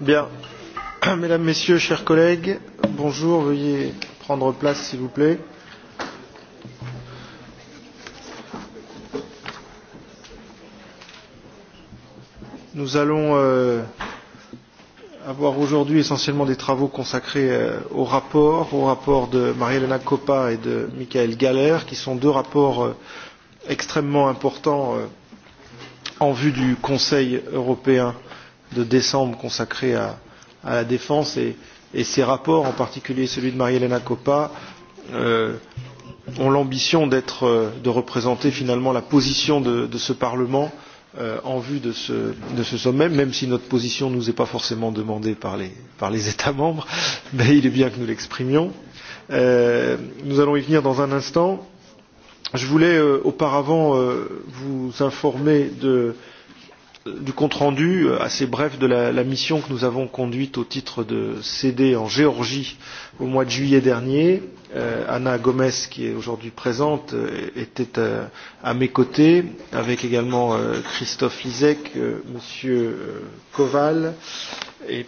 Bien. Mesdames, Messieurs, chers collègues, bonjour, veuillez prendre place s'il vous plaît. Nous allons euh, avoir aujourd'hui essentiellement des travaux consacrés euh, au rapport, au rapport de Marie-Hélène Coppa et de Michael Galler, qui sont deux rapports euh, extrêmement importants euh, en vue du Conseil européen euh, de décembre consacré à, à la défense et, et ces rapports, en particulier celui de Marie-Hélène Coppa, euh, ont l'ambition d'être, euh, de représenter finalement la position de, de ce Parlement euh, en vue de ce, de ce sommet, même si notre position ne nous est pas forcément demandée par les, par les États membres, mais il est bien que nous l'exprimions. Euh, nous allons y venir dans un instant. Je voulais euh, auparavant euh, vous informer de euh, du compte-rendu euh, assez bref de la, la mission que nous avons conduite au titre de CD en Géorgie au mois de juillet dernier. Euh, Anna Gomez, qui est aujourd'hui présente, euh, était à, euh, à mes côtés, avec également euh, Christophe Lisek, euh, Monsieur euh, Koval, et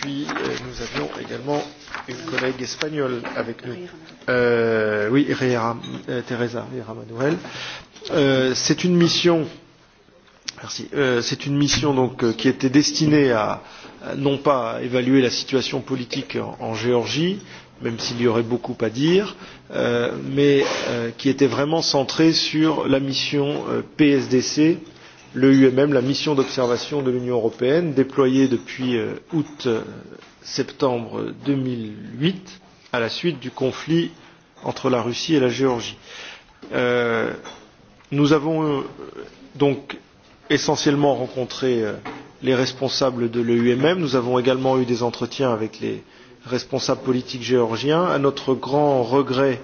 puis euh, nous avions également une collègue espagnole avec nous. Euh, oui, Herrera, euh, Teresa Herrera Manuel. Euh, C'est une mission euh, Merci. Euh, C'est une mission donc, euh, qui était destinée à non pas à évaluer la situation politique en, en Géorgie, même s'il y aurait beaucoup à dire, euh, mais euh, qui était vraiment centrée sur la mission euh, PSDC, le UMM, la mission d'observation de l'Union européenne, déployée depuis euh, août-septembre euh, 2008, à la suite du conflit entre la Russie et la Géorgie. Euh, nous avons euh, donc essentiellement rencontré euh, les responsables de l'EUMM. Nous avons également eu des entretiens avec les responsables politiques géorgiens. À notre grand regret,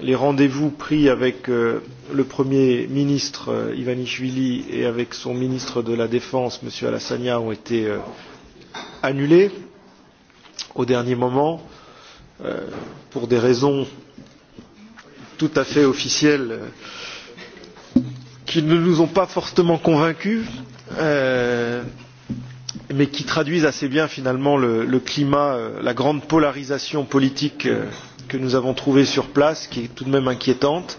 les rendez-vous pris avec euh, le Premier ministre euh, Ivanishvili et avec son ministre de la Défense, M. Alassania, ont été annulés au dernier moment pour des raisons tout à fait officielles qui ne nous ont pas fortement convaincus, euh, mais qui traduisent assez bien finalement le, le climat, euh, la grande polarisation politique euh, que nous avons trouvée sur place, qui est tout de même inquiétante.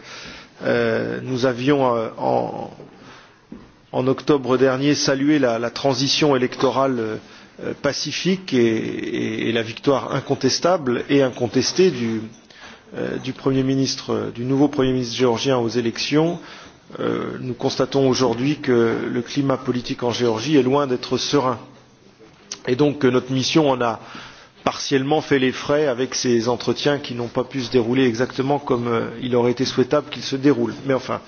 Euh, nous avions euh, en, en octobre dernier salué la, la transition électorale euh, pacifique et, et, et la victoire incontestable et incontestée du, euh, du, premier ministre, du nouveau Premier ministre géorgien aux élections. Euh, Euh, nous constatons aujourd'hui que le climat politique en Géorgie est loin d'être serein. Et donc que notre mission en a partiellement fait les frais avec ces entretiens qui n'ont pas pu se dérouler exactement comme euh, il aurait été souhaitable qu'ils se déroulent. Mais enfin,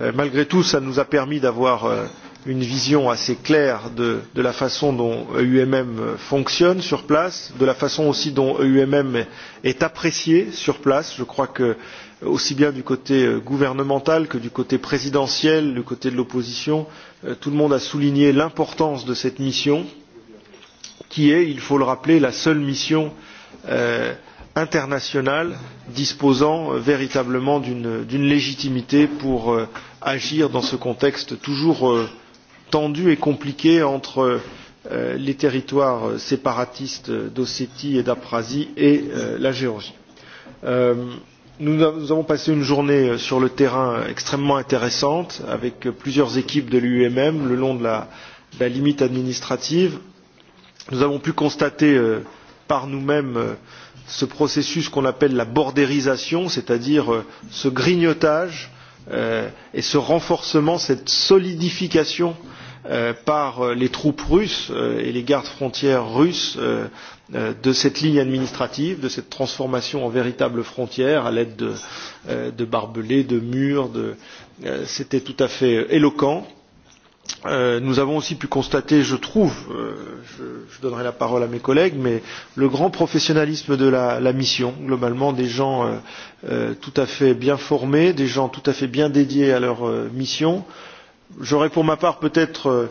euh, malgré tout, ça nous a permis d'avoir euh, une vision assez claire de, de la façon dont EUMM fonctionne sur place, de la façon aussi dont EUMM est apprécié sur place. Je crois que aussi bien du côté euh, gouvernemental que du côté présidentiel, du côté de l'opposition, euh, tout le monde a souligné l'importance de cette mission, qui est, il faut le rappeler, la seule mission euh, internationale disposant euh, véritablement d'une légitimité pour euh, agir dans ce contexte toujours euh, tendu et compliqué entre euh, les territoires euh, séparatistes d'Ossétie et d'Aprasie et euh, la Géorgie. Euh, Nous avons passé une journée euh, sur le terrain extrêmement intéressante avec euh, plusieurs équipes de l'UMM le long de la, de la limite administrative. Nous avons pu constater euh, par nous-mêmes euh, ce processus qu'on appelle la bordérisation, c'est-à-dire euh, ce grignotage euh, et ce renforcement, cette solidification euh, Euh, par euh, les troupes russes euh, et les gardes frontières russes de cette ligne administrative, de cette transformation en véritable frontière à l'aide de, de barbelés, de murs. De... C'était tout à fait éloquent. Nous avons aussi pu constater, je trouve, je, je donnerai la parole à mes collègues, mais le grand professionnalisme de la, la mission, globalement des gens tout à fait bien formés, des gens tout à fait bien dédiés à leur mission, euh, J'aurais pour ma part peut-être euh,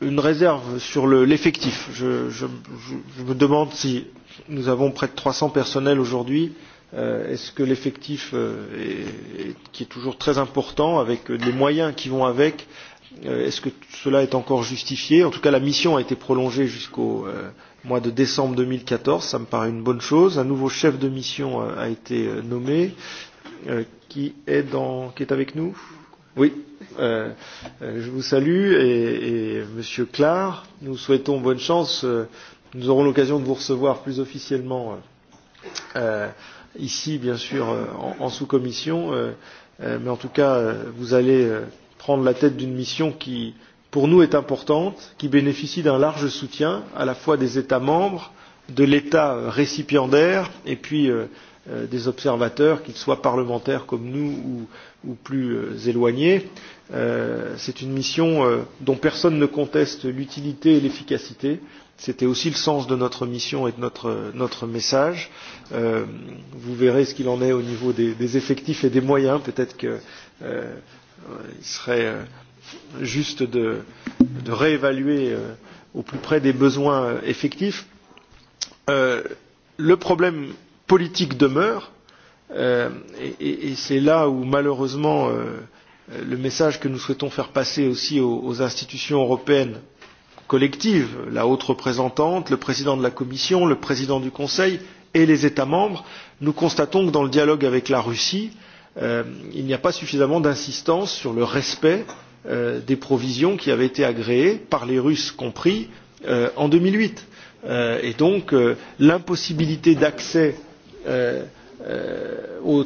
une réserve sur l'effectif. Le, je, je, je, je me demande si nous avons près de 300 personnels aujourd'hui. Euh, est-ce euh, que l'effectif, euh, est, qui est toujours très important, avec euh, les moyens qui vont avec, euh, est-ce que cela est encore justifié En tout cas, la mission a été prolongée jusqu'au euh, mois de décembre 2014. Ça me paraît une bonne chose. Un nouveau chef de mission euh, a été euh, nommé, euh, qui, est dans, qui est avec nous. Oui, euh, euh, je vous salue et, et Monsieur Clar, nous souhaitons bonne chance. Euh, nous aurons l'occasion de vous recevoir plus officiellement euh, euh ici, bien sûr, en, en sous-commission, euh, mais en tout cas, vous allez prendre la tête d'une mission qui, pour nous, est importante, qui bénéficie d'un large soutien à la fois des États membres, de l'État récipiendaire et puis euh, des observateurs, qu'ils soient parlementaires comme nous ou ou plus euh, éloignés. Euh, c'est une mission euh, dont personne ne conteste l'utilité et l'efficacité. C'était aussi le sens de notre mission et de notre, notre message. Euh, vous verrez ce qu'il en est au niveau des, des effectifs et des moyens. Peut-être qu'il euh, serait euh, juste de, de réévaluer euh, au plus près des besoins euh, effectifs. Euh, le problème politique demeure Euh, et et c'est là où malheureusement euh, le message que nous souhaitons faire passer aussi aux, aux institutions européennes collectives, la haute représentante, le président de la Commission, le président du Conseil et les États membres, nous constatons que dans le dialogue avec la Russie, euh, il n'y a pas suffisamment d'insistance sur le respect euh, des provisions qui avaient été agréées, par les Russes compris, euh, en 2008. Euh, et donc euh, l'impossibilité d'accès euh, Euh,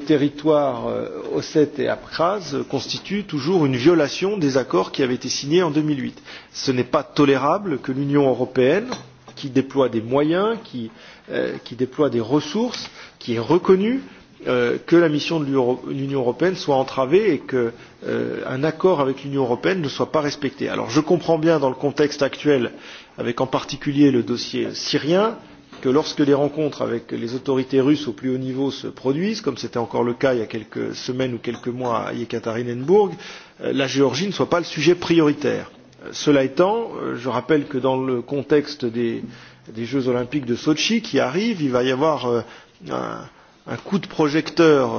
territoire euh, Ossète et abkhazes constitue toujours une violation des accords qui avaient été signés en 2008. Ce n'est pas tolérable que l'Union européenne, qui déploie des moyens, qui, euh, qui déploie des ressources, qui est reconnue, euh, que la mission de l'Union européenne soit entravée et qu'un euh, accord avec l'Union européenne ne soit pas respecté. Alors je comprends bien dans le contexte actuel, avec en particulier le dossier syrien, euh, que lorsque les rencontres avec les autorités russes au plus haut niveau se produisent, comme c'était encore le cas il y a quelques semaines ou quelques mois à Yekaterinenburg, euh, la Géorgie ne soit pas le sujet prioritaire. Euh, cela étant, euh, je rappelle que dans le contexte des, des Jeux olympiques de Sochi qui arrivent, il va y avoir un, un coup de projecteur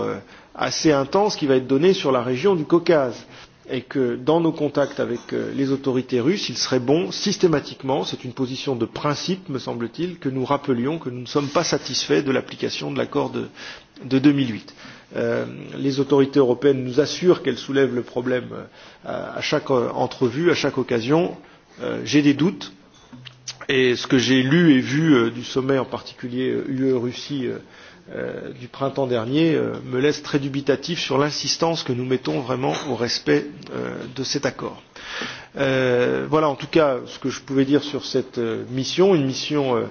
assez intense qui va être donné sur la région du Caucase. Euh, et que dans nos contacts avec euh, les autorités russes, il serait bon systématiquement, c'est une position de principe, me semble-t-il, que nous rappelions que nous ne sommes pas satisfaits de l'application de l'accord de, de 2008. Euh, les autorités européennes nous assurent qu'elles soulèvent le problème euh, à chaque euh, entrevue, à chaque occasion. Euh, J'ai des doutes et ce que j'ai lu et vu euh, du sommet en particulier UE-Russie euh, Euh, du printemps dernier euh, me laisse très dubitatif sur l'insistance que nous mettons vraiment au respect euh, de cet accord. Euh, voilà en tout cas ce que je pouvais dire sur cette euh, mission, une mission euh,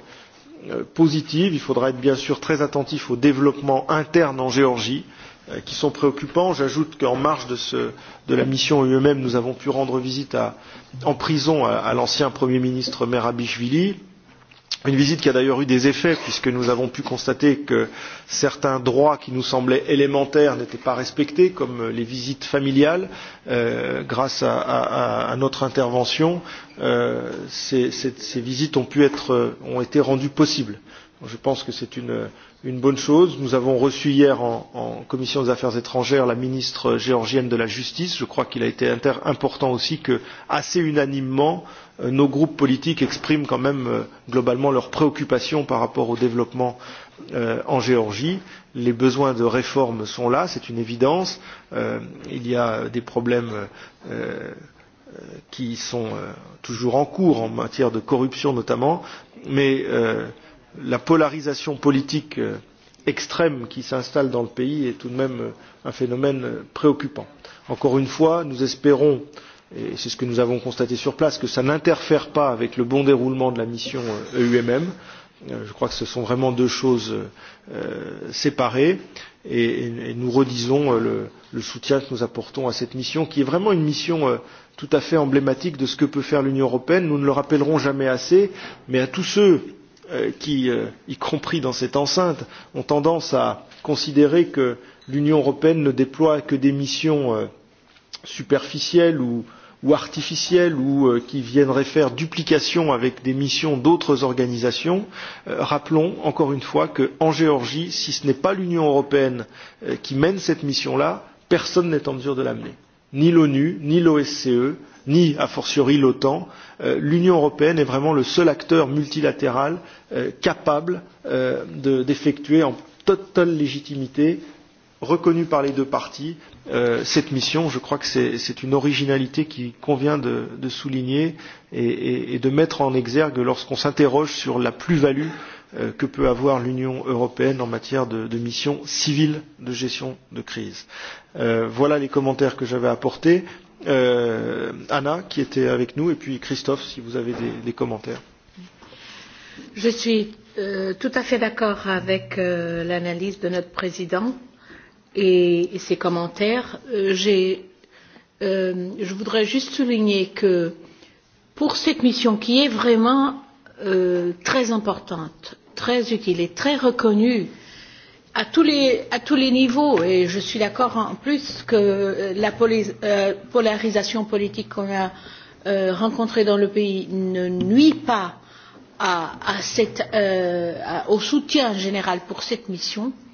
euh positive. Il faudra être bien sûr très attentif aux développements internes en Géorgie euh, qui sont préoccupants. J'ajoute qu'en marge de, ce, de la mission eux-mêmes, nous avons pu rendre visite à, en prison à, à l'ancien Premier ministre Merabishvili, Une visite qui a d'ailleurs eu des effets puisque nous avons pu constater que certains droits qui nous semblaient élémentaires n'étaient pas respectés, comme les visites familiales. Euh, grâce à, à, à notre intervention, euh, ces, ces, ces visites ont, pu être, ont été rendues possibles. Je pense que c'est une, une bonne chose. Nous avons reçu hier en, en commission des affaires étrangères la ministre géorgienne de la justice. Je crois qu'il a été inter important aussi que, assez unanimement, euh, Euh, nos groupes politiques expriment quand même euh, globalement leurs préoccupations par rapport au développement euh, en Géorgie. Les besoins de réforme sont là, c'est une évidence. Euh, il y a des problèmes euh, euh, qui sont euh, toujours en cours en matière de corruption notamment, mais euh, la polarisation politique euh, extrême qui s'installe dans le pays est tout de même un phénomène préoccupant. Encore une fois, nous espérons euh, et c'est ce que nous avons constaté sur place, que ça n'interfère pas avec le bon déroulement de la mission EUMM. E euh, je crois que ce sont vraiment deux choses euh, séparées et, et nous redisons euh, le, le soutien que nous apportons à cette mission qui est vraiment une mission euh, tout à fait emblématique de ce que peut faire l'Union européenne. Nous ne le rappellerons jamais assez, mais à tous ceux euh, qui, euh, y compris dans cette enceinte, ont tendance à considérer que l'Union européenne ne déploie que des missions euh, superficielles ou, ou artificielles ou euh, qui viendraient faire duplication avec des missions d'autres organisations, euh, rappelons encore une fois qu'en Géorgie, si ce n'est pas l'Union européenne euh, qui mène cette mission-là, personne n'est en mesure de l'amener. Ni l'ONU, ni l'OSCE, ni a fortiori l'OTAN. Euh, L'Union européenne est vraiment le seul acteur multilatéral euh, capable euh, d'effectuer de, en totale légitimité reconnue par les deux parties Euh, cette mission. Je crois que c'est une originalité qui convient de, de souligner et, et, et de mettre en exergue lorsqu'on s'interroge sur la plus-value euh, que peut avoir l'Union européenne en matière de, de mission civile de gestion de crise. Euh, voilà les commentaires que j'avais apportés. Euh, Anna, qui était avec nous, et puis Christophe, si vous avez des, des commentaires. Je suis euh, tout à fait d'accord avec euh, l'analyse de notre président. Euh, et, et ses commentaires. Euh, euh, je voudrais juste souligner que pour cette mission qui est vraiment euh, très importante, très utile et très reconnue à tous les, à tous les niveaux, et je suis d'accord en plus que euh, la euh, polarisation politique qu'on a euh, rencontrée dans le pays ne nuit pas à, à cette, euh, à, au soutien général pour cette mission. Euh,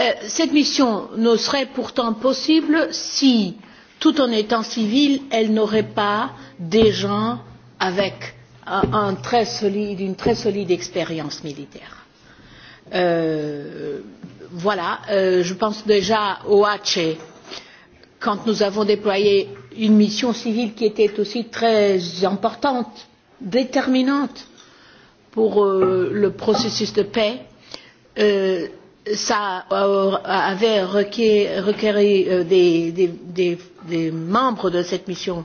Euh, cette mission ne serait pourtant possible si, tout en étant civile, elle n'aurait pas des gens avec un très solide, une très solide expérience militaire. Euh, voilà, euh, je pense déjà au Hatché, e. quand nous avons déployé une mission civile qui était aussi très importante, déterminante pour euh, le processus de paix. Euh, ça euh, avait requéri euh, des, des, des, des membres de cette mission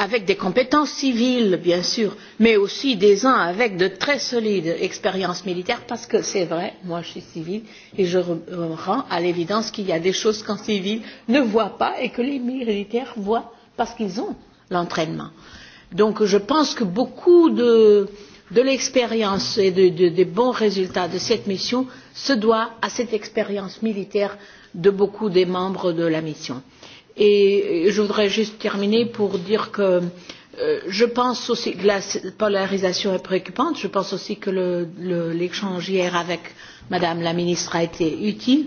avec des compétences civiles, bien sûr, mais aussi des uns avec de très solides expériences militaires, parce que c'est vrai, moi je suis civile, et je rends à l'évidence qu'il y a des choses qu'un civil ne voit pas et que les militaires voient parce qu'ils ont l'entraînement. Donc je pense que beaucoup de, euh, de l'expérience et de, de, des bons résultats de cette mission se doit à cette expérience militaire de beaucoup des membres de la mission. Et je voudrais juste terminer pour dire que euh, je pense aussi que la polarisation est préoccupante. Je pense aussi que l'échange hier avec Madame la ministre a été utile.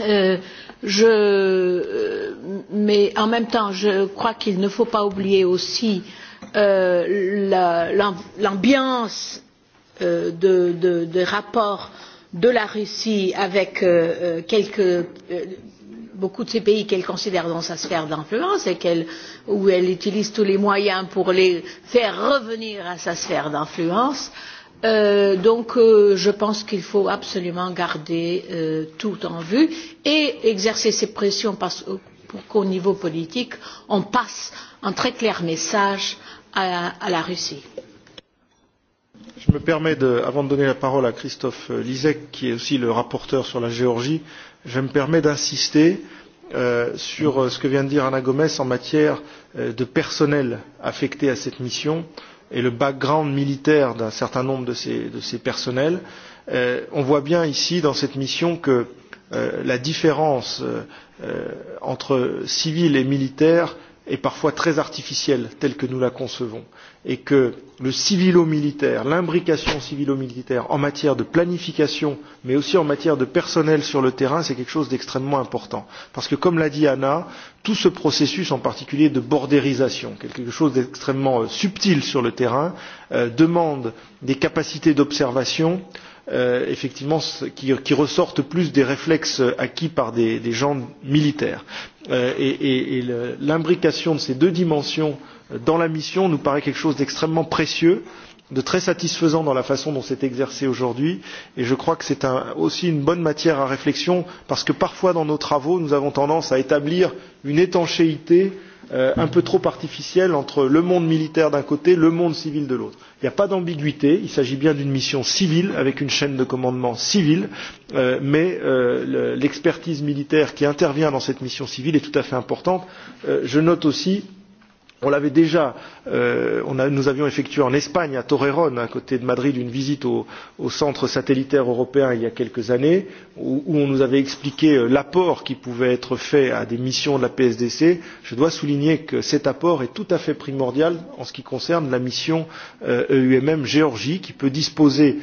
Euh, je, euh, mais en même temps, je crois qu'il ne faut pas oublier aussi euh, euh, l'ambiance la, euh, de, de, des rapports de la Russie avec euh, euh, quelques, euh, beaucoup de ces pays qu'elle considère dans sa sphère d'influence et elle, où elle utilise tous les moyens pour les faire revenir à sa sphère d'influence. Euh, donc euh, je pense qu'il faut absolument garder euh, tout en vue et exercer ces pressions parce, pour qu'au niveau politique on passe un très clair message à, à la Russie. Je me permets, de, avant de donner la parole à Christophe Lisek, qui est aussi le rapporteur sur la Géorgie, je me permets d'insister euh, sur euh, ce que vient de dire Anna Gomes en matière euh, de personnel affecté à cette mission et le background militaire d'un certain nombre de ces, de ces personnels. Euh, on voit bien ici, dans cette mission, que euh, la différence euh, euh entre civils et militaires et parfois très artificielle telle que nous la concevons et que le civilo-militaire, l'imbrication civilo-militaire en matière de planification mais aussi en matière de personnel sur le terrain, c'est quelque chose d'extrêmement important. Parce que comme l'a dit Anna, tout ce processus en particulier de bordérisation, quelque chose d'extrêmement euh, subtil sur le terrain, euh, demande des capacités d'observation, euh, euh, effectivement qui, qui ressortent plus des réflexes acquis par des, des gens militaires. Euh, et et, et l'imbrication de ces deux dimensions dans la mission nous paraît quelque chose d'extrêmement précieux de très satisfaisant dans la façon dont c'est exercé aujourd'hui et je crois que c'est un, aussi une bonne matière à réflexion parce que parfois dans nos travaux nous avons tendance à établir une étanchéité euh, euh, un peu trop artificielle entre le monde militaire d'un côté et le monde civil de l'autre. Il n'y a pas d'ambiguïté, il s'agit bien d'une mission civile avec une chaîne de commandement civile, euh, mais euh, l'expertise militaire qui intervient dans cette mission civile est tout à fait importante. Euh, je note aussi euh, On l'avait déjà, euh, on a, nous avions effectué en Espagne, à Torreón, à côté de Madrid, une visite au, au centre satellitaire européen il y a quelques années, où, où on nous avait expliqué euh, l'apport qui pouvait être fait à des missions de la PSDC. Je dois souligner que cet apport est tout à fait primordial en ce qui concerne la mission euh, EUMM Géorgie, qui peut disposer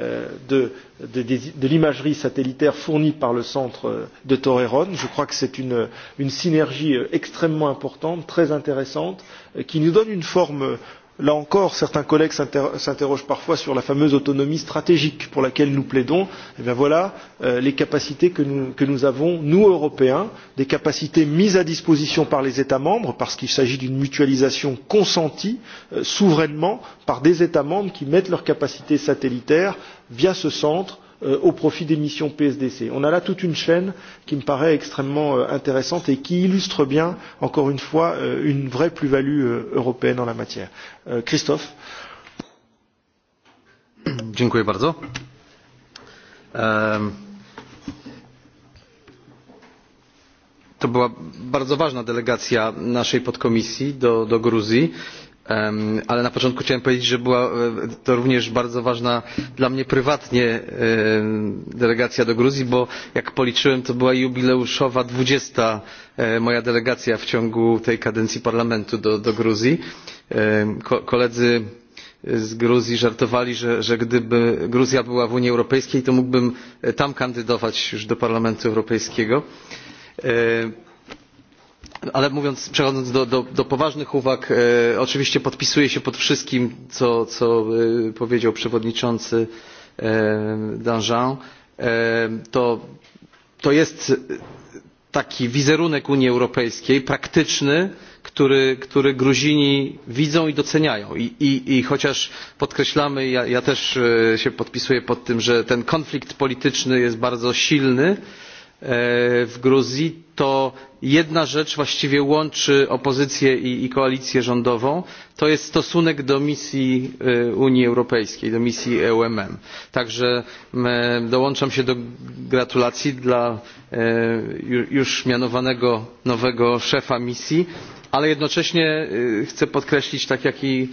Euh, de, de, de, de l'imagerie satellitaire fournie par le centre euh, de Toreron. Je crois que c'est une, une synergie euh, extrêmement importante, très intéressante, qui nous donne une forme Là encore, certains collègues s'interrogent parfois sur la fameuse autonomie stratégique pour laquelle nous plaidons. Et eh bien voilà euh, les capacités que nous, que nous avons, nous Européens, des capacités mises à disposition par les États membres, parce qu'il s'agit d'une mutualisation consentie euh, souverainement par des États membres qui mettent leurs capacités satellitaires via ce centre euh, au profit des missions PSDC. On a là toute une chaîne qui me paraît extrêmement euh, intéressante et qui illustre bien, encore une fois, euh, une vraie plus-value euh, européenne en la matière. Euh, Christophe. Dziękuję bardzo. Um... To była bardzo ważna delegacja naszej podkomisji do, do Gruzji ale na początku chciałem powiedzieć, że była e, to również bardzo ważna dla mnie prywatnie e, delegacja do Gruzji, bo jak policzyłem, to była jubileuszowa dwudziesta e, moja delegacja w ciągu tej kadencji parlamentu do, do Gruzji. Koledzy z Gruzji żartowali, że, że gdyby Gruzja była w Unii Europejskiej, to mógłbym tam kandydować już do Parlamentu Europejskiego ale mówiąc, przechodząc do, do, do poważnych uwag, e, oczywiście podpisuję się pod wszystkim, co, co e, powiedział przewodniczący e, Danjean. E, to, to jest taki wizerunek Unii Europejskiej, praktyczny, który, który Gruzini widzą i doceniają. I, i, i chociaż podkreślamy, ja, ja też e, się podpisuję pod tym, że ten konflikt polityczny jest bardzo silny, E, w Gruzji, to jedna rzecz właściwie łączy opozycję i, i koalicję rządową, to jest stosunek do misji e, Unii Europejskiej, do misji EUMM. Także dołączam się do gratulacji dla e, już mianowanego nowego szefa misji, ale jednocześnie chcę podkreślić, tak jak i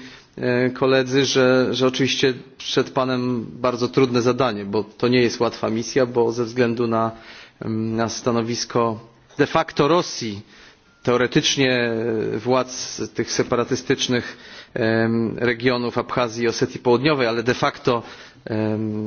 koledzy, że, że oczywiście przed Panem bardzo trudne zadanie, bo to nie jest łatwa misja, bo ze względu na na stanowisko de facto Rosji, teoretycznie władz tych separatystycznych regionów Abchazji i Osetii Południowej, ale de facto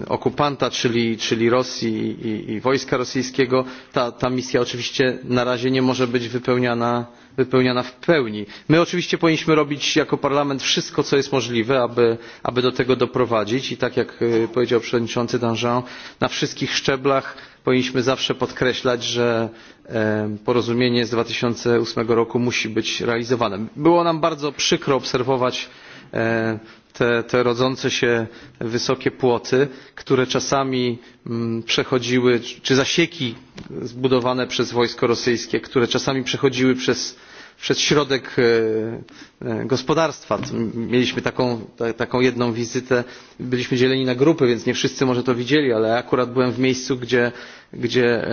okupanta, czyli, czyli Rosji i, i wojska rosyjskiego, ta, ta misja oczywiście na razie nie może być wypełniana wypełniana w pełni. My oczywiście powinniśmy robić jako Parlament wszystko, co jest możliwe, aby, aby do tego doprowadzić i tak jak e, powiedział przewodniczący Danjean, na wszystkich szczeblach powinniśmy zawsze podkreślać, że e, porozumienie z 2008 roku musi być realizowane. Było nam bardzo przykro obserwować e, te, te rodzące się wysokie płoty, które czasami mm, przechodziły, czy zasieki zbudowane przez wojsko rosyjskie, które czasami przechodziły przez przez środek e, e, gospodarstwa. Mieliśmy taką, ta, taką jedną wizytę, byliśmy dzieleni na grupy, więc nie wszyscy może to widzieli, ale akurat byłem w miejscu, gdzie, gdzie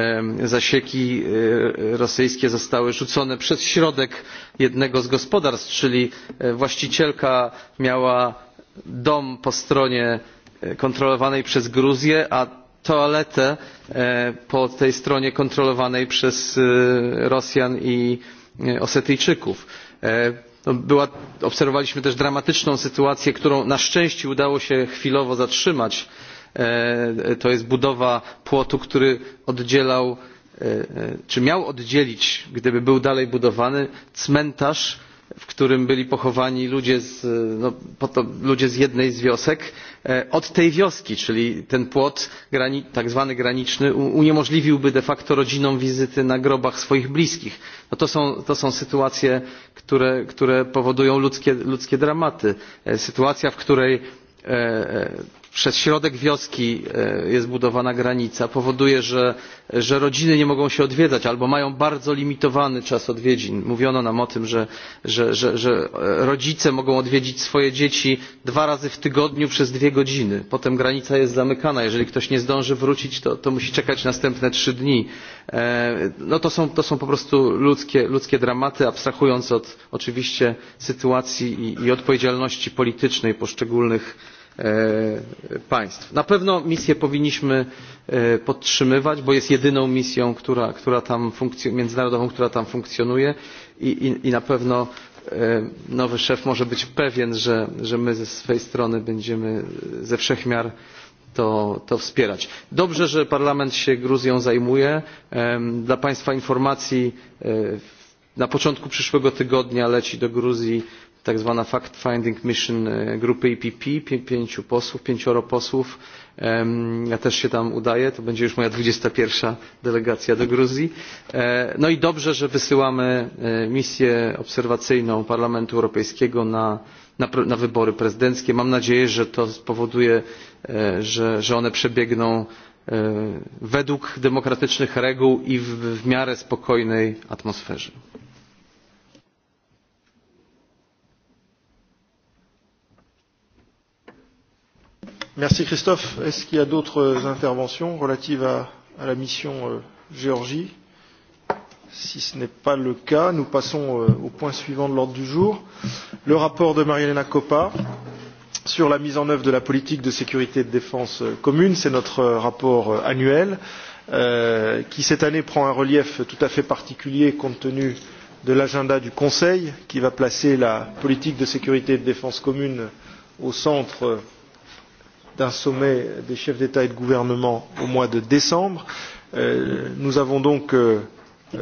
zasieki e, rosyjskie zostały rzucone przez środek jednego z gospodarstw, czyli właścicielka miała dom po stronie kontrolowanej przez Gruzję, a toaletę po tej stronie kontrolowanej przez Rosjan i E, Osetyjczyków. E, była, obserwowaliśmy też dramatyczną sytuację, którą na szczęście udało się chwilowo zatrzymać. E, to jest budowa płotu, który oddzielał, czy miał oddzielić, gdyby był dalej budowany, cmentarz w którym byli pochowani ludzie z, e, no, ludzie z jednej z wiosek, e, od tej wioski, czyli ten płot grani, tak zwany graniczny uniemożliwiłby de facto rodzinom wizyty na grobach swoich bliskich. No to, są, to są sytuacje, które, które powodują ludzkie, ludzkie dramaty. E, sytuacja, w której przez środek wioski e, jest budowana granica powoduje że, że rodziny nie mogą się odwiedzać albo mają bardzo limitowany czas odwiedzin. Mówiono nam o tym, że, że, że, że e, rodzice mogą odwiedzić swoje dzieci dwa razy w tygodniu przez dwie godziny. Potem granica jest zamykana. Jeżeli ktoś nie zdąży wrócić, to, to musi czekać następne trzy dni. E, no to są, to są po prostu ludzkie, ludzkie dramaty, abstrahując od oczywiście sytuacji i, i odpowiedzialności politycznej poszczególnych E, państw. Na pewno misję powinniśmy e, podtrzymywać, bo jest jedyną misją która, która tam międzynarodową, która tam funkcjonuje i, i, i na pewno e, nowy szef może być pewien, że, że my ze swej strony będziemy ze wszech miar to, to wspierać. Dobrze, że Parlament się Gruzją zajmuje. Dla Państwa informacji na początku przyszłego tygodnia leci do Gruzji tak zwana fact-finding mission e, grupy IPP, e pięciu posłów, pięcioro posłów. Ja też się tam udaję, to będzie już moja 21 delegacja do Gruzji. E, no i dobrze, że wysyłamy misję obserwacyjną Parlamentu Europejskiego na, na, na wybory prezydenckie. Mam nadzieję, że to spowoduje, że, że one przebiegną według demokratycznych reguł i w, w miarę spokojnej atmosferze. Merci Christophe. Est-ce qu'il y a d'autres interventions relatives à, à la mission euh, Géorgie Si ce n'est pas le cas, nous passons euh, au point suivant de l'ordre du jour. Le rapport de Marielena Coppa sur la mise en œuvre de la politique de sécurité et de défense euh, commune. C'est notre euh, rapport euh, annuel euh, qui, cette année, prend un relief tout à fait particulier compte tenu de l'agenda du Conseil qui va placer la politique de sécurité et de défense commune au centre d'un sommet des chefs d'État et de gouvernement au mois de décembre. Euh, nous avons donc euh,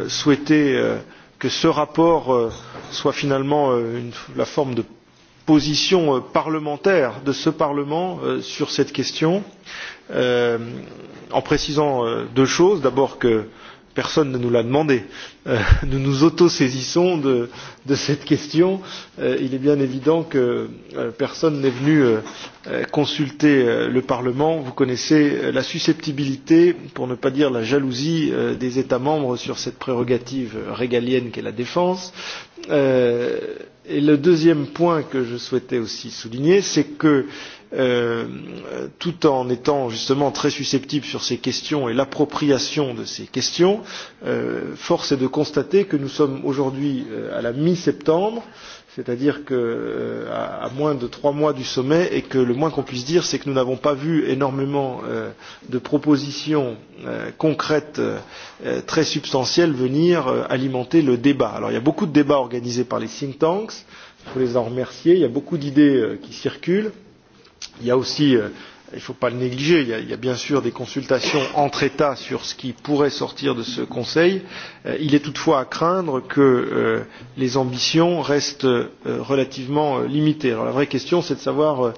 souhaité euh, que ce rapport soit finalement une, la forme de position parlementaire de ce Parlement sur cette question, en précisant deux choses. D'abord que personne ne nous l'a demandé. Euh, nous nous auto-saisissons de, de cette question. Euh, il est bien évident que euh, personne n'est venu euh, euh consulter euh, le Parlement. Vous connaissez euh, la susceptibilité, pour ne pas dire la jalousie, euh, des États membres sur cette prérogative régalienne qu'est la défense. Euh, et le deuxième point que je souhaitais aussi souligner, c'est que euh, Euh, tout en étant justement très susceptible sur ces questions et l'appropriation de ces questions, euh, force est de constater que nous sommes aujourd'hui euh, à la mi-septembre, c'est-à-dire que euh, à, moins de trois mois du sommet et que le moins qu'on puisse dire c'est que nous n'avons pas vu énormément euh, de propositions euh, concrètes euh, très substantielles venir euh, alimenter le débat. Alors il y a beaucoup de débats organisés par les think tanks, il faut les en remercier, il y a beaucoup d'idées euh, qui circulent il y a aussi, euh, il ne faut pas le négliger, il y, a, il y a bien sûr des consultations entre États sur ce qui pourrait sortir de ce Conseil. Euh, il est toutefois à craindre que euh, les ambitions restent euh, relativement euh, limitées. Alors la vraie question, c'est de savoir euh,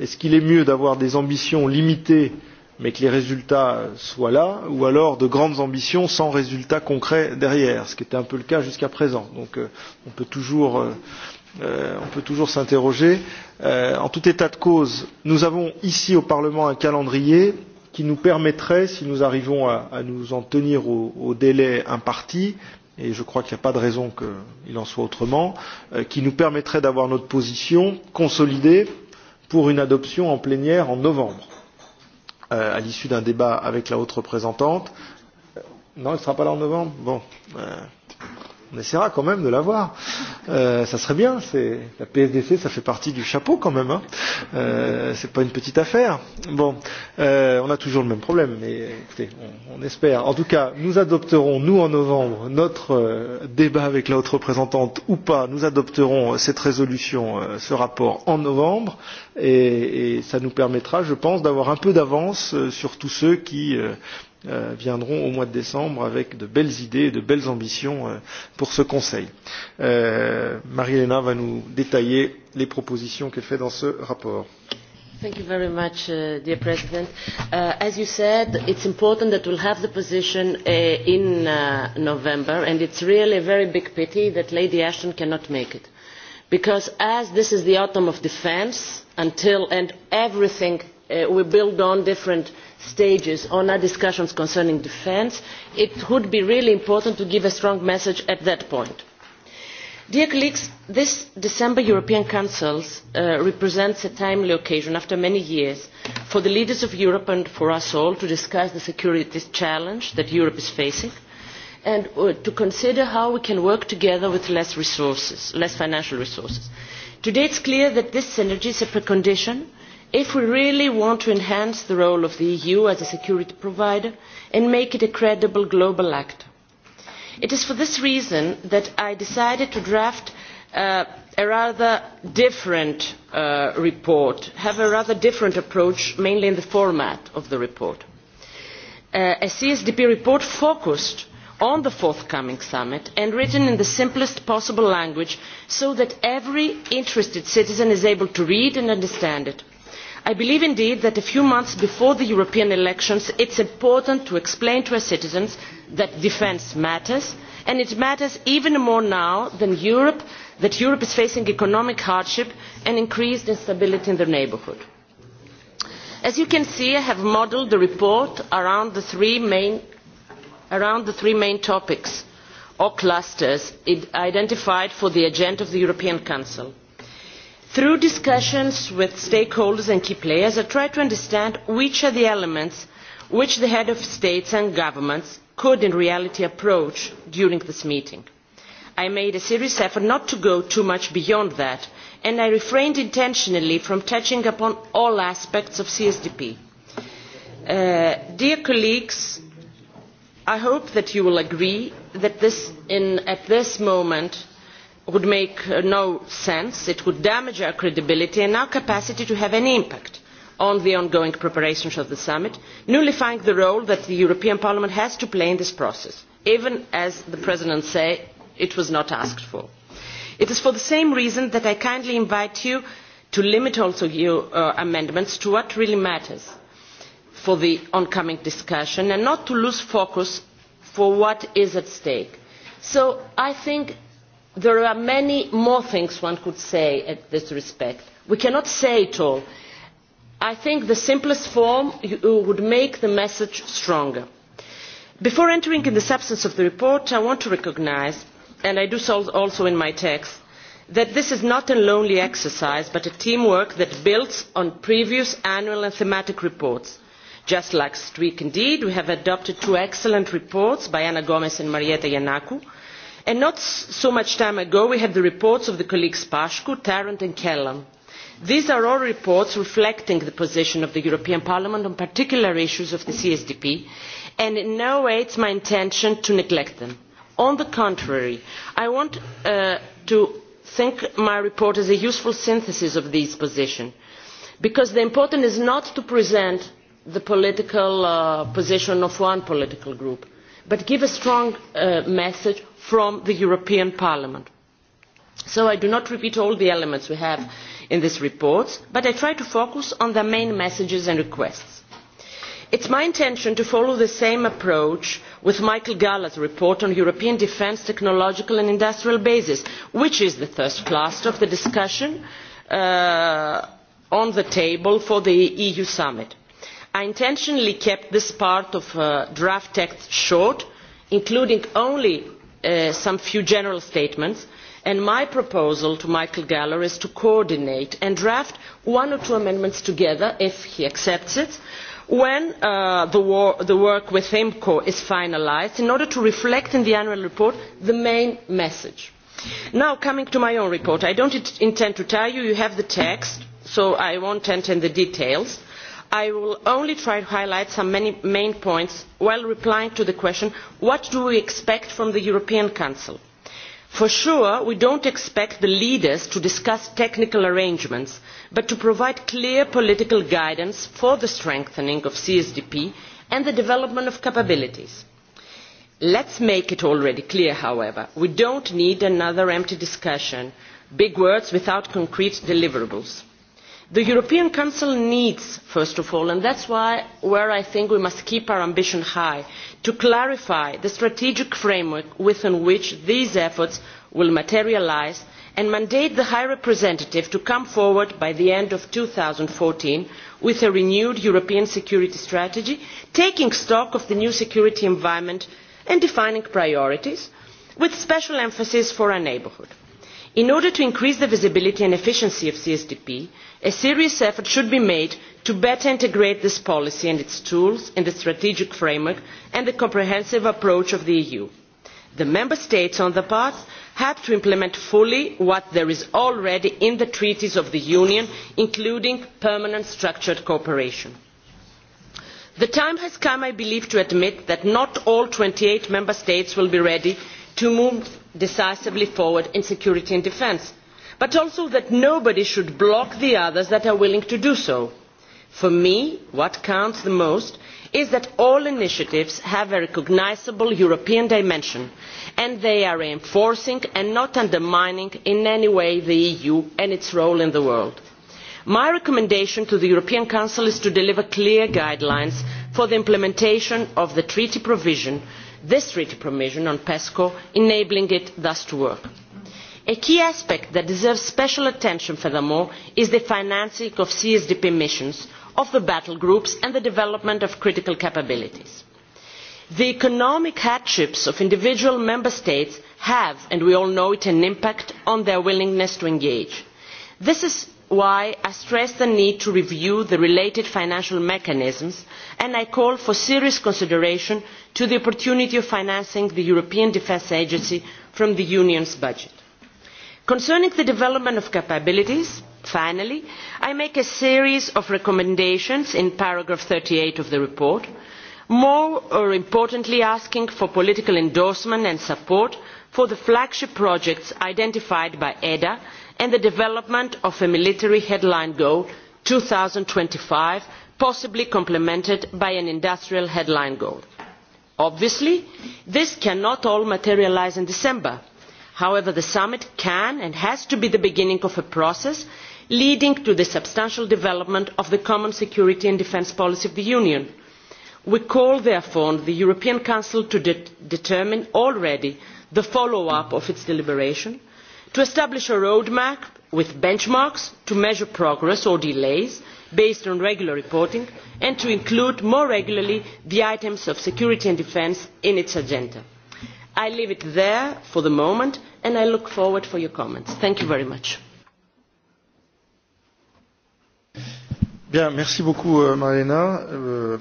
est-ce qu'il est mieux d'avoir des ambitions limitées euh, mais que les résultats soient là, ou alors de grandes ambitions sans résultats concrets derrière, ce qui était un peu le cas jusqu'à présent. Donc euh, on peut toujours, euh, euh, on peut toujours s'interroger. Euh, en tout état de cause, nous avons ici au Parlement un calendrier qui nous permettrait, si nous arrivons à, à nous en tenir au, au délai imparti, et je crois qu'il n'y a pas de raison qu'il en soit autrement, euh, qui nous permettrait d'avoir notre position consolidée pour une adoption en plénière en novembre euh, à l'issue d'un débat avec la haute représentante. Non, elle ne sera pas là en novembre Bon. Euh, on essaiera quand même de l'avoir. Euh, ça serait bien, c'est la PSDC, ça fait partie du chapeau quand même. Hein. Euh, c'est pas une petite affaire. Bon, euh, on a toujours le même problème, mais écoutez, on, on espère. En tout cas, nous adopterons, nous en novembre, notre euh, débat avec la haute représentante ou pas, nous adopterons euh, cette résolution, euh, ce rapport en novembre, et, et ça nous permettra, je pense, d'avoir un peu d'avance euh, sur tous ceux qui euh, euh, viendront au mois de décembre avec de belles idées et de belles ambitions euh, pour ce Conseil. Euh, Marie-Hélène va nous détailler les propositions qu'elle fait dans ce rapport. Thank you very much, uh, dear President. Uh, as you said, it's important that we'll have the position uh, in uh, November, and it's really a very big pity that Lady Ashton cannot make it. Because as this is the autumn of defense, until and everything uh, we build on different stages on our discussions concerning defence, it would be really important to give a strong message at that point. Dear colleagues, this December European Council uh, represents a timely occasion after many years for the leaders of Europe and for us all to discuss the security challenge that Europe is facing and uh, to consider how we can work together with less resources, less financial resources. Today it's clear that this synergy is a precondition If we really want to enhance the role of the EU as a security provider and make it a credible global actor. It is for this reason that I decided to draft uh, a rather different uh, report, have a rather different approach, mainly in the format of the report. Uh, a CSDP report focused on the forthcoming summit and written in the simplest possible language so that every interested citizen is able to read and understand it. I believe indeed that a few months before the European elections it is important to explain to our citizens that defence matters and it matters even more now than Europe that Europe is facing economic hardship and increased instability in the neighbourhood. As you can see, I have modelled the report around the three main, around the three main topics or clusters identified for the agenda of the European Council. Through discussions with stakeholders and key players, I tried to understand which are the elements which the head of states and governments could in reality approach during this meeting. I made a serious effort not to go too much beyond that, and I refrained intentionally from touching upon all aspects of CSDP. Uh, dear colleagues, I hope that you will agree that this in, at this moment would make uh, no sense. It would damage our credibility and our capacity to have any impact on the ongoing preparations of the summit, nullifying the role that the European Parliament has to play in this process, even as the President said it was not asked for. It is for the same reason that I kindly invite you to limit also your uh, amendments to what really matters for the oncoming discussion and not to lose focus for what is at stake. So I think there are many more things one could say in this respect. We cannot say it all. I think the simplest form uh, would make the message stronger. Before entering in the substance of the report, I want to recognise, and I do so also in my text, that this is not a lonely exercise but a teamwork that builds on previous annual and thematic reports. Just last week indeed, we have adopted two excellent reports by Anna Gomez and Marietta Yanaku, And not so much time ago, we had the reports of the colleagues pacu Tarrant and kelam. These are all reports reflecting the position of the European Parliament on particular issues of the CSDP, and in no way is my intention to neglect them. On the contrary, I want uh, to think my report as a useful synthesis of these positions, because the important is not to present the political uh, position of one political group, but give a strong uh, message from the European Parliament. So I do not repeat all the elements we have in this report, but I try to focus on the main messages and requests. It is my intention to follow the same approach with Michael Galler's report on European defence technological and industrial bases, which is the first cluster of the discussion uh, on the table for the EU summit. I intentionally kept this part of uh, draft text short, including only uh, some few general statements, and my proposal to Michael Galler is to coordinate and draft one or two amendments together, if he accepts it, when uh, the, war, the work with IMCO is finalised, in order to reflect in the annual report the main message. Now, coming to my own report, I do not intend to tell you, you have the text, so I will not enter into the details. I will only try to highlight some many main points while replying to the question, what do we expect from the European Council? For sure, we do not expect the leaders to discuss technical arrangements, but to provide clear political guidance for the strengthening of CSDP and the development of capabilities. Let us make it already clear, however, we do not need another empty discussion, big words without concrete deliverables. The European Council needs, first of all, and that's why, where I think we must keep our ambition high, to clarify the strategic framework within which these efforts will materialise and mandate the High Representative to come forward by the end of fourteen with a renewed European security strategy, taking stock of the new security environment and defining priorities, with special emphasis for our neighbourhood. In order to increase the visibility and efficiency of CSDP, a serious effort should be made to better integrate this policy and its tools in the strategic framework and the comprehensive approach of the EU. The Member States, on the part, have to implement fully what there is already in the treaties of the Union, including permanent structured cooperation. The time has come, I believe, to admit that not all twenty eight Member States will be ready to move decisively forward in security and defence, but also that nobody should block the others that are willing to do so. For me, what counts the most is that all initiatives have a recognisable European dimension and they are reinforcing and not undermining in any way the EU and its role in the world. My recommendation to the European Council is to deliver clear guidelines for the implementation of the treaty provision this treaty provision on PESCO, enabling it thus to work. A key aspect that deserves special attention furthermore is the financing of CSDP missions, of the battle groups and the development of critical capabilities. The economic hardships of individual member states have, and we all know it, an impact on their willingness to engage. This is why I stress the need to review the related financial mechanisms and I call for serious consideration to the opportunity of financing the European Defence Agency from the Union's budget. Concerning the development of capabilities, finally, I make a series of recommendations in paragraph thirty eight of the report, more or importantly asking for political endorsement and support for the flagship projects identified by EDA and the development of a military headline goal twenty five, possibly complemented by an industrial headline goal. Obviously, this cannot all materialise in December. However, the summit can and has to be the beginning of a process leading to the substantial development of the common security and defence policy of the Union. We call, therefore, on the European Council to de determine already the follow-up of its deliberation, to establish a roadmap with benchmarks to measure progress or delays, based on regular reporting and to include more regularly the items of security and defence in its agenda. I leave it there for the moment and I look forward to your comments. Thank you very much. Bien, merci beaucoup euh, Marlena. Euh,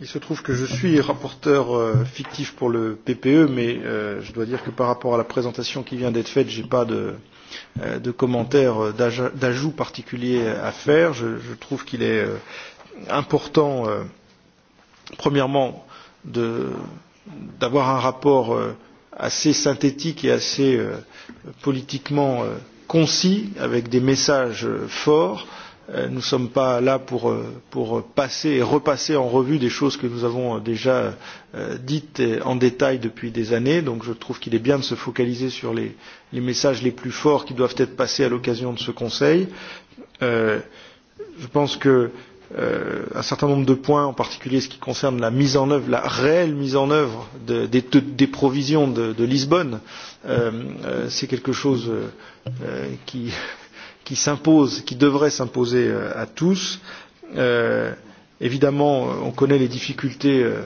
il se trouve que je suis rapporteur euh, fictif pour le PPE, mais euh, je dois dire que par rapport à la présentation qui vient d'être faite, je n'ai pas de, euh, Euh, de commentaires euh, d'ajouts particuliers à faire. Je, je trouve qu'il est euh, important, premièrement, d'avoir un rapport assez synthétique et assez politiquement concis, avec des messages forts Euh, nous ne sommes pas là pour, euh, pour passer et repasser en revue des choses que nous avons déjà euh, dites en détail depuis des années. Donc je trouve qu'il est bien de se focaliser sur les, les messages les plus forts qui doivent être passés à l'occasion de ce Conseil. Euh, je pense que euh, un certain nombre de points, en particulier ce qui concerne la mise en œuvre, la réelle mise en œuvre de, des, de, des provisions de, de Lisbonne, euh, euh, c'est quelque chose euh, qui qui s'impose, qui devrait s'imposer euh, à tous. Euh, évidemment, on connaît les difficultés euh,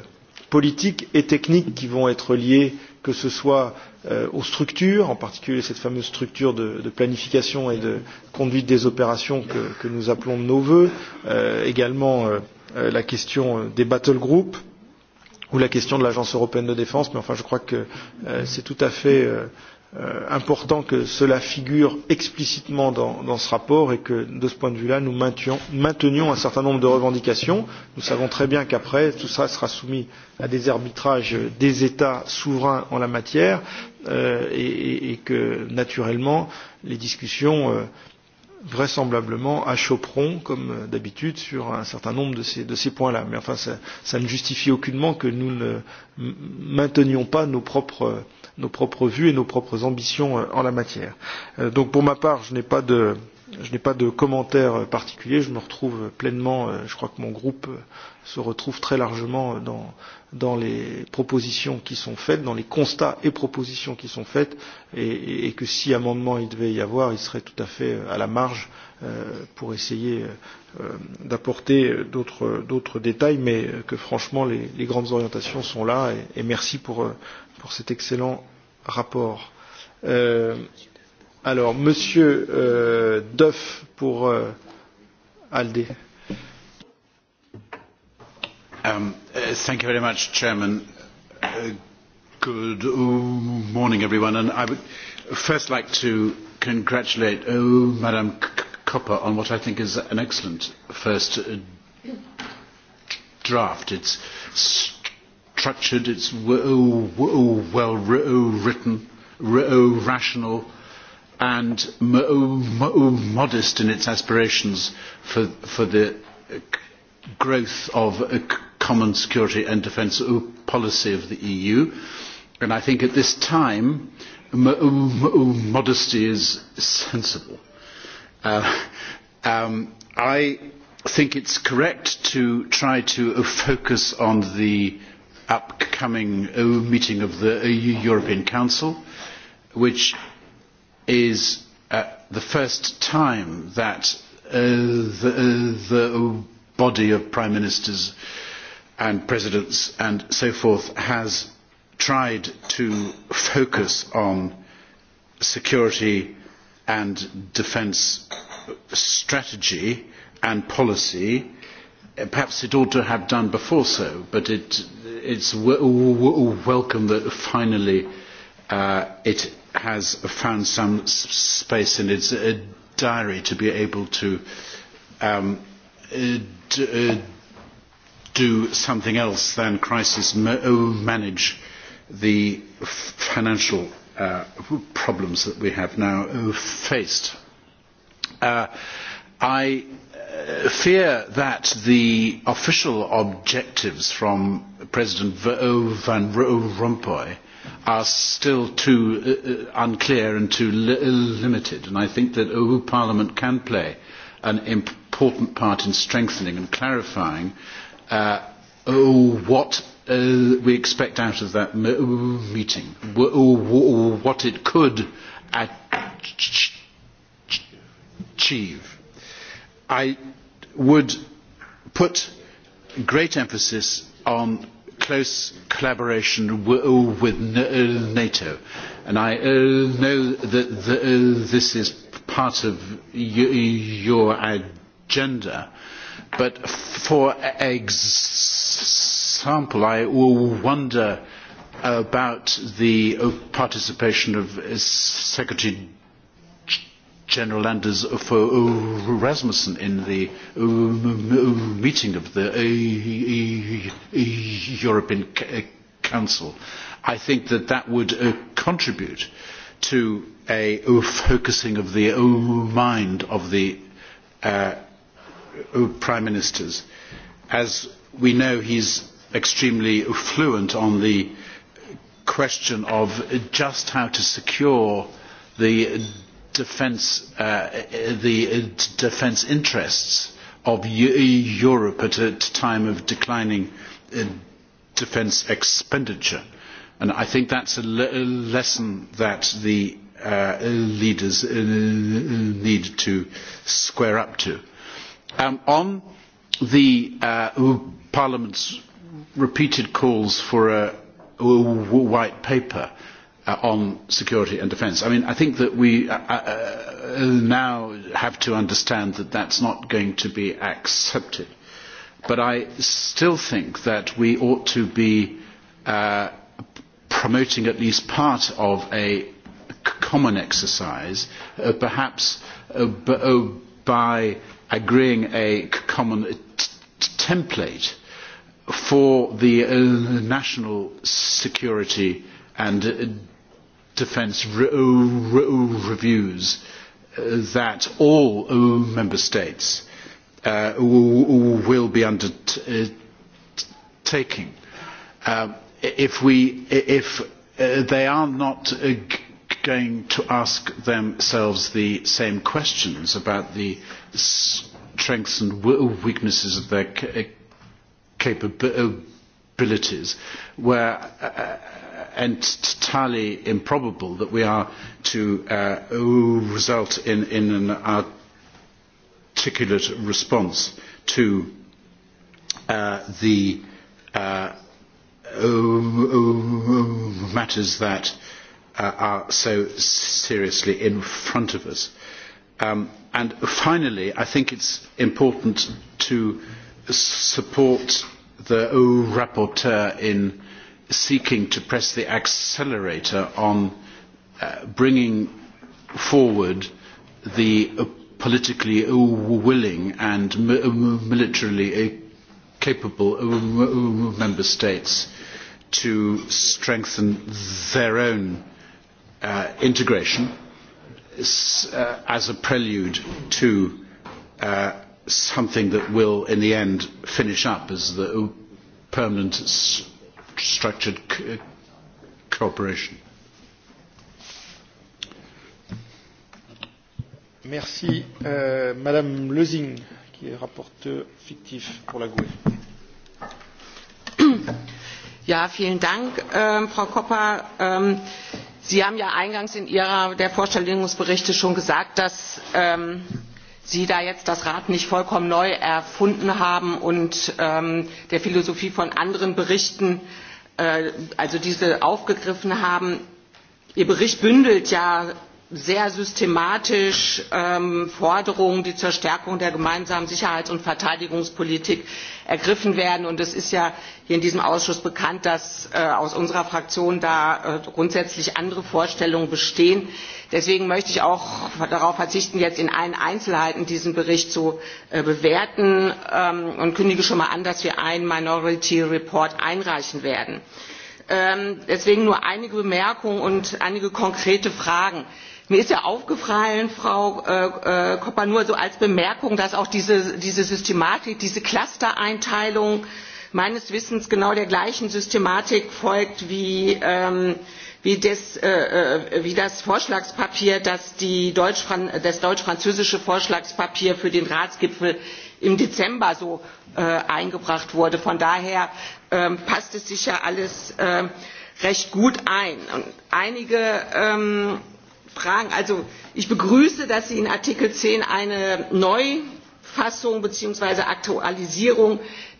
politiques et techniques qui vont être liées, que ce soit euh, aux structures, en particulier cette fameuse structure de, de planification et de conduite des opérations que, que nous appelons de nos voeux, euh, également euh, euh la question des battle groups ou la question de l'Agence européenne de défense, mais enfin je crois que euh, c'est tout à fait euh, euh, important que cela figure explicitement dans, dans ce rapport et que, de ce point de vue-là, nous maintenions, maintenions un certain nombre de revendications. Nous savons très bien qu'après, tout ça sera soumis à des arbitrages des États souverains en la matière euh, et, et que, naturellement, les discussions euh, vraisemblablement achoperont, comme d'habitude, sur un certain nombre de ces, de ces points-là. Mais enfin, ça, ça ne justifie aucunement que nous ne maintenions pas nos propres. Euh, nos propres vues et nos propres ambitions euh, en la matière. Euh, donc pour ma part, je n'ai pas de, je n'ai pas de commentaires euh, particuliers, je me retrouve pleinement, je crois que mon groupe se retrouve très largement dans, dans les propositions qui sont faites, dans les constats et propositions qui sont faites, et, et, et que si amendement il devait y avoir, il serait tout à fait à la marge euh, pour essayer euh, d'apporter d'autres détails, mais que franchement les, les grandes orientations sont là, et, et merci pour, pour cet excellent rapport. Euh, alors, Monsieur euh, Duff pour euh, Alde. Um, uh, thank you very much, Chairman. Uh, good uh, morning, everyone. And I would first like to congratulate oh, Madame Copper on what I think is an excellent first uh, draft. It's structured, it's well written, rational, and modest in its aspirations for, for the uh, growth of a uh, common security and defence uh, policy of the EU. And I think at this time, modesty is sensible. Uh, um, I think it's correct to try to focus on the uh, upcoming uh, meeting of the uh, European Council, which is uh, the first time that uh, the, uh, the body of prime ministers and presidents and so forth has tried to focus on security and defence strategy and policy. Perhaps it ought to have done before so, but it it's w w welcome that finally uh, it has found some space in its uh, diary to be able to um, uh, uh, do something else than crisis uh, manage the financial uh, problems that we have now uh, faced. Uh, I fear that the official objectives from President Van Rompuy are still too uh, uh unclear and too li uh, limited. And I think that EU Parliament can play an important part in strengthening and clarifying uh, what uh, we expect out of that uh, meeting, what it could achieve I would put great emphasis on close collaboration with uh, NATO. And I uh, know that uh, this is part of your agenda, but for example, I wonder about the participation of Secretary General Anders for uh, Rasmussen in the uh, uh, meeting of the e, e, e, European Council. I think that that would contribute to a focusing of the mind of the uh, prime ministers. As we know, he's extremely fluent on the question of just how to secure the defense, uh, the uh, defense interests of Europe at a time of declining uh, defense expenditure. And I think that's a lesson that the uh, leaders uh, need to square up to. Um, on the uh, Parliament's repeated calls for a, a white paper, uh, on security and defence. I mean, I think that we uh, uh, uh, now have to understand that that's not going to be accepted. But I still think that we ought to be uh, promoting at least part of a common exercise, uh, perhaps uh, b oh, by agreeing a common template for the uh, national security and uh, defence re oh, re oh, reviews uh, that all oh, member states uh, will be undertaking. Uh, um, if, we, if uh, they are not uh going to ask themselves the same questions about the strengths and weaknesses of their uh, capabilities, where uh entirely improbable that we are to uh, result in, in an articulate response to uh, the uh, matters that uh, are so seriously in front of us. Um, and finally, I think it's important to support the rapporteur in seeking to press the accelerator on uh, bringing forward the uh, politically willing and uh, militarily uh, capable uh, member states to strengthen their own uh, integration uh, as a prelude to uh, something that will in the end finish up as the permanent structured co uh, cooperation. Merci. Euh, Madame Lezing, qui est rapporteur fictif pour la GUE. Ja, vielen Dank, ähm, Frau Kopper. Ähm, Sie haben ja eingangs in Ihrer der Vorstellungsberichte schon gesagt, dass ähm, Sie da jetzt das Rad nicht vollkommen neu erfunden haben und ähm, der Philosophie von anderen Berichten äh, Äh, also diese aufgegriffen haben. Ihr Bericht bündelt ja sehr systematisch ähm, Forderungen, die zur Stärkung der gemeinsamen Sicherheits- und Verteidigungspolitik ergriffen werden. Und es ist ja hier in diesem Ausschuss bekannt, dass äh, aus unserer Fraktion da äh, grundsätzlich andere Vorstellungen bestehen. Äh, Deswegen möchte ich auch darauf verzichten, jetzt in allen Einzelheiten diesen Bericht zu äh, bewerten ähm, und kündige schon mal an, dass wir einen Minority Report einreichen werden. Ähm, deswegen nur einige Bemerkungen und einige konkrete Fragen. Mir ist ja aufgefallen, Frau Koppa, äh, äh, Kopper, nur so als Bemerkung, dass auch diese, diese Systematik, diese Clustereinteilung meines Wissens genau der gleichen Systematik folgt wie ähm, wie das, äh, äh, wie das Vorschlagspapier, das die Deutsch das deutsch-französische Vorschlagspapier für den Ratsgipfel im Dezember so äh, eingebracht wurde. Von daher ähm, passt es sich ja alles äh, recht gut ein. Und einige ähm, Fragen, also ich begrüße, dass Sie in Artikel 10 eine Neufassung bzw. Aktualisierung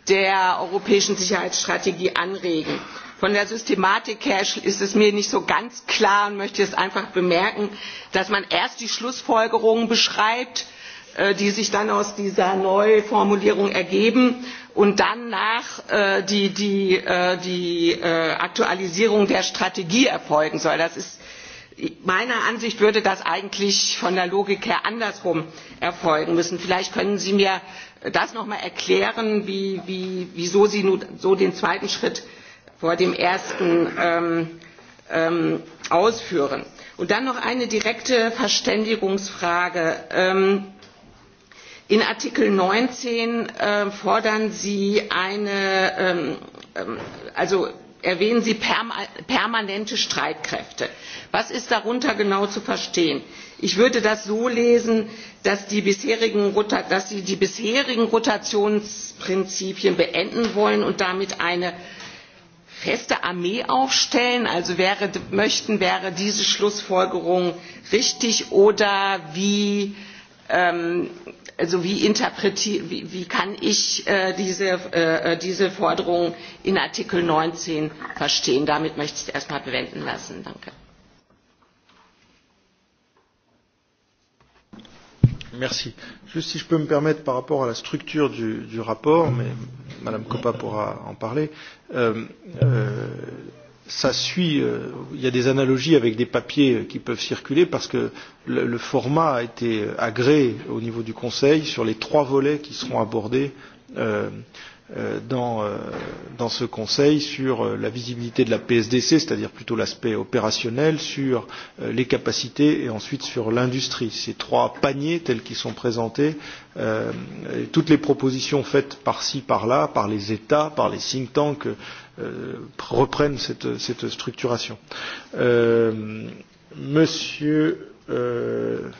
der europäischen Sicherheitsstrategie anregen. Von der Systematik her ist es mir nicht so ganz klar und möchte es einfach bemerken, dass man erst die Schlussfolgerungen beschreibt, äh, die sich dann aus dieser Neuformulierung ergeben und dann nach äh, die, die, äh, die äh, Aktualisierung der Strategie erfolgen soll. Das ist meiner Ansicht würde das eigentlich von der Logik her andersrum erfolgen müssen. Vielleicht können Sie mir das noch mal erklären, wie, wie, wieso Sie nun so den zweiten Schritt vor dem ersten ähm, ähm, ausführen. Und dann noch eine direkte Verständigungsfrage. Ähm, in Artikel 19 äh, fordern Sie eine, ähm, ähm also erwähnen Sie perma permanente Streitkräfte. Was ist darunter genau zu verstehen? Ich würde das so lesen, dass, die bisherigen, dass Sie die bisherigen Rotationsprinzipien beenden wollen und damit eine feste Armee aufstellen? Also wäre, möchten, wäre diese Schlussfolgerung richtig oder wie, ähm, also wie, wie, wie kann ich äh, diese, äh, äh diese Forderung in Artikel 19 verstehen? Damit möchte ich es erstmal bewenden lassen. Danke. Merci. Juste si je peux me permettre par rapport à la structure du, du rapport, mais Madame Coppa pourra en parler. Euh, euh, ça suit, euh, il y a des analogies avec des papiers qui peuvent circuler parce que le, le format a été agréé au niveau du Conseil sur les trois volets qui seront abordés euh, Euh, dans, euh, dans ce Conseil sur euh, la visibilité de la PSDC, c'est-à-dire plutôt l'aspect opérationnel, sur les capacités et ensuite sur l'industrie. Ces trois paniers tels qu'ils sont présentés, euh, toutes les propositions faites par-ci, par-là, par les États, par les think tanks, euh, reprennent cette, cette structuration. Euh, monsieur. Euh,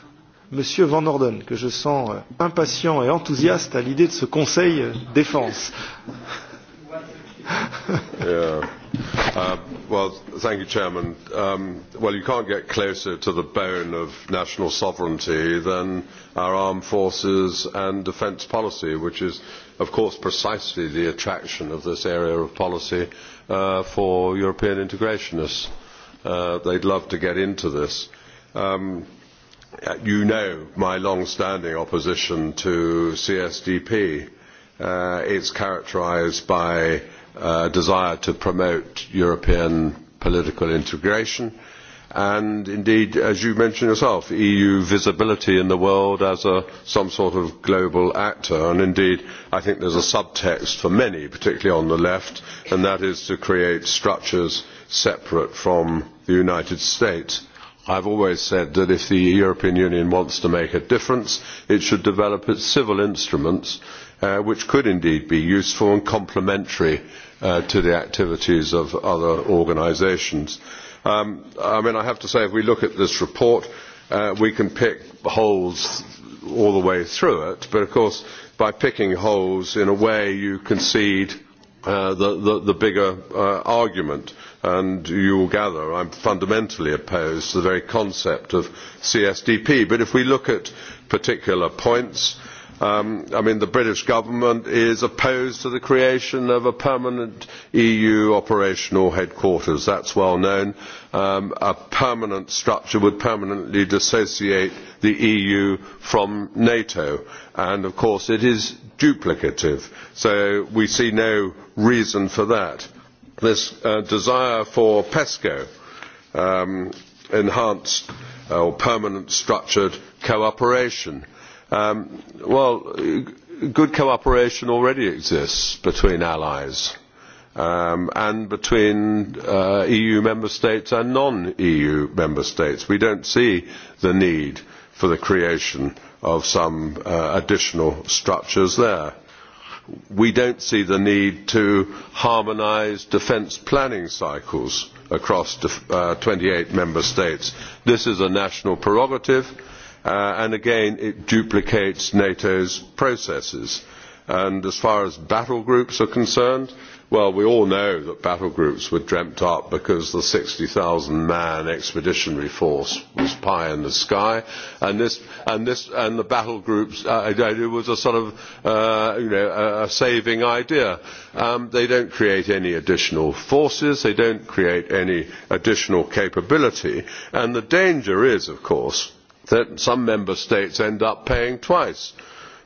Monsieur Van Orden, que je sens euh, impatient et enthousiaste à l'idée de ce Conseil euh, défense. yeah. Uh, well, thank you, Chairman. Um, well, you can't get closer to the bone of national sovereignty than our armed forces and defence policy, which is, of course, precisely the attraction of this area of policy uh, for European integrationists. Uh, they'd love to get into this. Um, Uh, you know my long-standing opposition to CSDP. Uh, it's characterized by a uh, desire to promote European political integration and indeed, as you mentioned yourself, EU visibility in the world as a, some sort of global actor. And indeed, I think there's a subtext for many, particularly on the left, and that is to create structures separate from the United States I have always said that if the European Union wants to make a difference, it should develop its civil instruments, uh, which could indeed be useful and complementary uh, to the activities of other organisations. Um, I mean, I have to say, if we look at this report, uh, we can pick holes all the way through it, but of course, by picking holes, in a way, you concede uh, the, the, the bigger uh, argument and you will gather I am fundamentally opposed to the very concept of CSDP. But if we look at particular points, um, I mean, the British government is opposed to the creation of a permanent EU operational headquarters. That's well known. Um, a permanent structure would permanently dissociate the EU from NATO. And of course, it is duplicative. So we see no reason for that this uh, desire for PESCO, um, enhanced uh, or permanent structured cooperation. Um, well, good cooperation already exists between allies um, and between uh, EU member states and non-EU member states. We don't see the need for the creation of some uh, additional structures there we do not see the need to harmonise defence planning cycles across uh, twenty eight member states. This is a national prerogative uh, and again it duplicates NATO's processes. And as far as battle groups are concerned, Well, we all know that battle groups were dreamt up because the 60,000 man expeditionary force was pie in the sky, and this and this and the battle groups uh, it was a sort of uh, you know a saving idea. Um, they don't create any additional forces, they don't create any additional capability, and the danger is, of course, that some member states end up paying twice,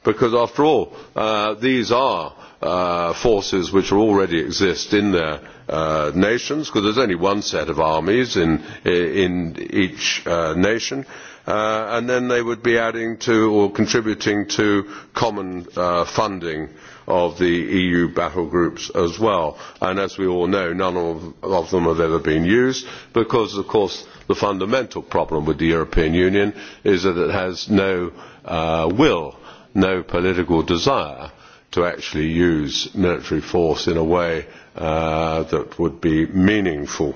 because after all, uh, these are uh, forces which already exist in their uh, nations, because there's only one set of armies in, in each uh, nation, uh, and then they would be adding to or contributing to common uh, funding of the EU battle groups as well. And as we all know, none of, of them have ever been used because, of course, the fundamental problem with the European Union is that it has no uh, will, no political desire to actually use military force in a way uh, that would be meaningful.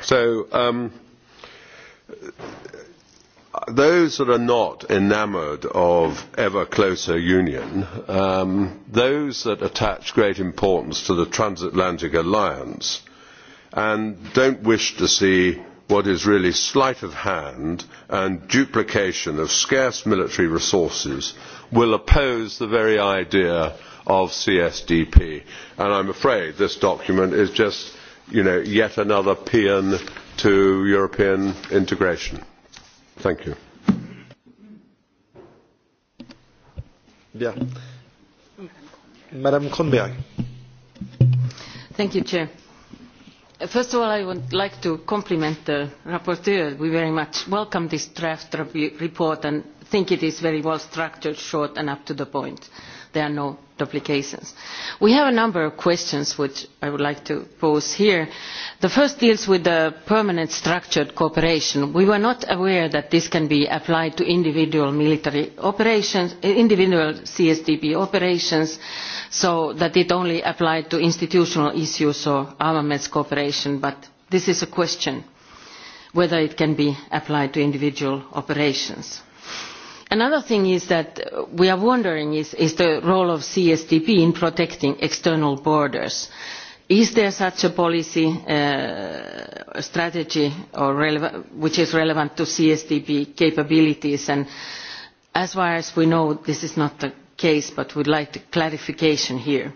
So um, those that are not enamoured of ever closer union, um, those that attach great importance to the transatlantic alliance and don't wish to see what is really sleight of hand and duplication of scarce military resources will oppose the very idea of CSDP. And I'm afraid this document is just you know, yet another paean to European integration. Thank you. Bien. Madame Kronberg. Thank you, Chair. First of all, I would like to compliment the rapporteur. We very much welcome this draft report and think it is very well structured, short and up to the point. There are no duplications. We have a number of questions which I would like to pose here. The first deals with the permanent structured cooperation. We were not aware that this can be applied to individual military operations, individual CSDP operations, so that it only applied to institutional issues or armaments cooperation, but this is a question whether it can be applied to individual operations. Another thing is that we are wondering is, is the role of CSDP in protecting external borders. Is there such a policy uh, strategy or which is relevant to CSDP capabilities? And as far as we know, this is not the case, but we'd like the clarification here.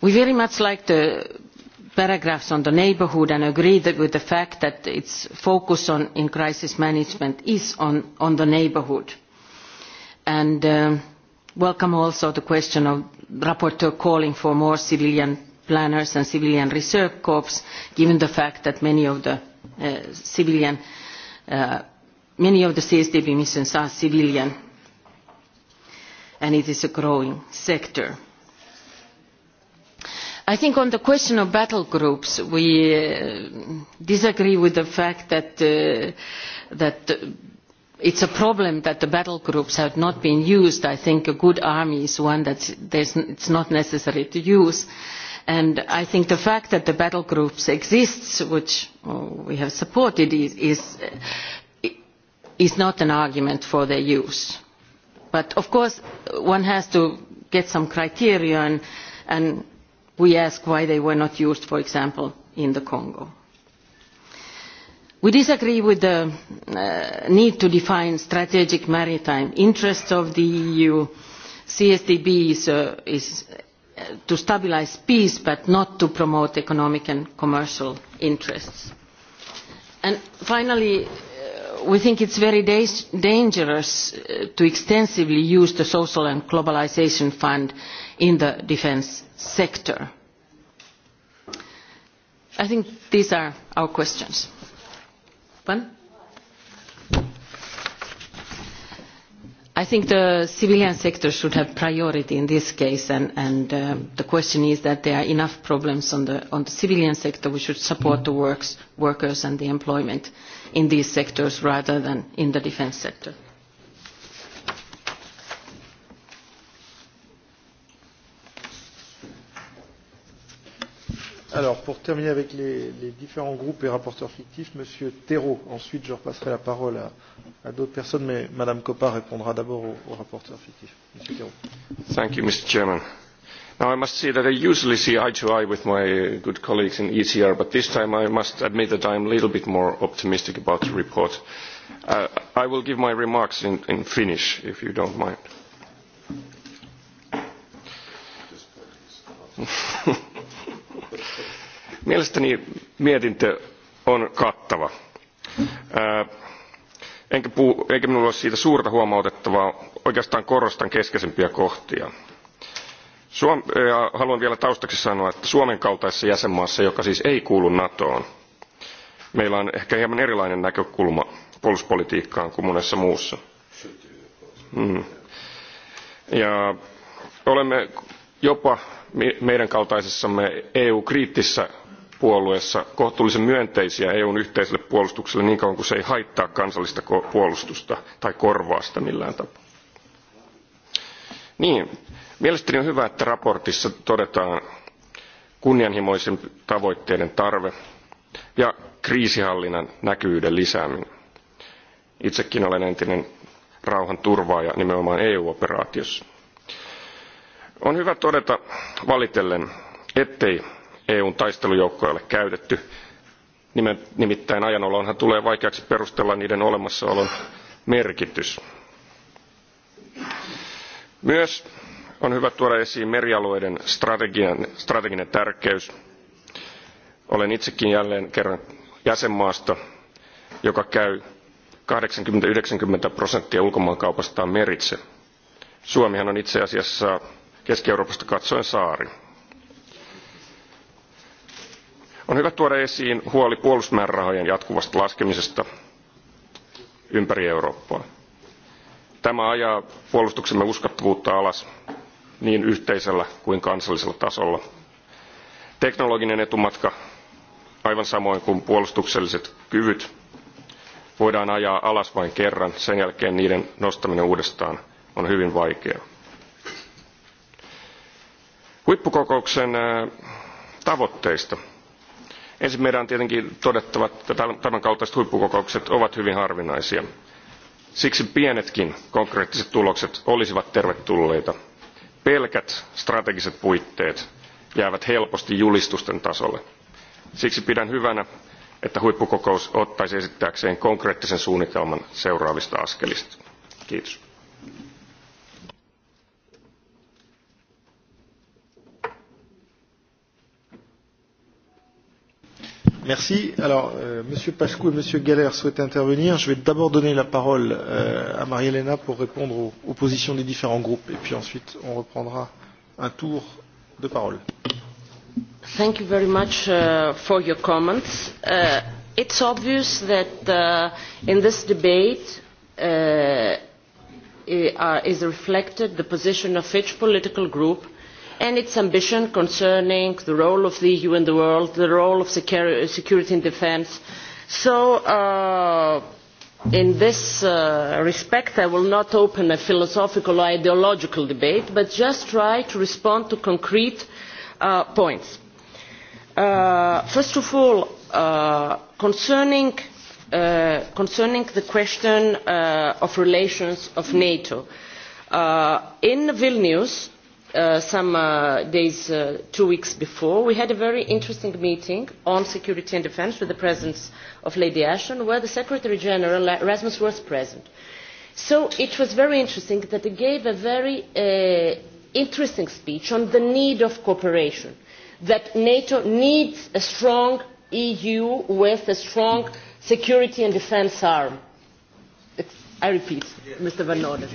We very much like the paragraphs on the neighbourhood and agree that with the fact that its focus on, in crisis management is on, on the neighbourhood. And um, welcome also the question of the rapporteur calling for more civilian planners and civilian reserve corps, given the fact that many of the uh, civilian, uh, many of the CSDB missions are civilian, and it is a growing sector. I think on the question of battle groups, we uh, disagree with the fact that, uh, that it's a problem that the battle groups have not been used. I think a good army is one that it's not necessary to use. And I think the fact that the battle groups exists, which oh, we have supported, is, is, is not an argument for their use. But of course, one has to get some criteria and, and we ask why they were not used, for example, in the Congo. We disagree with the uh, need to define strategic maritime interests of the EU. CSDB is, uh, is uh, to stabilize peace but not to promote economic and commercial interests. And finally, uh, we think it's very da dangerous uh, to extensively use the Social and Globalization Fund in the defense sector? I think these are our questions. One? I think the civilian sector should have priority in this case, and, and um, the question is that there are enough problems on the, on the civilian sector. We should support the works, workers and the employment in these sectors rather than in the defense sector. Alors, pour terminer avec les, les différents groupes et rapporteurs fictifs, Monsieur Thérault. Ensuite, je repasserai la parole à, à d'autres personnes, mais Madame Coppa répondra d'abord aux, aux rapporteurs fictifs. Monsieur Thérault. Thank you, Mr. Chairman. Now, I must say that I usually see eye to eye with my good colleagues in ECR, but this time I must admit that I am a little bit more optimistic about the report. Uh, I will give my remarks in, in Finnish, if you don't mind. Mielestäni mietintö on kattava. enkä, puu, enkä minulla ole siitä suurta huomautettavaa, oikeastaan korostan keskeisempiä kohtia. Suom, ja haluan vielä taustaksi sanoa, että Suomen kaltaisessa jäsenmaassa, joka siis ei kuulu NATOon, meillä on ehkä hieman erilainen näkökulma puolustuspolitiikkaan kuin monessa muussa. Mm. Ja olemme jopa meidän kaltaisessamme EU-kriittisessä puolueessa kohtuullisen myönteisiä EUn yhteiselle puolustukselle niin kauan kuin se ei haittaa kansallista puolustusta tai korvaa sitä millään tapaa. Niin, mielestäni on hyvä, että raportissa todetaan kunnianhimoisen tavoitteiden tarve ja kriisihallinnan näkyvyyden lisääminen. Itsekin olen entinen rauhan turvaaja nimenomaan EU-operaatiossa. On hyvä todeta valitellen, ettei EUn ole käytetty. Nimittäin ajanolonhan tulee vaikeaksi perustella niiden olemassaolon merkitys. Myös on hyvä tuoda esiin merialueiden strateginen tärkeys. Olen itsekin jälleen kerran jäsenmaasta, joka käy 80-90 prosenttia ulkomaankaupastaan meritse. Suomihan on itse asiassa Keski-Euroopasta katsoen saari. On hyvä tuoda esiin huoli puolustusmäärärahojen jatkuvasta laskemisesta ympäri Eurooppaa. Tämä ajaa puolustuksemme uskottavuutta alas niin yhteisellä kuin kansallisella tasolla. Teknologinen etumatka, aivan samoin kuin puolustukselliset kyvyt, voidaan ajaa alas vain kerran, sen jälkeen niiden nostaminen uudestaan on hyvin vaikea. Huippukokouksen äh, tavoitteista – ensin meidän on tietenkin todettava että tämän kaltaiset huippukokoukset ovat hyvin harvinaisia. siksi pienetkin konkreettiset tulokset olisivat tervetulleita. pelkät strategiset puitteet jäävät helposti julistusten tasolle. siksi pidän hyvänä että huippukokous ottaisi esittääkseen konkreettisen suunnitelman seuraavista askelista. Kiitos. Merci. Alors, euh, Monsieur Pascou et Monsieur Galère souhaitent intervenir. Je vais d'abord donner la parole euh, à Marie-Hélène pour répondre aux, aux positions des différents groupes, et puis ensuite on reprendra un tour de parole. Thank you very much uh, for your comments. Uh, it's obvious that uh, in this debate uh, uh is reflected the position of each political group and its ambition concerning the role of the EU in the world, the role of security and defence. So uh, in this uh, respect, I will not open a philosophical or ideological debate, but just try to respond to concrete uh, points. Uh, first of all, uh, concerning, uh, concerning the question uh, of relations of NATO. Uh, in Vilnius, uh, some uh, days, uh, two weeks before, we had a very interesting meeting on security and defense with the presence of Lady Ashton, where the Secretary General Rasmus was present. So it was very interesting that he gave a very uh, interesting speech on the need of cooperation, that NATO needs a strong EU with a strong security and defense arm I repeat, Mr. Van Norden.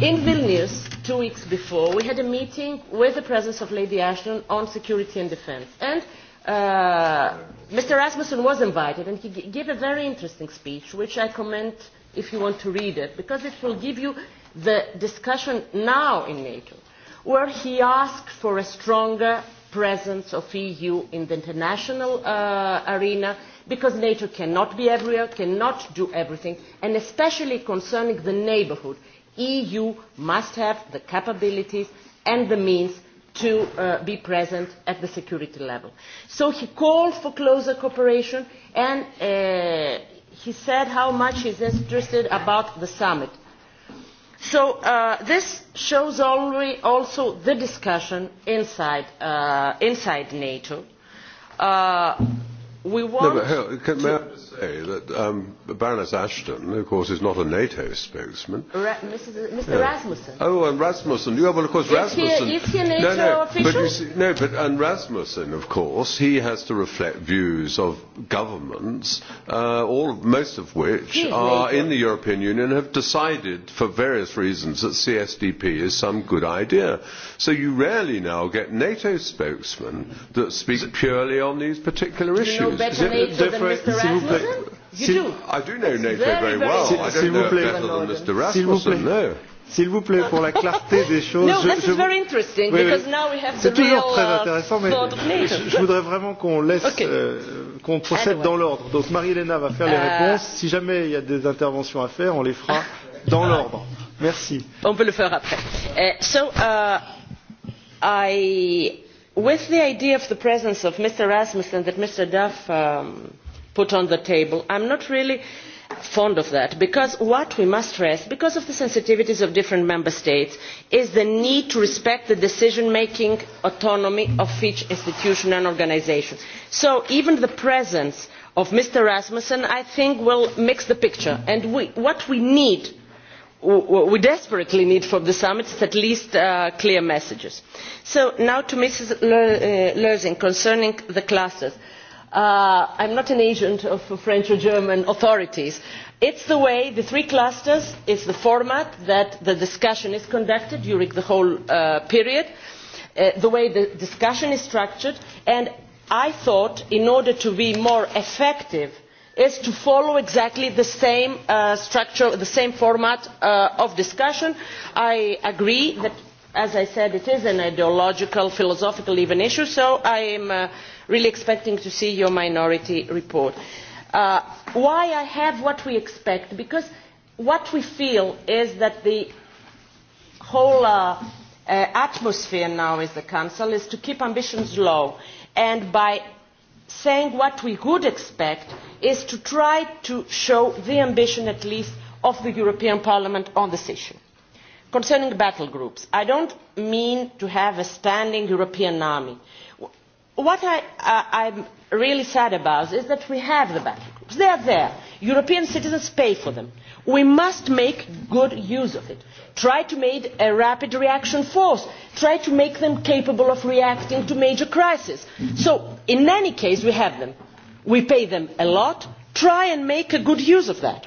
In Vilnius, two weeks before, we had a meeting with the presence of Lady Ashton on security and defense. And uh, Mr. Rasmussen was invited, and he gave a very interesting speech, which I commend if you want to read it, because it will give you the discussion now in NATO, where he asked for a stronger presence of EU in the international uh, arena because nature cannot be everywhere, cannot do everything, and especially concerning the neighborhood, EU must have the capabilities and the means to uh, be present at the security level. So he called for closer cooperation and uh, he said how much he's interested about the summit. So uh, this shows only also the discussion inside, uh, inside NATO. Uh, we want no, but, hell, can, to, say that um, Baroness Ashton, of course, is not a NATO spokesman. Ra Mr. Mr. Yeah. Rasmussen. Oh, and Rasmussen. Yeah, well, of course, is Rasmussen. He, is he a NATO no, no, official? But you see, no, but and Rasmussen, of course, he has to reflect views of governments, uh, all most of which are NATO. in the European Union and have decided, for various reasons, that CSDP is some good idea. So you rarely now get NATO spokesmen that speak purely on these particular issues. You know better NATO than Mr. Rasmussen? You do? I do know NATO very, very well. I don't know it better than Mr. Rasmussen, no. S'il vous plaît, pour la clarté des choses. No, this je, je... is very interesting oui, because oui. now we have the real. C'est toujours très uh, intéressant, mais je, je voudrais vraiment qu'on laisse, okay. euh, qu'on procède anyway. dans l'ordre. Donc Marie-Hélène va faire uh, les euh, réponses. Si jamais il y a des interventions à faire, on les fera dans l'ordre. Merci. On peut le faire après. Uh, so, uh, I, with the idea of the presence of Mr. Rasmussen that Mr. Duff um, put on the table. I am not really fond of that because what we must stress because of the sensitivities of different member states is the need to respect the decision making autonomy of each institution and organisation. so even the presence of mr rasmussen i think will mix the picture and we, what we need what we desperately need from the summit is at least uh, clear messages. so now to mrs lösing uh, concerning the clusters. Uh, I'm not an agent of French or German authorities. It's the way, the three clusters, is the format that the discussion is conducted during the whole uh, period, uh, the way the discussion is structured, and I thought in order to be more effective is to follow exactly the same uh, structure, the same format uh, of discussion. I agree that, as I said, it is an ideological, philosophical even issue, so I am uh, really expecting to see your minority report. Uh, why I have what we expect? Because what we feel is that the whole uh, uh, atmosphere now is the Council is to keep ambitions low and by saying what we would expect is to try to show the ambition at least of the European Parliament on this issue. Concerning battle groups, I don't mean to have a standing European army what I, uh, I'm really sad about is that we have the battle groups. They are there. European citizens pay for them. We must make good use of it. Try to make a rapid reaction force. Try to make them capable of reacting to major crises. So, in any case, we have them. We pay them a lot. Try and make a good use of that.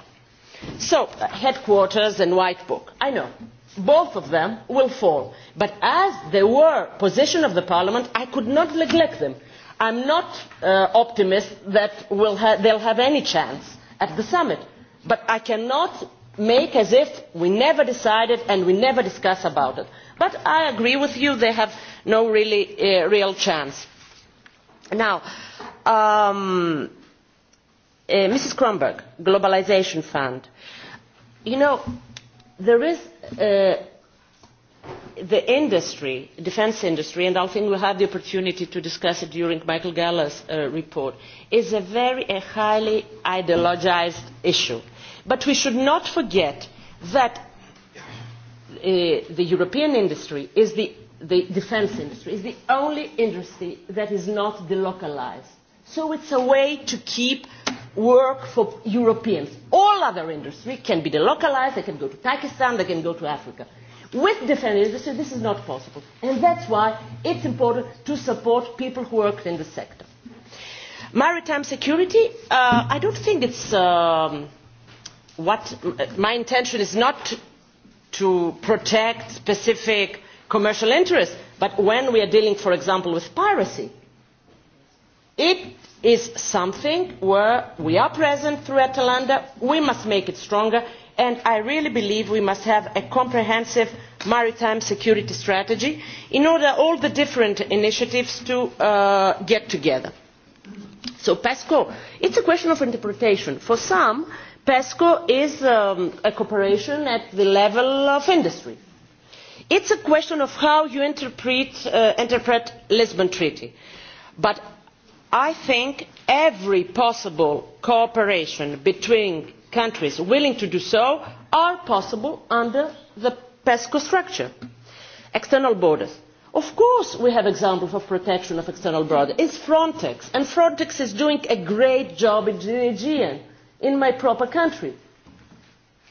So, uh, headquarters and white book. I know both of them will fall. But as they were position of the Parliament, I could not neglect them. I'm not uh, optimist that we'll ha they'll have any chance at the summit, but I cannot make as if we never decided and we never discuss about it. But I agree with you, they have no really, uh, real chance. Now, um, uh, Mrs. Kronberg, Globalization Fund. You know, there is uh, the industry, defense industry, and I think we had the opportunity to discuss it during Michael Galler's uh, report, is a very a highly ideologized issue. But we should not forget that uh, the European industry is the, the defense industry, is the only industry that is not delocalized So it's a way to keep work for Europeans. All other industry can be delocalized, they can go to Pakistan, they can go to Africa. With defense industry, this is not possible. And that's why it's important to support people who work in the sector. Maritime security, uh, I don't think it's um, what my intention is not to protect specific commercial interests, but when we are dealing, for example, with piracy, It is something where we are present through Atalanta, we must make it stronger, and I really believe we must have a comprehensive maritime security strategy in order all the different initiatives to uh, get together. So PESCO, it's a question of interpretation. For some, PESCO is um, a cooperation at the level of industry. It's a question of how you interpret, uh, interpret Lisbon Treaty. But I think every possible cooperation between countries willing to do so are possible under the PESCO structure. External borders. Of course we have examples of protection of external borders. It's Frontex, and Frontex is doing a great job in the Aegean, in my proper country.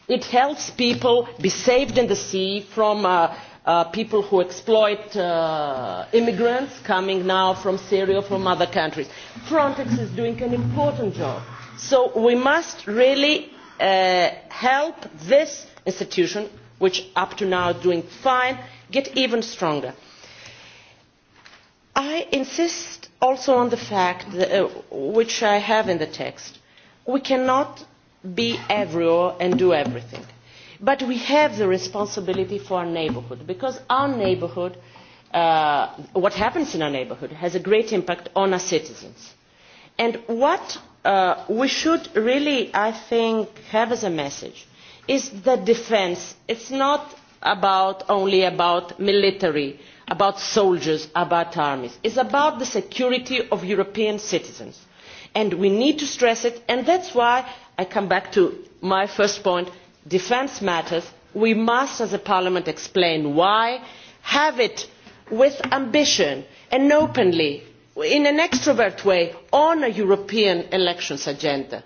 It helps people be saved in the sea from uh, Uh, people who exploit uh, immigrants coming now from Syria, from other countries. Frontex is doing an important job. So we must really uh, help this institution, which up to now is doing fine, get even stronger. I insist also on the fact, that, uh, which I have in the text, we cannot be everywhere and do everything But we have the responsibility for our neighborhood because our neighborhood, uh, what happens in our neighborhood has a great impact on our citizens. And what uh, we should really, I think, have as a message is the defense. It's not about only about military, about soldiers, about armies. It's about the security of European citizens. And we need to stress it, and that's why I come back to my first point, defence matters we must as a parliament explain why have it with ambition and openly in an extrovert way on a european elections agenda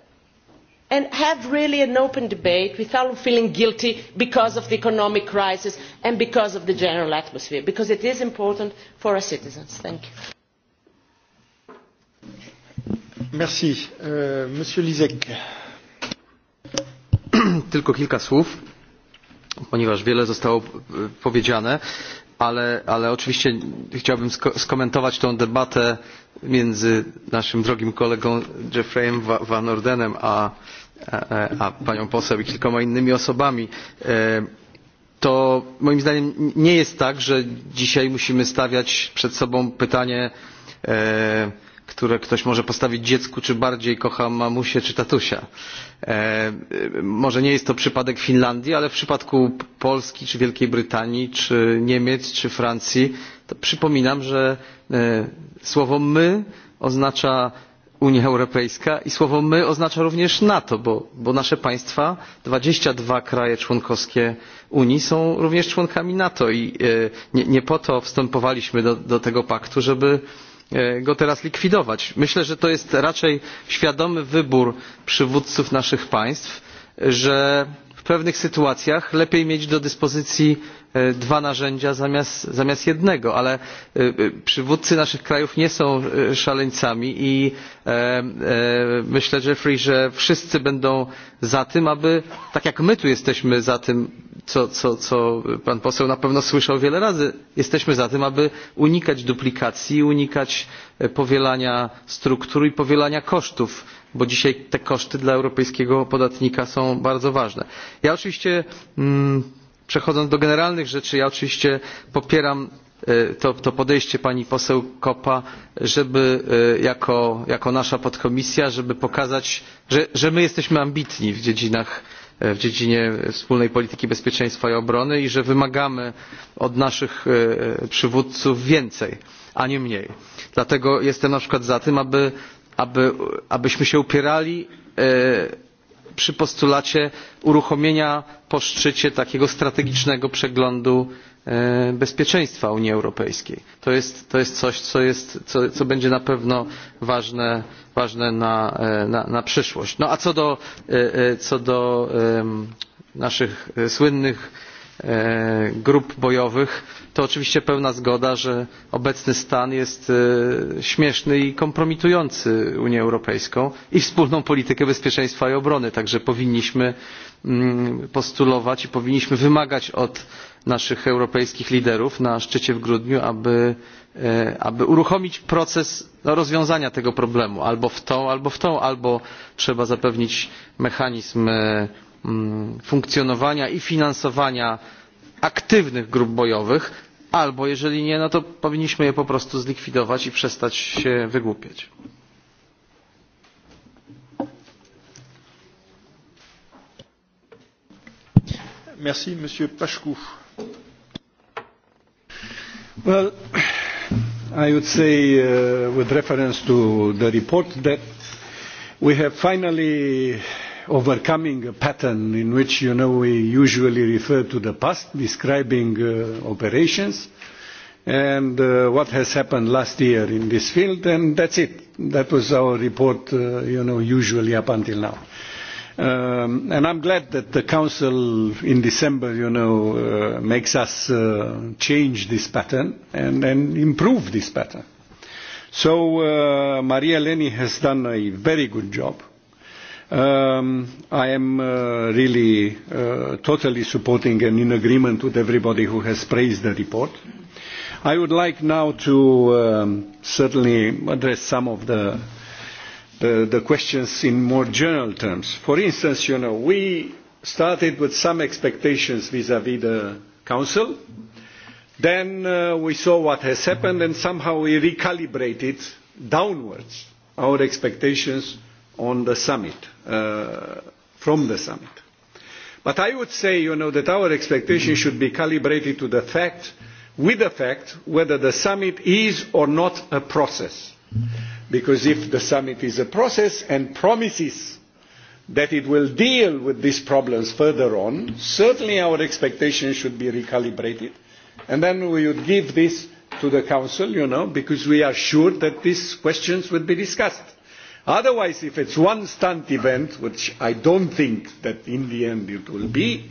and have really an open debate without feeling guilty because of the economic crisis and because of the general atmosphere because it is important for our citizens. Thank you. Merci. Uh, Monsieur Lisek. tylko kilka słów, ponieważ wiele zostało e, powiedziane, ale, ale oczywiście chciałbym skomentować tę debatę między naszym drogim kolegą Jeffreyem Van Ordenem a, a, e, e, a panią poseł i kilkoma innymi osobami. To moim zdaniem nie jest tak, że dzisiaj musimy stawiać przed sobą pytanie, e, które ktoś może postawić dziecku, czy bardziej kocha mamusię czy tatusia. E, może nie jest to przypadek Finlandii, ale w przypadku Polski, czy Wielkiej Brytanii, czy Niemiec, czy Francji, to przypominam, że e, słowo my oznacza Unia Europejska i słowo my oznacza również NATO, bo, bo nasze państwa, dwadzieścia dwa kraje członkowskie Unii są również członkami NATO i e, nie, nie po to wstępowaliśmy do, do tego paktu, żeby E, go teraz likwidować. Myślę, że to jest raczej świadomy wybór przywódców naszych państw, że pewnych sytuacjach lepiej mieć do dyspozycji e, dwa narzędzia zamiast, zamiast jednego, ale e, e, przywódcy naszych krajów nie są szaleńcami i myślę, Jeffrey, że wszyscy będą za tym, aby tak jak my tu jesteśmy za tym, co, co, co pan poseł na pewno słyszał wiele razy, jesteśmy za tym, aby unikać duplikacji, unikać powielania struktur i powielania kosztów bo dzisiaj te koszty dla europejskiego podatnika są bardzo ważne. Ja oczywiście, mm, przechodząc do generalnych rzeczy, ja oczywiście popieram e, to, to podejście pani poseł Kopa, żeby e, jako, jako nasza podkomisja, żeby pokazać, że, że my jesteśmy ambitni w dziedzinach e, w dziedzinie wspólnej polityki bezpieczeństwa i obrony i że wymagamy od naszych przywódców więcej, a nie mniej. Dlatego jestem na przykład za tym, aby aby, abyśmy się upierali e, przy postulacie uruchomienia po szczycie takiego strategicznego przeglądu e, bezpieczeństwa Unii Europejskiej. To jest, to jest coś, co, jest, co, co będzie na pewno ważne, ważne na, e, na, na przyszłość. No a co do, co do naszych słynnych E, grup bojowych, to oczywiście pełna zgoda, że obecny stan jest e, śmieszny i kompromitujący Unię Europejską i wspólną politykę bezpieczeństwa i obrony. Także powinniśmy mm, postulować i powinniśmy wymagać od naszych europejskich liderów na szczycie w grudniu, aby, e, aby uruchomić proces rozwiązania tego problemu albo w tą, albo w tą, albo trzeba zapewnić mechanizm Mm, funkcjonowania i finansowania aktywnych grup bojowych, albo jeżeli nie, no to powinniśmy je po prostu zlikwidować i przestać się wygłupiać. Merci, Monsieur Pashkou. Well, I would say, uh, with reference to the report, that we have finally overcoming a pattern in which you know we usually refer to the past describing uh, operations and uh, what has happened last year in this field and that's it that was our report uh, you know usually up until now um, and I'm glad that the Council in December, you know, uh, makes us uh, change this pattern and, and improve this pattern. So uh, Maria Leni has done a very good job Um, I am uh, really uh, totally supporting and in agreement with everybody who has praised the report. I would like now to um, certainly address some of the, the, uh, the questions in more general terms. For instance, you know, we started with some expectations vis-à-vis -vis the Council. Then uh, we saw what has happened and somehow we recalibrated downwards our expectations on the summit, uh, from the summit. But I would say, you know, that our expectation should be calibrated to the fact, with the fact, whether the summit is or not a process. Because if the summit is a process and promises that it will deal with these problems further on, certainly our expectations should be recalibrated. And then we would give this to the Council, you know, because we are sure that these questions will be discussed Otherwise, if it's one stunt event, which I don't think that in the end it will be,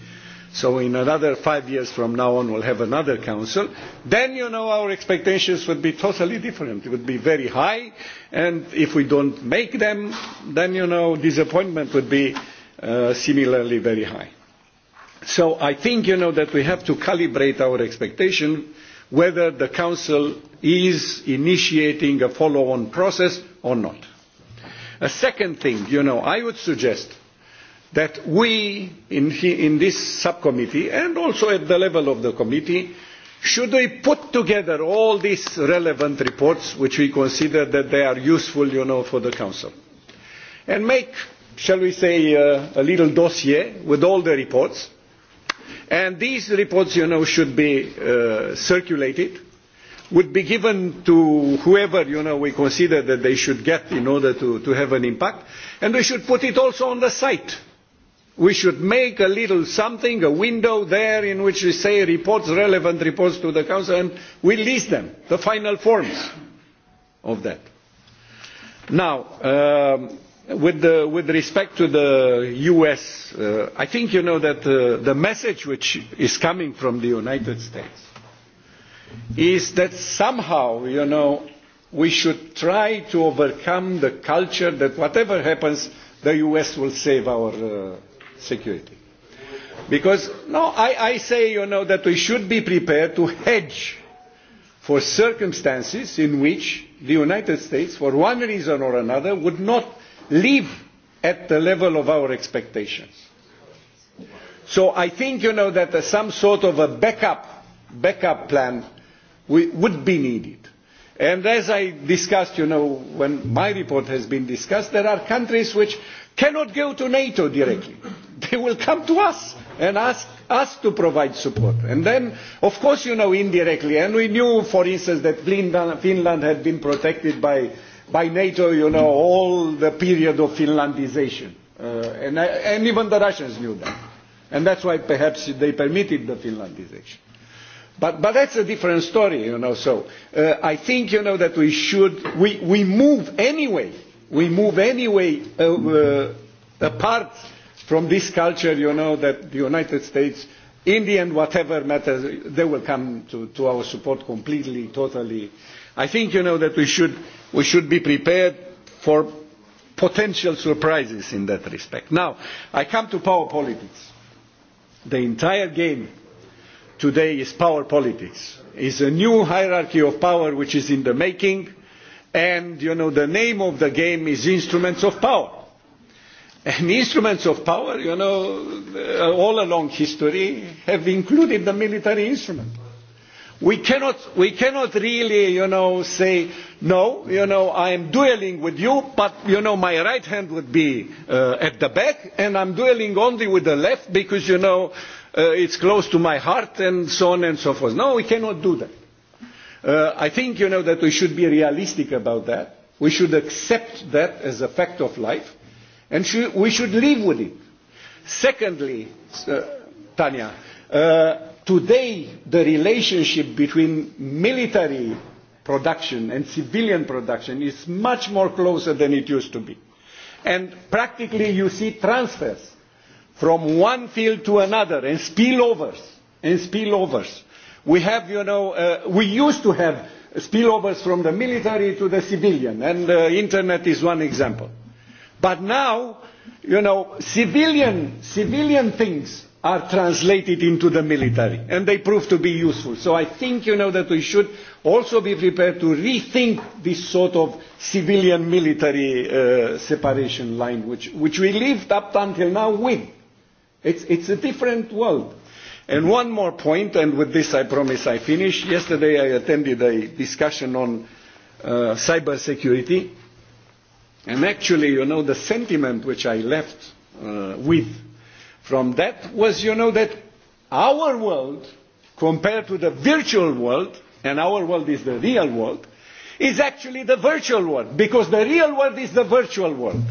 so in another five years from now on we'll have another council, then you know our expectations would be totally different. It would be very high, and if we don't make them, then you know disappointment would be uh, similarly very high. So I think you know that we have to calibrate our expectation whether the council is initiating a follow-on process or not. A second thing, you know, I would suggest that we in, in this subcommittee and also at the level of the committee should we put together all these relevant reports which we consider that they are useful, you know, for the council and make, shall we say, uh, a little dossier with all the reports and these reports, you know, should be uh, circulated would be given to whoever you know, we consider that they should get in order to, to have an impact. And we should put it also on the site. We should make a little something, a window there in which we say reports, relevant reports to the Council, and we list them, the final forms of that. Now, um, with, the, with respect to the U.S., uh, I think you know that uh, the message which is coming from the United States is that somehow, you know, we should try to overcome the culture that whatever happens, the US will save our uh, security. Because, no, I, I say, you know, that we should be prepared to hedge for circumstances in which the United States, for one reason or another, would not live at the level of our expectations. So I think, you know, that uh, some sort of a backup, backup plan we, would be needed. And as I discussed, you know, when my report has been discussed, there are countries which cannot go to NATO directly. They will come to us and ask us to provide support. And then, of course, you know, indirectly, and we knew, for instance, that Finland had been protected by, by NATO, you know, all the period of Finlandization. Uh, and, and even the Russians knew that. And that's why perhaps they permitted the Finlandization. But, but that's a different story, you know. So uh, I think, you know, that we should, we, we move anyway, we move anyway uh, uh, apart from this culture, you know, that the United States, in the end, whatever matters, they will come to, to our support completely, totally. I think, you know, that we should, we should be prepared for potential surprises in that respect. Now, I come to power politics. The entire game today is power politics. It's a new hierarchy of power which is in the making, and you know, the name of the game is instruments of power. And instruments of power, you know, uh, all along history have included the military instrument. We cannot, we cannot really, you know, say, no, you know, I am dueling with you, but, you know, my right hand would be uh, at the back, and I'm dueling only with the left because, you know, uh, it's close to my heart and so on and so forth. No, we cannot do that. Uh, I think, you know, that we should be realistic about that. We should accept that as a fact of life and sh we should live with it. Secondly, uh, Tanya, uh, today the relationship between military production and civilian production is much more closer than it used to be. And practically you see transfers from one field to another and spillovers and spillovers. We have, you know, uh, we used to have spillovers from the military to the civilian, and the uh, internet is one example. But now, you know, civilian, civilian things are translated into the military, and they prove to be useful. So I think, you know, that we should also be prepared to rethink this sort of civilian-military uh, separation line, which, which we lived up until now with. It's, it's a different world. And one more point, and with this I promise I finish. Yesterday I attended a discussion on uh, cybersecurity. And actually, you know, the sentiment which I left uh, with from that was, you know, that our world, compared to the virtual world, and our world is the real world, is actually the virtual world, because the real world is the virtual world.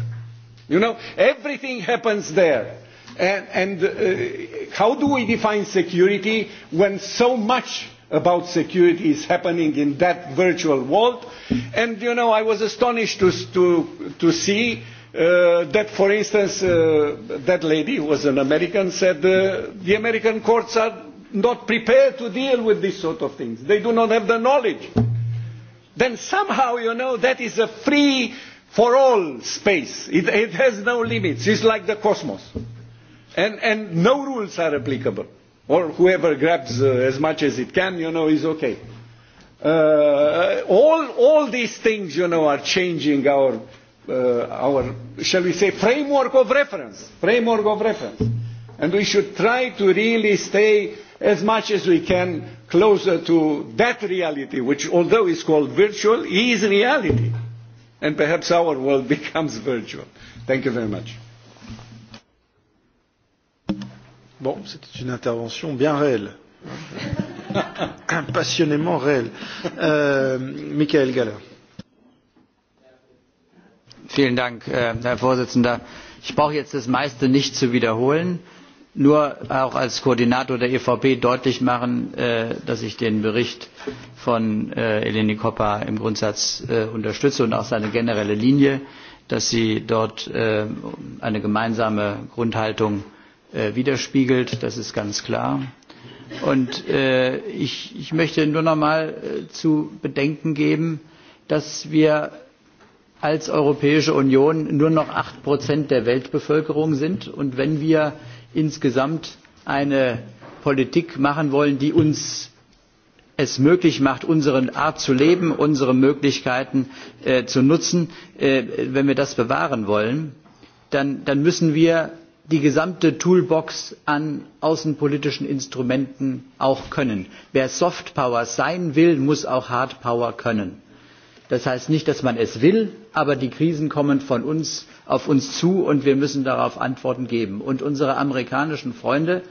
You know, everything happens there And, and uh, how do we define security when so much about security is happening in that virtual world? And, you know, I was astonished to, to, to see uh, that, for instance, uh, that lady who was an American said uh, the American courts are not prepared to deal with these sort of things. They do not have the knowledge. Then somehow, you know, that is a free for all space. It, it has no limits. It's like the cosmos and, and no rules are applicable. Or whoever grabs uh, as much as it can, you know, is okay. Uh, all, all these things, you know, are changing our, uh, our, shall we say, framework of reference, framework of reference. And we should try to really stay as much as we can closer to that reality, which although is called virtual, is reality. And perhaps our world becomes virtual. Thank you very much. Bon, c'était une intervention bien réelle. Passionnément réelle. Euh, Michael Galler. Vielen Dank, äh, Herr Vorsitzender. Ich brauche jetzt das meiste nicht zu wiederholen, nur auch als Koordinator der EVP deutlich machen, äh, dass ich den Bericht von äh, Eleni Koppa im Grundsatz unterstütze und auch seine generelle Linie, dass sie dort eine gemeinsame Grundhaltung äh, äh, widerspiegelt, das ist ganz klar. Und äh, ich, ich möchte nur noch mal äh, zu bedenken geben, dass wir als Europäische Union nur noch acht Prozent der Weltbevölkerung sind. Und wenn wir insgesamt eine Politik machen wollen, die uns es möglich macht, unsere Art zu leben, unsere Möglichkeiten äh, zu nutzen, äh, wenn wir das bewahren wollen, dann, dann müssen wir die gesamte Toolbox an außenpolitischen Instrumenten auch können. Wer Soft Power sein will, muss auch Hard Power können. Das heißt nicht, dass man es will, aber die Krisen kommen von uns auf uns zu und wir müssen darauf Antworten geben. Und unsere amerikanischen Freunde,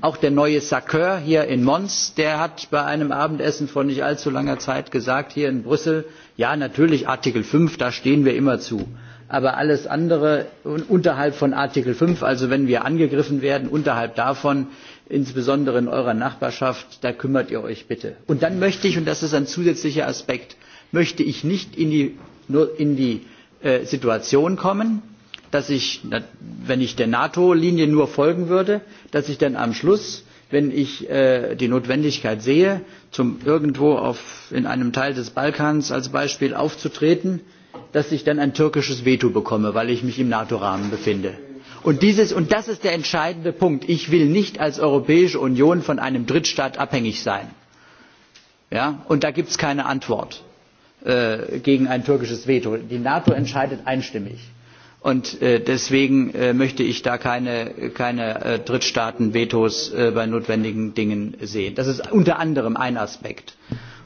auch der neue Sacker hier in Mons, der hat bei einem Abendessen vor nicht allzu langer Zeit gesagt, hier in Brüssel, ja, natürlich Artikel 5, da stehen wir immer zu aber alles andere unterhalb von Artikel 5, also wenn wir angegriffen werden, unterhalb davon, insbesondere in eurer Nachbarschaft, da kümmert ihr euch bitte. Und dann möchte ich, und das ist ein zusätzlicher Aspekt, möchte ich nicht in die, nur in die äh, Situation kommen, dass ich, wenn ich der NATO-Linie nur folgen würde, dass ich dann am Schluss, wenn ich äh, die Notwendigkeit sehe, zum irgendwo auf, in einem Teil des Balkans als Beispiel aufzutreten, dass ich dann ein türkisches Veto bekomme, weil ich mich im NATO-Rahmen befinde. Und, dieses, und das ist der entscheidende Punkt. Ich will nicht als Europäische Union von einem Drittstaat abhängig sein. Ja? Und da gibt es keine Antwort äh, gegen ein türkisches Veto. Die NATO entscheidet einstimmig. Und äh, deswegen äh, möchte ich da keine, keine äh, Drittstaaten-Vetos äh, bei notwendigen Dingen sehen. Das ist unter anderem ein Aspekt.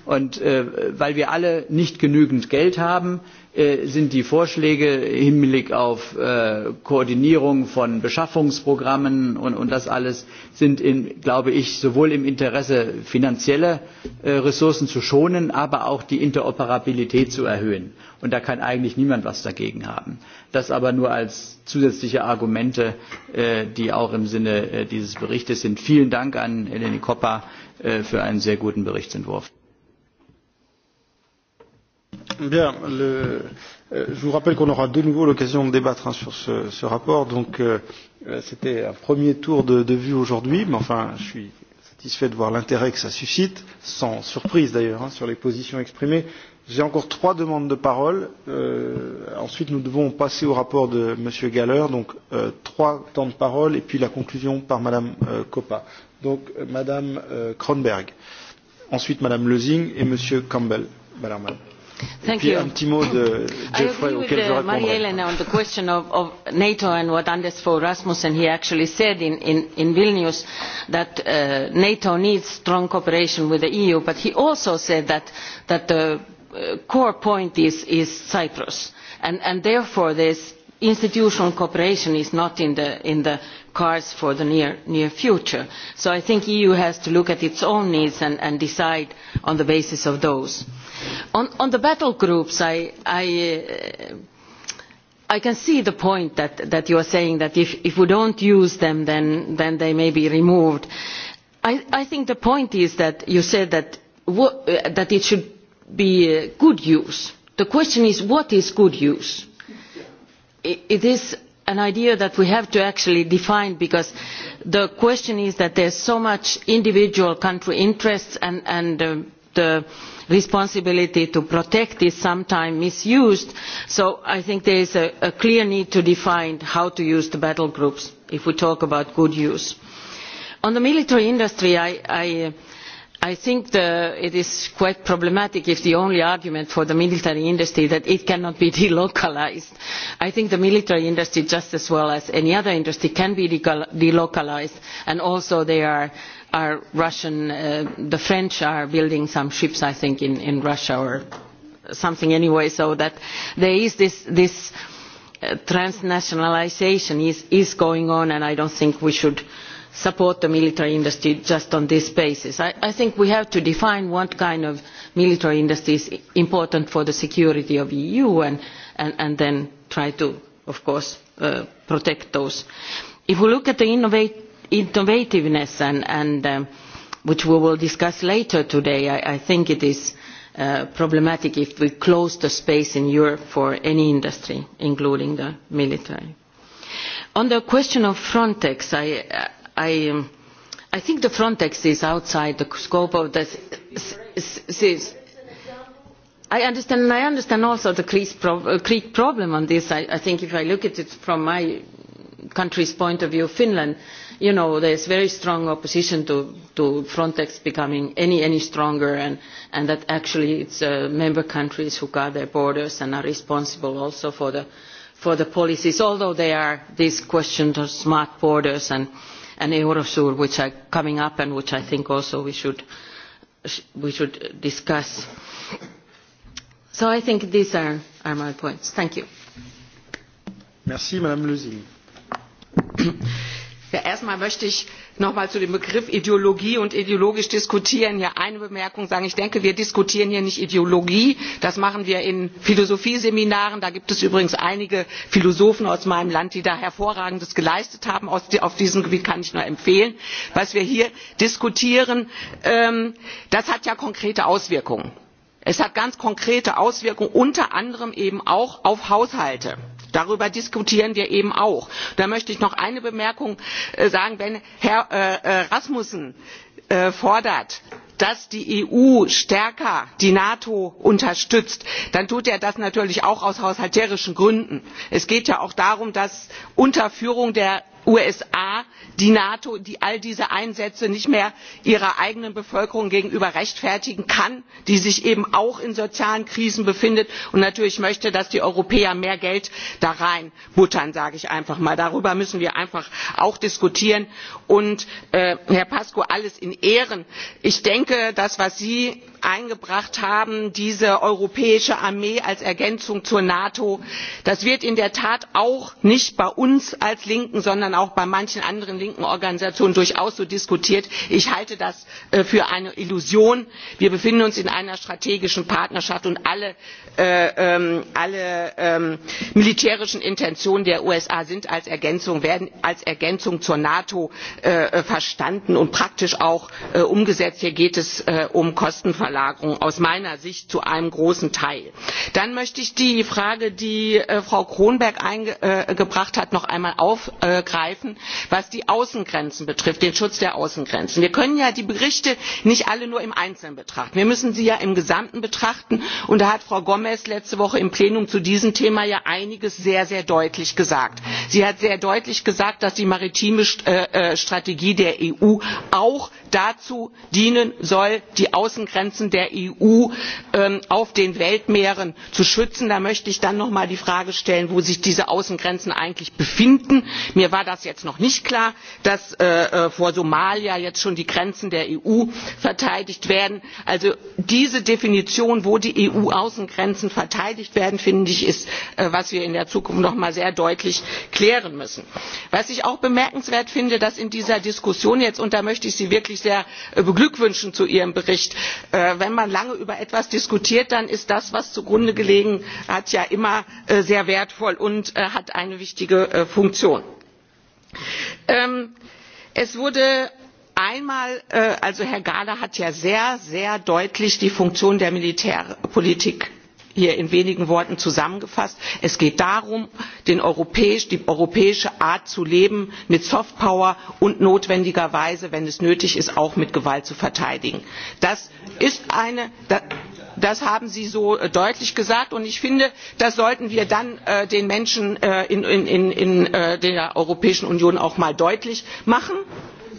Und äh, weil wir alle nicht genügend Geld haben, Äh, sind die Vorschläge im Hinblick auf äh, Koordinierung von Beschaffungsprogrammen und, und das alles sind, in, glaube ich, sowohl im Interesse finanzieller äh, Ressourcen zu schonen, aber auch die Interoperabilität zu erhöhen. Und da kann eigentlich niemand was dagegen haben. Das aber nur als zusätzliche Argumente, äh, die auch im Sinne äh, dieses Berichtes sind. Vielen Dank an Eleni Koppa äh, für einen sehr guten Berichtsentwurf. Bien, le, euh, je vous rappelle qu'on aura de nouveau l'occasion de débattre hein, sur ce, ce rapport. Donc, euh, euh, c'était un premier tour de, de vue aujourd'hui, mais enfin, je suis satisfait de voir l'intérêt que ça suscite, sans surprise d'ailleurs, hein, sur les positions exprimées. J'ai encore trois demandes de parole. Euh, ensuite, nous devons passer au rapport de M. Galler, donc euh, trois temps de parole, et puis la conclusion par Mme euh, Coppa. Donc, euh, Mme euh, Kronberg, ensuite Mme Lezing et M. Campbell. Madame, madame. Thank you. un petit mot de uh, Marie-Hélène on the question of, of NATO and what Anders Fogh Rasmussen he actually said in, in, in Vilnius that uh, NATO needs strong cooperation with the EU but he also said that, that the uh, core point is, is Cyprus and, and therefore there's institutional cooperation is not in the, in the cards for the near, near future. So I think the EU has to look at its own needs and, and decide on the basis of those. On, on the battle groups, I, I, uh, I can see the point that, that you are saying that if, if we don't use them, then, then they may be removed. I, I think the point is that you said that, what, uh, that it should be uh, good use. The question is what is good use? it is an idea that we have to actually define because the question is that there is so much individual country interests and, and uh, the responsibility to protect is sometimes misused so i think there is a, a clear need to define how to use the battle groups if we talk about good use. on the military industry i, I uh, I think the, it is quite problematic if the only argument for the military industry that it cannot be delocalized. I think the military industry, just as well as any other industry, can be delocalized, and also they are, are Russian. Uh, the French are building some ships, I think, in, in Russia or something anyway, so that there is this. this uh transnationalization is, is going on and I don't think we should uh, support the military industry just on this basis. I, I think we have to define what kind of military industry is important for the security of the EU and, and, and then try to, of course, uh, protect those. If we look at the innovate, innovativeness, and, and, um, which we will discuss later today, I, I think it is uh, problematic if we close the space in Europe for any industry, including the military. On the question of Frontex, I, uh, I, um, I think the Frontex is outside the scope of this. I understand, and I understand also the Greek, uh, Greek problem on this. I, I think if I look at it from my country's point of view, Finland, you know, there's very strong opposition to, to Frontex becoming any, any stronger and, and that actually it's uh, member countries who guard their borders and are responsible also for the, for the policies, although they are these questions of smart borders and, and Eurosur, which are coming up and which I think also we should, we should discuss. So I think these are, are my points. Thank you. Merci, Madame Lezing. Ja, erstmal möchte ich nochmal zu dem Begriff Ideologie und ideologisch diskutieren hier eine Bemerkung sagen. Ich denke, wir diskutieren hier nicht Ideologie. Das machen wir in Philosophieseminaren. Da gibt es übrigens einige Philosophen aus meinem Land, die da hervorragendes geleistet haben. auf diesem Gebiet kann ich nur empfehlen. Was wir hier diskutieren, ähm, das hat ja konkrete Auswirkungen. Es hat ganz konkrete Auswirkungen, unter anderem eben auch auf Haushalte. Darüber diskutieren wir eben auch. Da möchte ich noch eine Bemerkung äh, sagen, wenn Herr äh, äh, Rasmussen fordert, dass die EU stärker die NATO unterstützt, dann tut er das natürlich auch aus haushalterischen Gründen. Es geht ja auch darum, dass unter Führung der usa die nato die all diese einsätze nicht mehr ihrer eigenen bevölkerung gegenüber rechtfertigen kann die sich eben auch in sozialen krisen befindet und natürlich möchte dass die europäer mehr geld da reinbuttern sage ich einfach mal. darüber müssen wir einfach auch diskutieren. und äh, herr pacu alles in ehren ich denke das was sie eingebracht haben diese europäische armee als ergänzung zur nato das wird in der tat auch nicht bei uns als linken sondern sondern auch bei manchen anderen linken Organisationen durchaus so diskutiert. Ich halte das äh, für eine Illusion. Wir befinden uns in einer strategischen Partnerschaft und alle, äh, ähm, ähm, militärischen Intentionen der USA sind als Ergänzung, werden als Ergänzung zur NATO äh, verstanden und praktisch auch umgesetzt. Hier geht es um Kostenverlagerung aus meiner Sicht zu einem großen Teil. Dann möchte ich die Frage, die Frau Kronberg eingebracht hat, noch einmal aufgreifen greifen was die außengrenzen betrifft den schutz der außengrenzen. wir können ja die berichte nicht alle nur im einzelnen betrachten wir müssen sie ja im gesamten betrachten und da hat frau gomes letzte woche im plenum zu diesem thema ja einiges sehr sehr deutlich gesagt. sie hat sehr deutlich gesagt dass die maritime äh, äh, strategie der eu auch dazu dienen soll die außengrenzen der eu ähm, auf den weltmeeren zu schützen. da möchte ich dann noch einmal die frage stellen wo sich diese außengrenzen eigentlich befinden. mir war das jetzt noch nicht klar dass äh, äh, vor somalia jetzt schon die grenzen der eu verteidigt werden. also diese definition wo die eu außengrenzen verteidigt werden finde ich ist äh, was wir in der zukunft noch einmal sehr deutlich klären müssen. was ich auch bemerkenswert finde dass in dieser diskussion jetzt und da möchte ich sie wirklich sehr äh, beglückwünschen zu ihrem bericht. Äh, wenn man lange über etwas diskutiert dann ist das was zugrunde gelegen hat ja immer äh, sehr wertvoll und hat eine wichtige funktion. Ähm, es wurde einmal also herr gahler hat ja sehr sehr deutlich die funktion der militärpolitik hier in wenigen Worten zusammengefasst. Es geht darum, Europäisch, die europäische Art zu leben mit Softpower und notwendigerweise, wenn es nötig ist, auch mit Gewalt zu verteidigen. Das ist eine, das haben Sie so äh, deutlich gesagt und ich finde, das sollten wir dann äh, den Menschen äh, in, in, in, äh, der Europäischen Union auch mal deutlich machen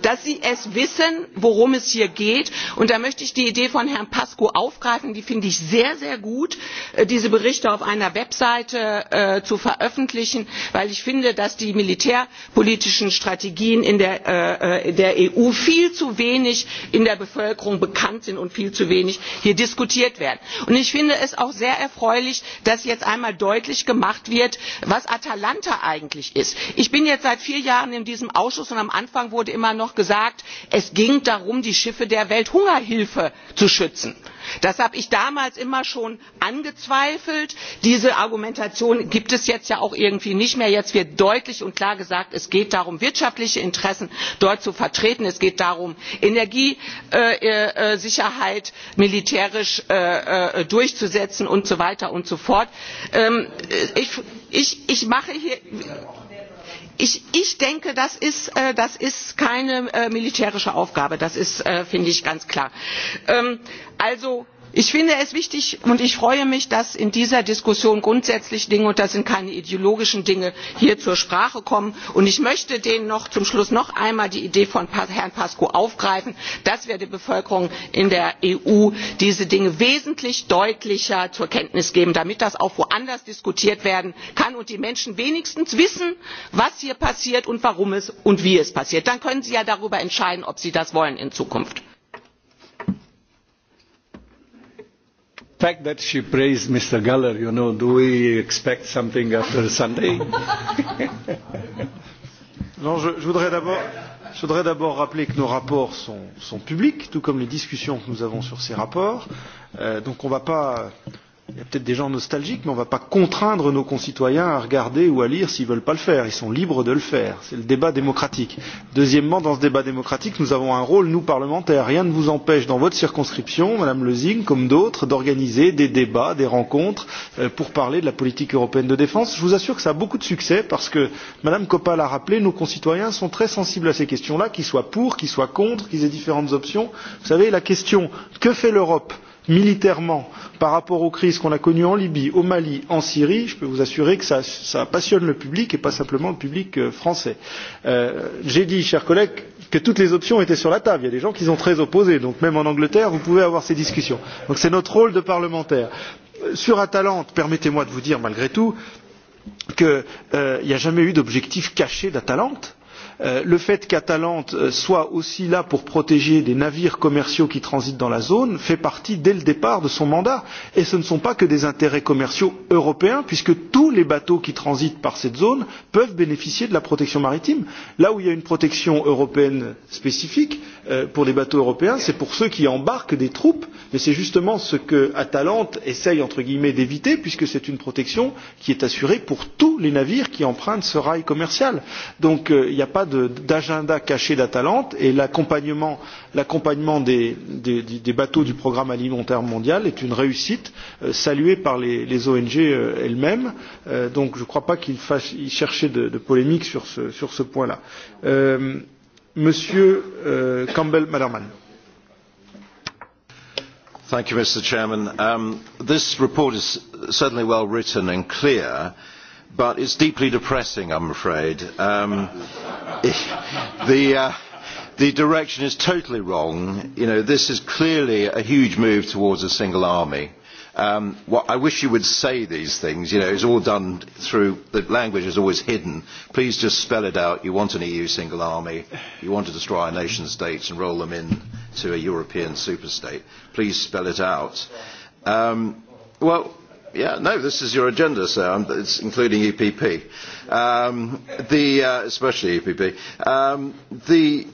dass sie es wissen, worum es hier geht. Und da möchte ich die Idee von Herrn Pascu aufgreifen, die finde ich sehr, sehr gut, äh, diese Berichte auf einer Webseite äh, zu veröffentlichen, weil ich finde, dass die militärpolitischen Strategien in der, äh, äh der EU viel zu wenig in der Bevölkerung bekannt sind und viel zu wenig hier diskutiert werden. Und ich finde es auch sehr erfreulich, dass jetzt einmal deutlich gemacht wird, was Atalanta eigentlich ist. Ich bin jetzt seit vier Jahren in diesem Ausschuss und am Anfang wurde immer noch noch gesagt es ging darum die schiffe der welthungerhilfe zu schützen. das habe ich damals immer schon angezweifelt. diese argumentation gibt es jetzt ja auch irgendwie nicht mehr. jetzt wird deutlich und klar gesagt es geht darum wirtschaftliche interessen dort zu vertreten es geht darum energiesicherheit äh, äh, äh, militärisch durchzusetzen und so weiter und so fort. Ähm, ich, ich, ich mache hier Ich, ich denke, das ist, äh, das ist keine äh, militärische Aufgabe. Das ist, äh, finde ich, ganz klar. Ähm, also Ich finde es wichtig und ich freue mich, dass in dieser Diskussion grundsätzlich Dinge, und das sind keine ideologischen Dinge, hier zur Sprache kommen. Und ich möchte denen noch zum Schluss noch einmal die Idee von Herrn Pascu aufgreifen, dass wir der Bevölkerung in der EU diese Dinge wesentlich deutlicher zur Kenntnis geben, damit das auch woanders diskutiert werden kann und die Menschen wenigstens wissen, was hier passiert und warum es und wie es passiert. Dann können sie ja darüber entscheiden, ob sie das wollen in Zukunft. fact that she praised Mr. Guller, you know, do we expect something after Sunday? non, je, je voudrais d'abord... Je voudrais d'abord rappeler que nos rapports sont, sont publics, tout comme les discussions que nous avons sur ces rapports. Euh, donc on ne va pas Il y a peut-être des gens nostalgiques, mais on ne va pas contraindre nos concitoyens à regarder ou à lire s'ils ne veulent pas le faire. Ils sont libres de le faire. C'est le débat démocratique. Deuxièmement, dans ce débat démocratique, nous avons un rôle, nous parlementaires. Rien ne vous empêche, dans votre circonscription, Madame Lezing, comme d'autres, d'organiser des débats, des rencontres euh, pour parler de la politique européenne de défense. Je vous assure que ça a beaucoup de succès parce que, Madame Coppa l'a rappelé, nos concitoyens sont très sensibles à ces questions-là, qu'ils soient pour, qu'ils soient contre, qu'ils aient différentes options. Vous savez, la question que fait l'Europe militairement par rapport aux crises qu'on a connues en Libye, au Mali, en Syrie, je peux vous assurer que ça, ça passionne le public et pas simplement le public euh, français. Euh, J'ai dit, chers collègues, que toutes les options étaient sur la table. Il y a des gens qui sont très opposés, donc même en Angleterre, vous pouvez avoir ces discussions. Donc c'est notre rôle de parlementaire. Euh, sur Atalante, permettez-moi de vous dire malgré tout qu'il n'y euh, a jamais eu d'objectif caché d'Atalante Euh, le fait qu'Atalante euh, soit aussi là pour protéger des navires commerciaux qui transitent dans la zone fait partie dès le départ de son mandat. Et ce ne sont pas que des intérêts commerciaux européens, puisque tous les bateaux qui transitent par cette zone peuvent bénéficier de la protection maritime. Là où il y a une protection européenne spécifique euh, pour les bateaux européens, c'est pour ceux qui embarquent des troupes, mais c'est justement ce que Atalante essaye entre guillemets d'éviter, puisque c'est une protection qui est assurée pour tous les navires qui empruntent ce rail commercial. Donc il n'y a pas pas d'agenda caché d'Atalante et l'accompagnement des, des, des bateaux du programme alimentaire mondial est une réussite euh, saluée par les, les ONG euh, elles-mêmes. Euh, donc je ne crois pas qu'il fasse y chercher de, de polémique sur ce, sur ce point-là. Euh, Monsieur euh, Campbell Malerman. Thank you, Mr. Chairman. Um, this report is certainly well written and clear but it's deeply depressing, I'm afraid. Um, the, uh, the direction is totally wrong. You know, this is clearly a huge move towards a single army. Um, well, I wish you would say these things. You know, it's all done through the language is always hidden. Please just spell it out. You want an EU single army. You want to destroy our nation states and roll them into a European superstate. Please spell it out. Um, well, yeah, no, this is your agenda, sir. I'm, it's including EPP, um, the, uh, especially EPP. Um, the,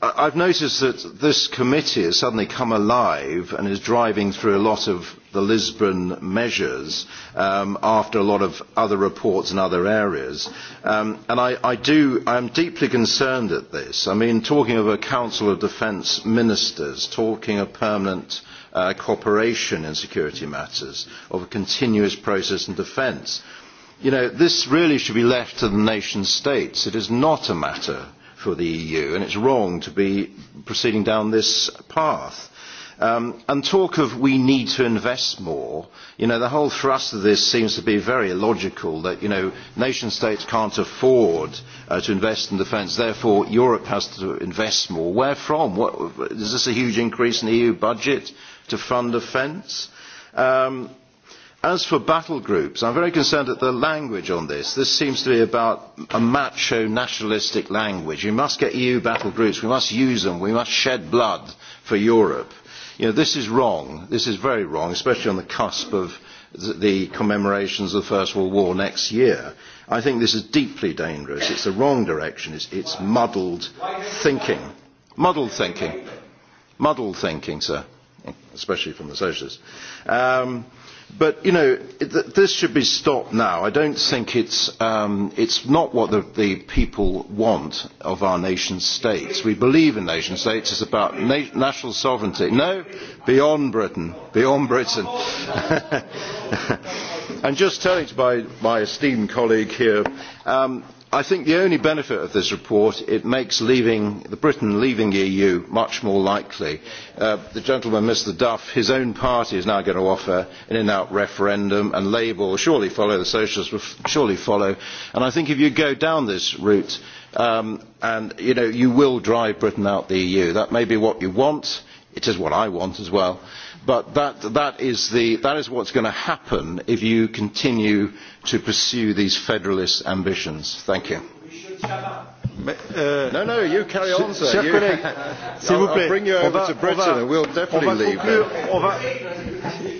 I've noticed that this committee has suddenly come alive and is driving through a lot of the Lisbon measures um, after a lot of other reports in other areas. Um, and I, I do, I'm deeply concerned at this. I mean, talking of a Council of Defence Ministers, talking of permanent uh, cooperation in security matters, of a continuous process in defence. You know, this really should be left to the nation states. It is not a matter for the EU, and it's wrong to be proceeding down this path. Um, and talk of we need to invest more, you know, the whole thrust of this seems to be very illogical that, you know, nation states can't afford uh, to invest in defence, therefore Europe has to invest more. Where from? What, is this a huge increase in the EU budget? to fund offence. Um, as for battle groups, I'm very concerned at the language on this. This seems to be about a macho nationalistic language. We must get EU battle groups. We must use them. We must shed blood for Europe. You know, this is wrong. This is very wrong, especially on the cusp of the commemorations of the First World War next year. I think this is deeply dangerous. It's the wrong direction. It's, it's muddled thinking. Muddled thinking. Muddled thinking, sir especially from the socialists. Um, but, you know, it, this should be stopped now. I don't think it's, um, it's not what the, the people want of our nation states. We believe in nation states. It's about na national sovereignty. No, beyond Britain. Beyond Britain. and just telling to my, my esteemed colleague here, um, I think the only benefit of this report, it makes leaving, the Britain leaving the EU much more likely. Uh, the gentleman, Mr Duff, his own party is now going to offer an in-out referendum and Labour will surely follow, the Socialists will surely follow. And I think if you go down this route, um, and you, know, you will drive Britain out the EU. That may be what you want, it is what I want as well But that, that, is the, that is what's going to happen if you continue to pursue these federalist ambitions. Thank you. Mais, euh, no, no, you carry on, sir. Chers collègues, vous plaît, I'll bring you over va, to Britain va, and we'll definitely on va leave. Conclure, on va,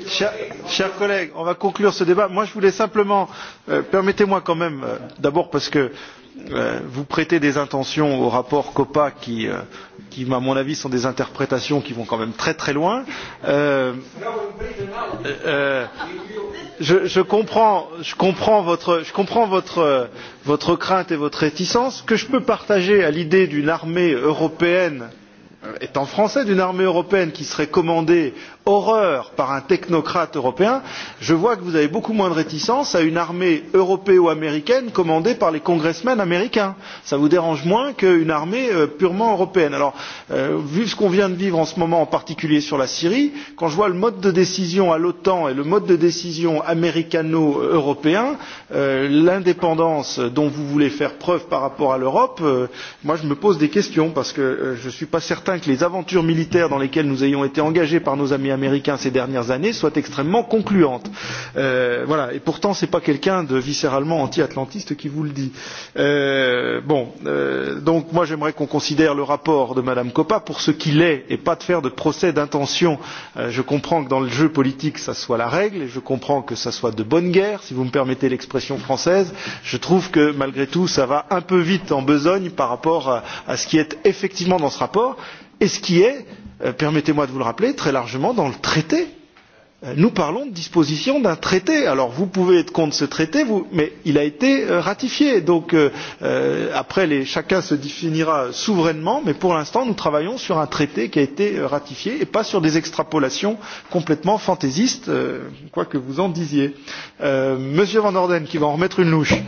chers, chers collègues, on va conclure ce débat. Moi, je voulais simplement, euh, permettez-moi quand même, euh, d'abord parce que euh, vous prêtez des intentions au rapport COPA qui euh, qui, à mon avis, sont des interprétations qui vont quand même très très loin. Euh, euh, je, je comprends, je comprends, votre, je comprends votre, votre crainte et votre réticence que je peux partager à l'idée d'une armée européenne étant français d'une armée européenne qui serait commandée horreur par un technocrate européen, je vois que vous avez beaucoup moins de réticence à une armée européo-américaine commandée par les congressmen américains. Ça vous dérange moins qu'une armée euh, purement européenne. Alors, euh, vu ce qu'on vient de vivre en ce moment, en particulier sur la Syrie, quand je vois le mode de décision à l'OTAN et le mode de décision américano-européen, euh, l'indépendance dont vous voulez faire preuve par rapport à l'Europe, euh, moi je me pose des questions parce que euh, je ne suis pas certain que les aventures militaires dans lesquelles nous ayons été engagés par nos amis américain ces dernières années soit extrêmement concluante. Euh, voilà. Et pourtant, ce n'est pas quelqu'un de viscéralement anti-atlantiste qui vous le dit. Euh, bon, euh, donc moi j'aimerais qu'on considère le rapport de Madame Coppa pour ce qu'il est et pas de faire de procès d'intention. Euh, je comprends que dans le jeu politique, ça soit la règle et je comprends que ça soit de bonne guerre, si vous me permettez l'expression française. Je trouve que malgré tout, ça va un peu vite en besogne par rapport à, à ce qui est effectivement dans ce rapport et ce qui est Euh, permettez-moi de vous le rappeler, très largement dans le traité. Euh, nous parlons de disposition d'un traité. Alors vous pouvez être contre ce traité, vous, mais il a été euh, ratifié. Donc euh, après, les, chacun se définira souverainement, mais pour l'instant, nous travaillons sur un traité qui a été ratifié et pas sur des extrapolations complètement fantaisistes, euh, quoi que vous en disiez. Euh, Monsieur Van Orden, qui va en remettre une louche.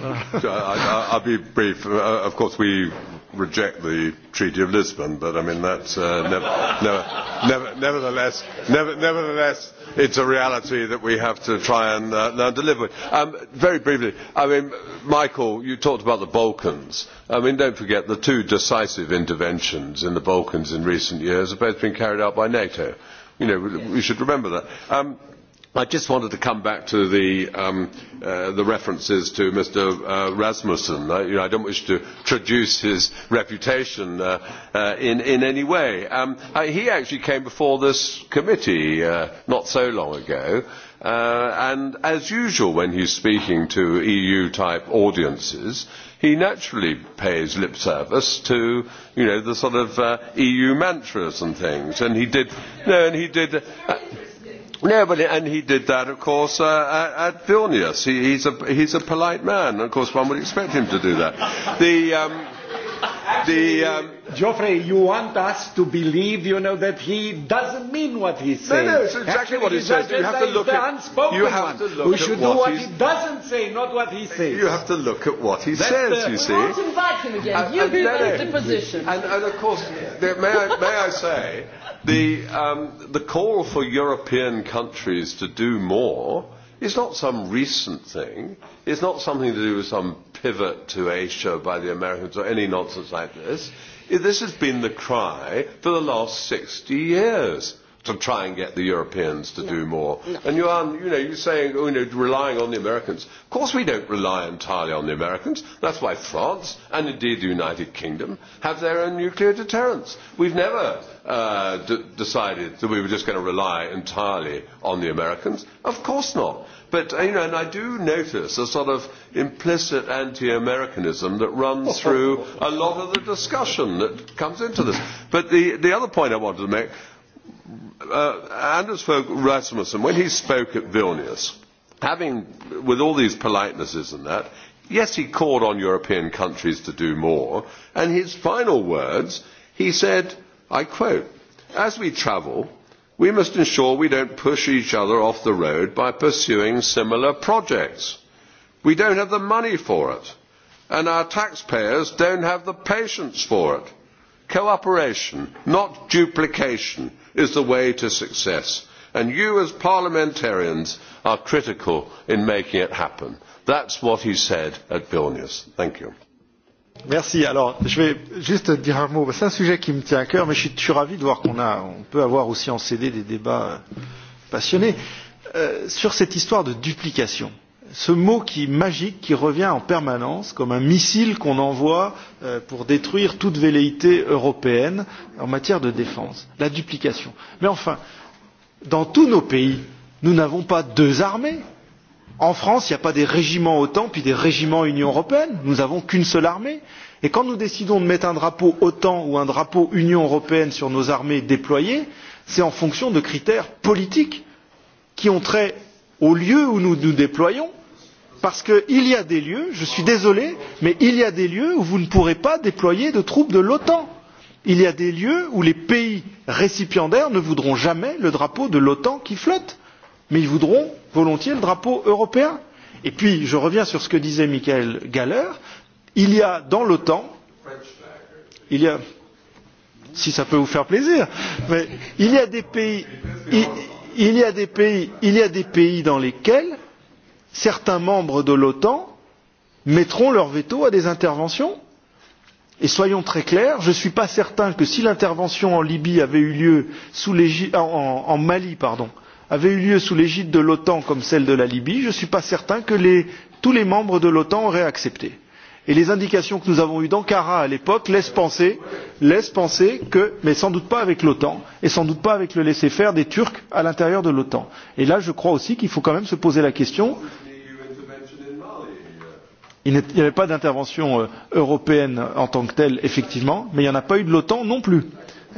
Uh, uh, reject the Treaty of Lisbon, but I mean that's uh, never, never, never, nevertheless, never, nevertheless, it's a reality that we have to try and uh, now deliver. Um, very briefly, I mean, Michael, you talked about the Balkans. I mean, don't forget the two decisive interventions in the Balkans in recent years have both been carried out by NATO. You know, we, we should remember that. Um, I just wanted to come back to the, um, uh, the references to Mr. Uh, Rasmussen. I, you know, I don't wish to traduce his reputation uh, uh, in, in any way. Um, I, uh, he actually came before this committee uh, not so long ago. Uh, and as usual, when he's speaking to EU-type audiences, he naturally pays lip service to you know the sort of uh, EU mantras and things. And he did, no, and he did. Uh, No, but and he did that, of course, uh, at at Vilnius. He, he's, a, he's a polite man. Of course, one would expect him to do that. The, um, the, um, Geoffrey, you want us to believe, you know, that he doesn't mean what he says. No, no, it's exactly Actually, what he says. You have to look at unspoken you have to look We should at do what he doesn't say, not what he says. You have to look at what he That's says, the, you see. Let's invite him again. And, you and, be no, the position. And, and of course, the, may, I, may I say The, um, the call for European countries to do more is not some recent thing. It's not something to do with some pivot to Asia by the Americans or any nonsense like this. This has been the cry for the last 60 years to try and get the Europeans to no. do more. No. And you are, you know, you're saying, oh, you know, relying on the Americans. Of course we don't rely entirely on the Americans. That's why France, and indeed the United Kingdom, have their own nuclear deterrence. We've never uh, d decided that we were just going to rely entirely on the Americans? Of course not. But, uh, you know, and I do notice a sort of implicit anti-Americanism that runs through a lot of the discussion that comes into this. But the, the other point I wanted to make, uh, Anders Fogh Rasmussen, when he spoke at Vilnius, having, with all these politenesses and that, yes, he called on European countries to do more, and his final words, he said, I quote, as we travel, we must ensure we don't push each other off the road by pursuing similar projects. We don't have the money for it, and our taxpayers don't have the patience for it. Cooperation, not duplication, is the way to success, and you as parliamentarians are critical in making it happen. That's what he said at Vilnius. Thank you. Merci. Alors, je vais juste dire un mot. C'est un sujet qui me tient à cœur, mais je suis, je suis ravi de voir qu'on a, on peut avoir aussi en CD des débats euh, passionnés euh, sur cette histoire de duplication. Ce mot qui est magique qui revient en permanence comme un missile qu'on envoie euh, pour détruire toute velléité européenne en matière de défense, la duplication. Mais enfin, dans tous nos pays, nous n'avons pas deux armées, En France, il n'y a pas des régiments OTAN puis des régiments Union européenne. Nous n'avons qu'une seule armée. Et quand nous décidons de mettre un drapeau OTAN ou un drapeau Union européenne sur nos armées déployées, c'est en fonction de critères politiques qui ont trait au lieu où nous nous déployons. Parce qu'il y a des lieux, je suis désolé, mais il y a des lieux où vous ne pourrez pas déployer de troupes de l'OTAN. Il y a des lieux où les pays récipiendaires ne voudront jamais le drapeau de l'OTAN qui flotte mais ils voudront volontiers le drapeau européen. Et puis, je reviens sur ce que disait Michael Galler, il y a dans l'OTAN, il y a, si ça peut vous faire plaisir, mais il y a des pays, il, il y a des pays, il y a des pays dans lesquels certains membres de l'OTAN mettront leur veto à des interventions. Et soyons très clairs, je ne suis pas certain que si l'intervention en Libye avait eu lieu sous en, en Mali, pardon, avait eu lieu sous l'égide de l'OTAN comme celle de la Libye, je ne suis pas certain que les, tous les membres de l'OTAN auraient accepté. Et les indications que nous avons eues d'Ankara à l'époque laissent penser, laissent penser que, mais sans doute pas avec l'OTAN, et sans doute pas avec le laisser-faire des Turcs à l'intérieur de l'OTAN. Et là, je crois aussi qu'il faut quand même se poser la question. Il n'y avait pas d'intervention euh, européenne en tant que telle, effectivement, mais il n'y en a pas eu de l'OTAN non plus.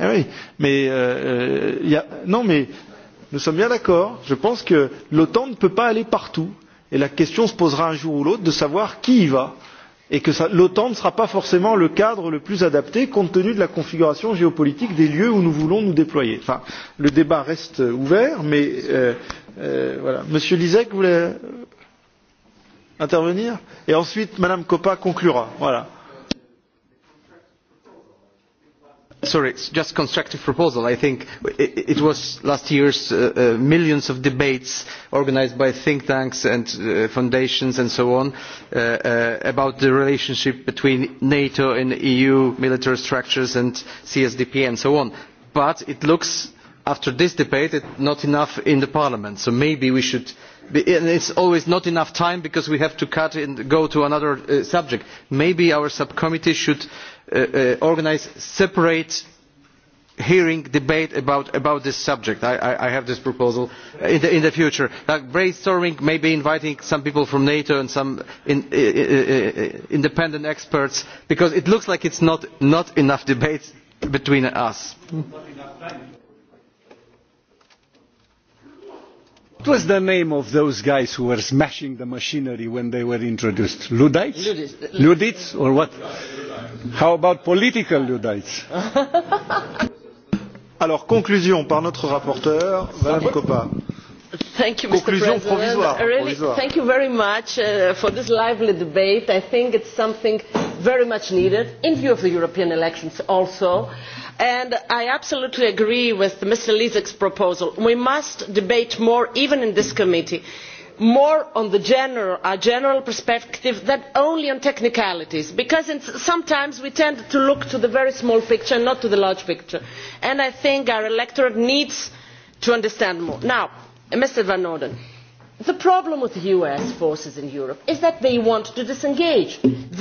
Eh oui, mais euh, euh y a, non, mais Nous sommes bien d'accord, je pense que l'OTAN ne peut pas aller partout et la question se posera un jour ou l'autre de savoir qui y va et que l'OTAN ne sera pas forcément le cadre le plus adapté compte tenu de la configuration géopolitique des lieux où nous voulons nous déployer. Enfin, le débat reste ouvert, mais euh, euh, voilà. Monsieur Lisek vous voulez intervenir et ensuite Madame Coppa conclura. Voilà. Sorry, it's just constructive proposal. I think it, it was last year's uh, uh, millions of debates organized by think tanks and uh, foundations and so on uh, uh, about the relationship between NATO and EU military structures and CSDP and so on. But it looks, after this debate, it, not enough in the Parliament. So maybe we should and it's always not enough time because we have to cut and go to another uh, subject. Maybe our subcommittee should Uh, uh, organize separate hearing debate about, about this subject. I, I, I have this proposal in the, in the future. Like brainstorming, maybe inviting some people from NATO and some uh, uh, uh, independent experts, because it looks like there not, not enough debate between us. What was the name of those guys who were smashing the machinery when they were introduced? Luddites? Luddites, or what? How about political Luddites? Alors, conclusion par notre rapporteur, Madame Coppa. Thank you, Mr. Conclusion President. provisoire. Really, provisoire. thank you very much uh, for this lively debate. I think it's something very much needed in view of the European elections also and i absolutely agree with mr lisek's proposal we must debate more even in this committee more on the general, our general perspective than only on technicalities because sometimes we tend to look to the very small picture and not to the large picture and i think our electorate needs to understand more. now mr van orden the problem with the us forces in europe is that they want to disengage.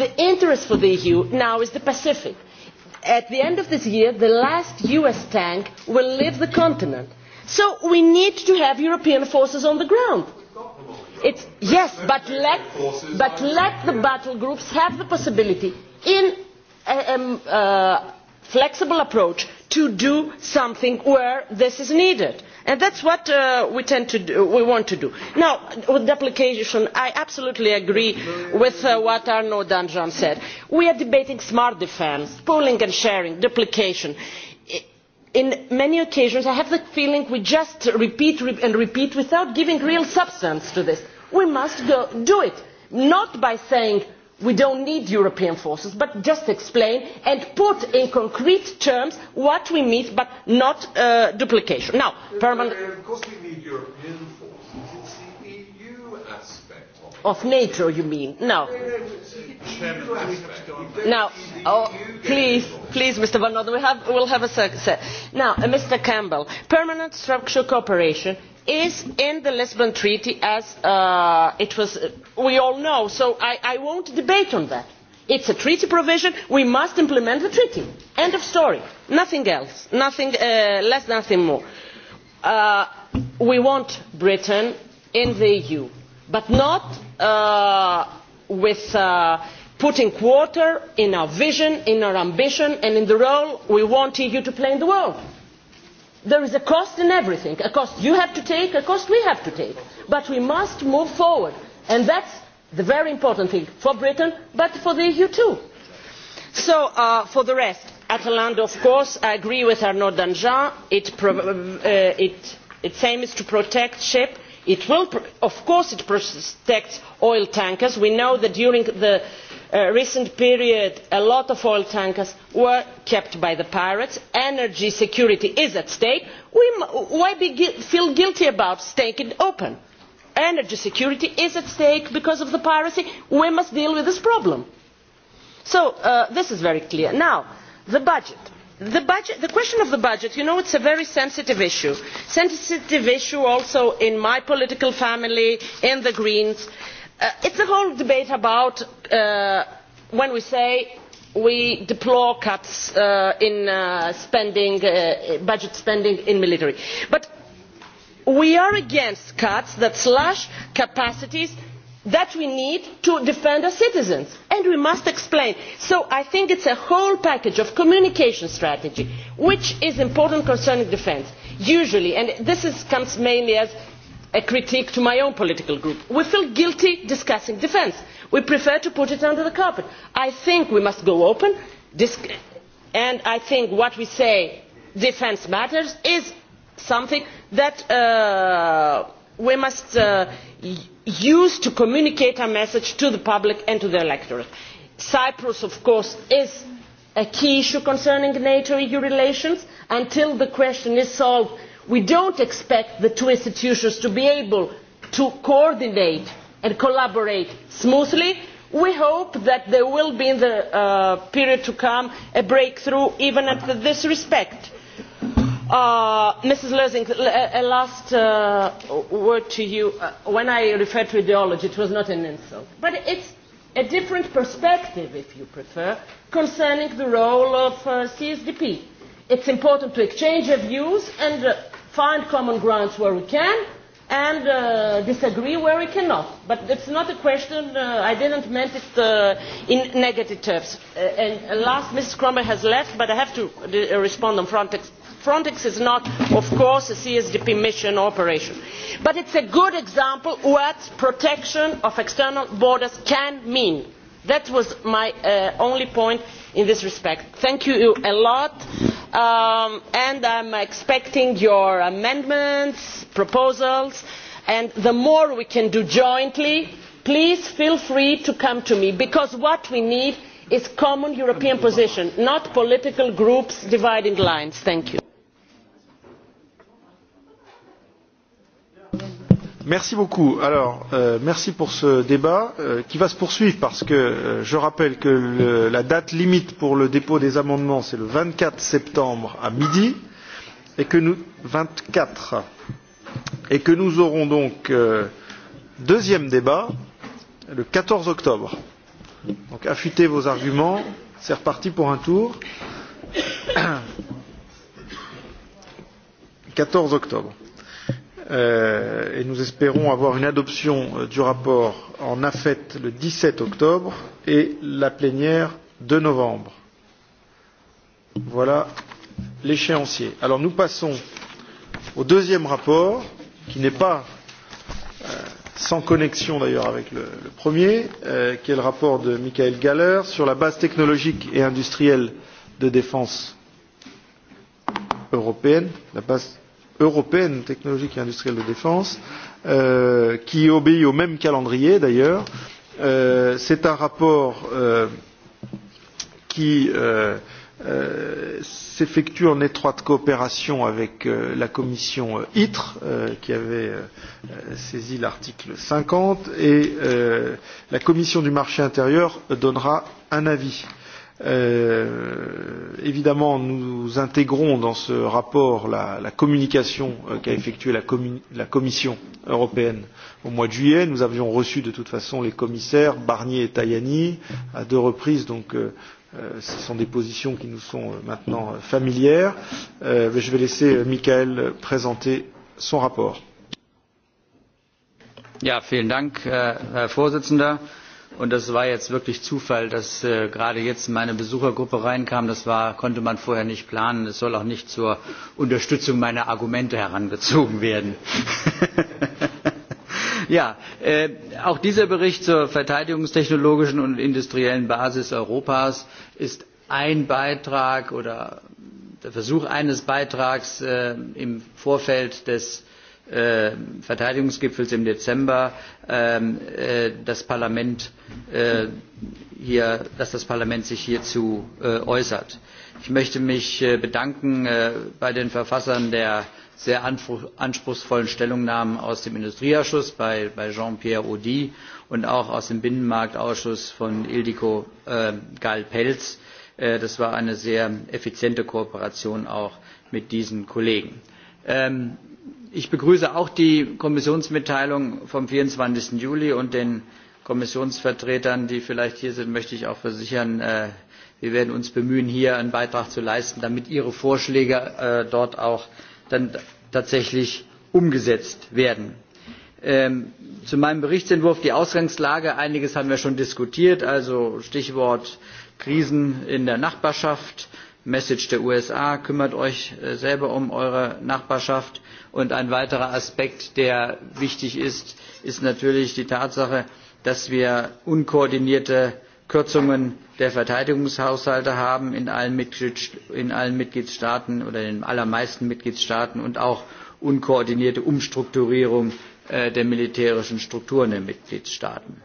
the interest for the eu now is the pacific at the end of this year, the last US tank will leave the continent. So we need to have European forces on the ground. It's, yes, but let, but let the battle groups have the possibility in a uh, um, uh flexible approach to do something where this is needed. And is what uh, we, tend to do, we want to do. Now, with duplication, I absolutely agree with uh, what Arno Danjean said. We are debating smart defence, pooling and sharing, duplication. In many occasions, I have the feeling we just repeat and repeat without giving real substance to this. We must go, do it, not by saying we don't need European forces, but just explain and put in concrete terms what we mean, but not uh, duplication. Now, permanent. Of course, we need European forces. It's the EU aspect of, of NATO, you mean? No. Now, e e oh, please, please, Mr. Van Noden, we have, we'll have a second. Now, uh, Mr. Campbell, permanent structural cooperation is in the Lisbon Treaty as uh, it was, uh, we all know, so I, I won't debate on that. It's a treaty provision, we must implement the treaty. End of story. Nothing else, nothing uh, less, nothing more. Uh, we want Britain in the EU, but not uh, with uh, putting quarter in our vision, in our ambition, and in the role we want the EU to play in the world There is a cost in everything, a cost you have to take, a cost we have to take. But we must move forward. And that's the very important thing for Britain, but for the EU too. So, uh, for the rest, Atalanta, of course, I agree with Arnaud Danjean. It, uh, it, its aim is to protect ship It will, of course it protects oil tankers. We know that during the uh, recent period a lot of oil tankers were kept by the pirates. Energy security is at stake. why feel guilty about staying open? Energy security is at stake because of the piracy. We must deal with this problem. So uh, this is very clear. Now, the budget The, budget, the question of the budget, you know, it's a very sensitive issue. Sensitive issue also in my political family, in the Greens. Uh, it's a whole debate about uh, when we say we deplore cuts uh, in uh, spending, uh, budget spending in military. But we are against cuts that slash capacities that we need to defend our citizens and we must explain. So I think it's a whole package of communication strategy which is important concerning defence usually and this is, comes mainly as a critique to my own political group. We feel guilty discussing defence. We prefer to put it under the carpet. I think we must go open and I think what we say defence matters is something that uh, we must uh, use to communicate our message to the public and to the electorate. Cyprus, of course, is a key issue concerning NATO-EU relations. Until the question is solved, we don't expect the two institutions to be able to coordinate and collaborate smoothly. We hope that there will be in the uh, period to come a breakthrough even at this respect Uh, Mrs. Lersing, a last uh, word to you. Uh, when I referred to ideology, it was not an insult. But it's a different perspective, if you prefer, concerning the role of uh, CSDP. It's important to exchange your views and uh, find common grounds where we can and uh, disagree where we cannot. But it's not a question, uh, I didn't meant it uh, in negative terms. Uh, and uh, last, Mrs. Cromer has left, but I have to uh, respond on Frontex Frontex is not, of course, a CSDP mission or operation. But it is a good example of what protection of external borders can mean. That was my uh, only point in this respect. Thank you a lot, um, and I am expecting your amendments, proposals, and the more we can do jointly, please feel free to come to me, because what we need is a common European position, not political groups dividing lines. Thank you. Merci beaucoup. Alors, euh, merci pour ce débat euh, qui va se poursuivre parce que euh, je rappelle que le, la date limite pour le dépôt des amendements, c'est le 24 septembre à midi et que nous, 24, et que nous aurons donc euh, deuxième débat le 14 octobre. Donc, affûtez vos arguments. C'est reparti pour un tour. 14 octobre euh, et nous espérons avoir une adoption euh, du rapport en AFET le 17 octobre et la plénière de novembre. Voilà l'échéancier. Alors nous passons au deuxième rapport, qui n'est pas euh, sans connexion d'ailleurs avec le, le premier, euh, qui est le rapport de Michael Galler sur la base technologique et industrielle de défense européenne, la base européenne technologique et industrielle de défense, euh, qui obéit au même calendrier d'ailleurs. Euh, C'est un rapport euh, qui euh, euh, s'effectue en étroite coopération avec euh, la commission euh, ITRE, euh, qui avait euh, euh saisi l'article 50, et euh, la commission du marché intérieur donnera un avis. Euh, évidemment, nous intégrons dans ce rapport la, la communication euh, qu'a effectuée la, la Commission européenne au mois de juillet. Nous avions reçu de toute façon les commissaires Barnier et Tajani à deux reprises, donc euh, euh ce sont des positions qui nous sont euh, maintenant euh, familières. Euh, mais je vais laisser Michael présenter son rapport. Ja, vielen Dank, Herr Vorsitzender. Und das war jetzt wirklich Zufall, dass äh, gerade jetzt meine Besuchergruppe reinkam. Das war, konnte man vorher nicht planen. Es soll auch nicht zur Unterstützung meiner Argumente herangezogen werden. ja, äh, auch dieser Bericht zur verteidigungstechnologischen und industriellen Basis Europas ist ein Beitrag oder der Versuch eines Beitrags äh, im Vorfeld des äh, Verteidigungsgipfels im Dezember ähm, äh, das Parlament äh, hier, dass das Parlament sich hierzu äh, äußert. Ich möchte mich äh, bedanken äh, bei den Verfassern der sehr anspruchsvollen Stellungnahmen aus dem Industrieausschuss bei, bei Jean-Pierre Audi und auch aus dem Binnenmarktausschuss von Ildiko äh, Gall-Pelz. Äh, das war eine sehr effiziente Kooperation auch mit diesen Kollegen. Ähm, Ich begrüße auch die Kommissionsmitteilung vom 24. Juli und den Kommissionsvertretern, die vielleicht hier sind, möchte ich auch versichern, äh, wir werden uns bemühen, hier einen Beitrag zu leisten, damit Ihre Vorschläge äh, dort auch dann tatsächlich umgesetzt werden. Ähm, zu meinem Berichtsentwurf die Ausgangslage. Einiges haben wir schon diskutiert, also Stichwort Krisen in der Nachbarschaft Message der USA, kümmert euch äh, selber um eure Nachbarschaft. Und ein weiterer Aspekt, der wichtig ist, ist natürlich die Tatsache, dass wir unkoordinierte Kürzungen der Verteidigungshaushalte haben in allen, in allen Mitgliedstaaten oder in den allermeisten Mitgliedstaaten und auch unkoordinierte Umstrukturierung äh, der militärischen Strukturen der Mitgliedstaaten.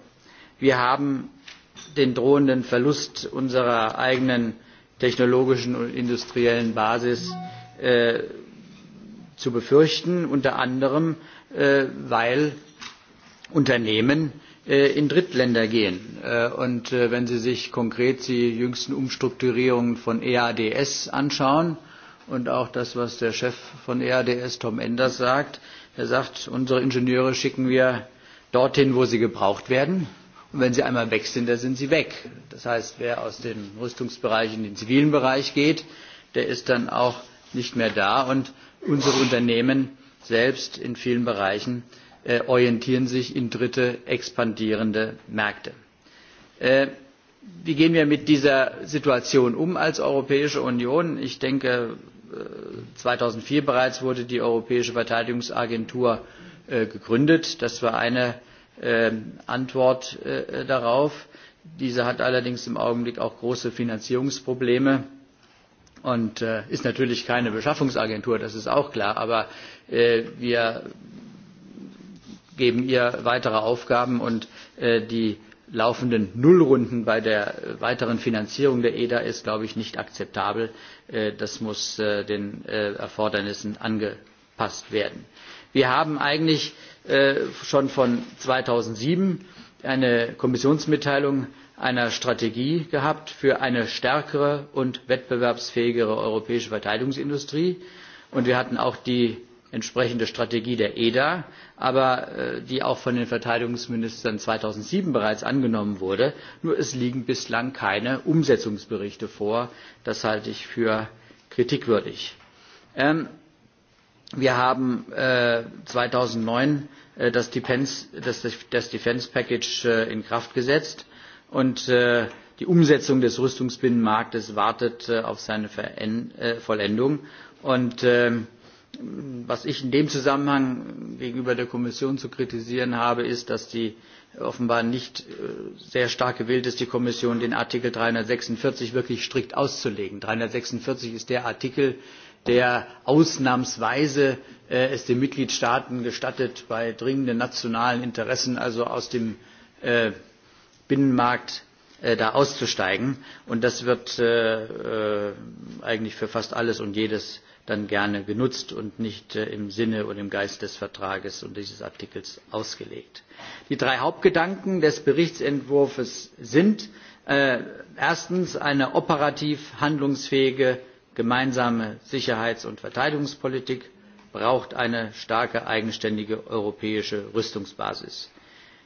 Wir haben den drohenden Verlust unserer eigenen technologischen und industriellen Basis äh, zu befürchten, unter anderem, äh, weil Unternehmen äh, in Drittländer gehen. Äh, und äh, wenn Sie sich konkret die jüngsten Umstrukturierungen von EADS anschauen und auch das, was der Chef von EADS, Tom Enders, sagt, er sagt, unsere Ingenieure schicken wir dorthin, wo sie gebraucht werden Und wenn sie einmal weg sind, dann sind sie weg. Das heißt, wer aus dem Rüstungsbereich in den zivilen Bereich geht, der ist dann auch nicht mehr da. Und unsere Unternehmen selbst in vielen Bereichen äh, orientieren sich in dritte expandierende Märkte. Äh, wie gehen wir mit dieser Situation um als Europäische Union? Ich denke, 2004 äh, bereits wurde die Europäische Verteidigungsagentur äh, gegründet. Das war eine äh, Antwort äh, darauf. Diese hat allerdings im Augenblick auch große Finanzierungsprobleme und äh, ist natürlich keine Beschaffungsagentur, das ist auch klar, aber äh, wir geben ihr weitere Aufgaben und äh, die laufenden Nullrunden bei der weiteren Finanzierung der EDA ist, glaube ich, nicht akzeptabel. Äh, das muss äh, den äh, Erfordernissen angepasst werden. Wir haben eigentlich Äh, schon von 2007 eine Kommissionsmitteilung einer Strategie gehabt für eine stärkere und wettbewerbsfähigere europäische Verteidigungsindustrie. Und wir hatten auch die entsprechende Strategie der EDA, aber äh, die auch von den Verteidigungsministern 2007 bereits angenommen wurde. Nur es liegen bislang keine Umsetzungsberichte vor. Das halte ich für kritikwürdig. Ähm, Wir haben äh, 2009 äh, das, Defense, das, das Defense Package äh, in Kraft gesetzt und äh, die Umsetzung des Rüstungsbinnenmarktes wartet äh, auf seine Veren äh, Vollendung. Und äh, was ich in dem Zusammenhang gegenüber der Kommission zu kritisieren habe, ist, dass die offenbar nicht äh, sehr stark gewillt ist, die Kommission den Artikel 346 wirklich strikt auszulegen. 346 ist der Artikel, der ausnahmsweise äh, es den Mitgliedstaaten gestattet, bei dringenden nationalen Interessen, also aus dem äh, Binnenmarkt, äh, da auszusteigen. Und das wird äh, äh, eigentlich für fast alles und jedes dann gerne genutzt und nicht äh, im Sinne und im Geist des Vertrages und dieses Artikels ausgelegt. Die drei Hauptgedanken des Berichtsentwurfs sind äh, erstens eine operativ handlungsfähige gemeinsame Sicherheits- und Verteidigungspolitik braucht eine starke eigenständige europäische Rüstungsbasis.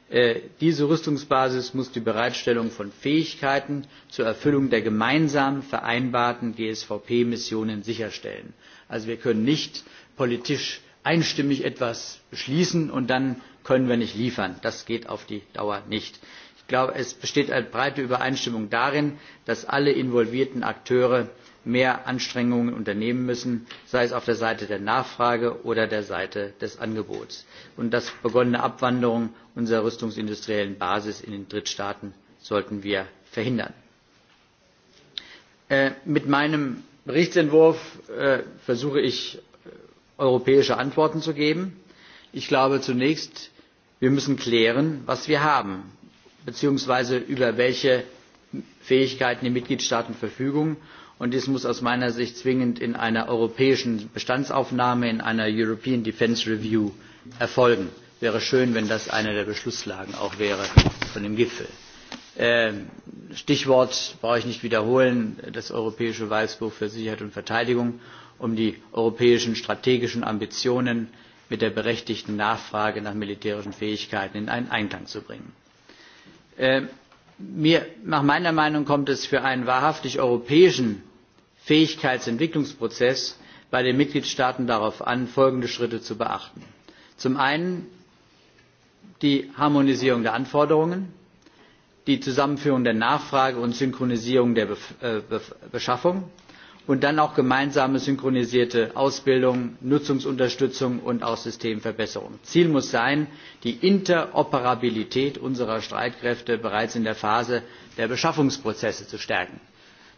Äh, diese Rüstungsbasis muss die Bereitstellung von Fähigkeiten zur Erfüllung der gemeinsam vereinbarten GSVP-Missionen sicherstellen. Also wir können nicht politisch einstimmig etwas beschließen und dann können wir nicht liefern. Das geht auf die Dauer nicht. Ich glaube, es besteht eine breite Übereinstimmung darin, dass alle involvierten Akteure mehr Anstrengungen unternehmen müssen, sei es auf der Seite der Nachfrage oder der Seite des Angebots, und das begonnene Abwanderung unserer rüstungsindustriellen Basis in den Drittstaaten sollten wir verhindern. Äh, mit meinem Berichtsentwurf äh, versuche ich, äh, europäische Antworten zu geben. Ich glaube zunächst, wir müssen klären, was wir haben, beziehungsweise über welche Fähigkeiten die Mitgliedstaaten verfügen Und dies muss aus meiner Sicht zwingend in einer europäischen Bestandsaufnahme, in einer European Defence Review erfolgen. Wäre schön, wenn das eine der Beschlusslagen auch wäre von dem Gipfel. Ähm, Stichwort brauche ich nicht wiederholen, das Europäische Weißbuch für Sicherheit und Verteidigung, um die europäischen strategischen Ambitionen mit der berechtigten Nachfrage nach militärischen Fähigkeiten in einen Einklang zu bringen. Ähm, mir, nach meiner Meinung kommt es für einen wahrhaftig europäischen Fähigkeitsentwicklungsprozess bei den Mitgliedstaaten darauf an, folgende Schritte zu beachten. Zum einen die Harmonisierung der Anforderungen, die Zusammenführung der Nachfrage und Synchronisierung der äh, Beschaffung und dann auch gemeinsame synchronisierte Ausbildung, Nutzungsunterstützung und auch Systemverbesserung. Ziel muss sein, die Interoperabilität unserer Streitkräfte bereits in der Phase der Beschaffungsprozesse zu stärken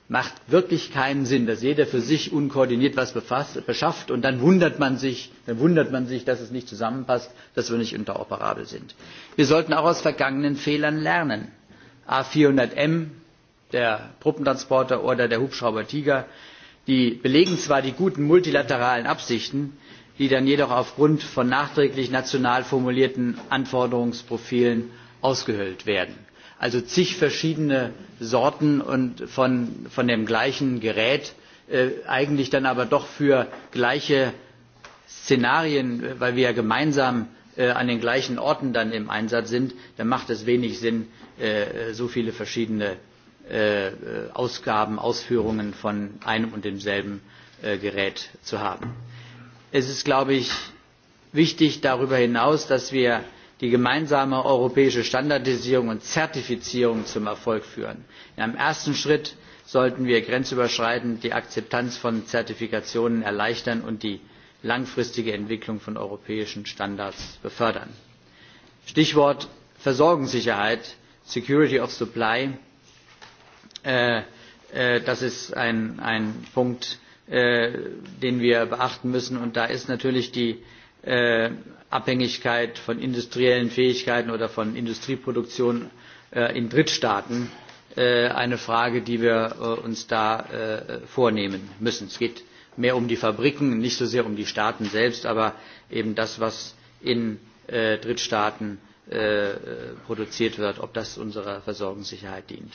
macht wirklich keinen Sinn, dass jeder für sich unkoordiniert was befasst, beschafft und dann wundert man sich, dann wundert man sich, dass es nicht zusammenpasst, dass wir nicht interoperabel sind. Wir sollten auch aus vergangenen Fehlern lernen. A400M, der Truppentransporter oder der Hubschrauber Tiger, die belegen zwar die guten multilateralen Absichten, die dann jedoch aufgrund von nachträglich national formulierten Anforderungsprofilen ausgehöhlt werden also zig verschiedene Sorten und von, von dem gleichen Gerät, äh, eigentlich dann aber doch für gleiche Szenarien, weil wir ja gemeinsam äh, an den gleichen Orten dann im Einsatz sind, dann macht es wenig Sinn, äh, so viele verschiedene äh, äh Ausgaben, Ausführungen von einem und demselben äh, Gerät zu haben. Es ist, glaube ich, wichtig darüber hinaus, dass wir die gemeinsame europäische Standardisierung und Zertifizierung zum Erfolg führen. In einem ersten Schritt sollten wir grenzüberschreitend die Akzeptanz von Zertifikationen erleichtern und die langfristige Entwicklung von europäischen Standards befördern. Stichwort Versorgungssicherheit, Security of Supply, äh, äh, das ist ein, ein Punkt, äh, den wir beachten müssen. Und da ist natürlich die äh, Abhängigkeit von industriellen Fähigkeiten oder von Industrieproduktion äh, in Drittstaaten äh, eine Frage, die wir äh, uns da äh, vornehmen müssen. Es geht mehr um die Fabriken, nicht so sehr um die Staaten selbst, aber eben das, was in äh, Drittstaaten äh, produziert wird, ob das unserer Versorgungssicherheit dient.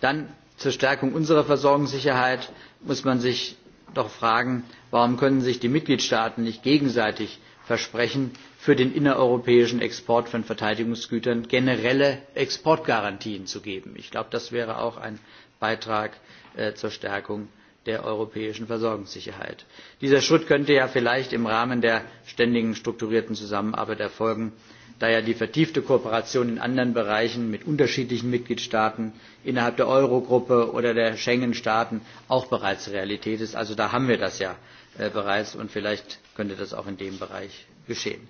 Dann zur Stärkung unserer Versorgungssicherheit muss man sich doch fragen, warum können sich die Mitgliedstaaten nicht gegenseitig Versprechen für den innereuropäischen Export von Verteidigungsgütern generelle Exportgarantien zu geben. Ich glaube, das wäre auch ein Beitrag äh, zur Stärkung der europäischen Versorgungssicherheit. Dieser Schritt könnte ja vielleicht im Rahmen der ständigen strukturierten Zusammenarbeit erfolgen, da ja die vertiefte Kooperation in anderen Bereichen mit unterschiedlichen Mitgliedstaaten innerhalb der Eurogruppe oder der Schengen-Staaten auch bereits Realität ist. Also da haben wir das ja äh, bereits und vielleicht könnte das auch in dem Bereich geschehen.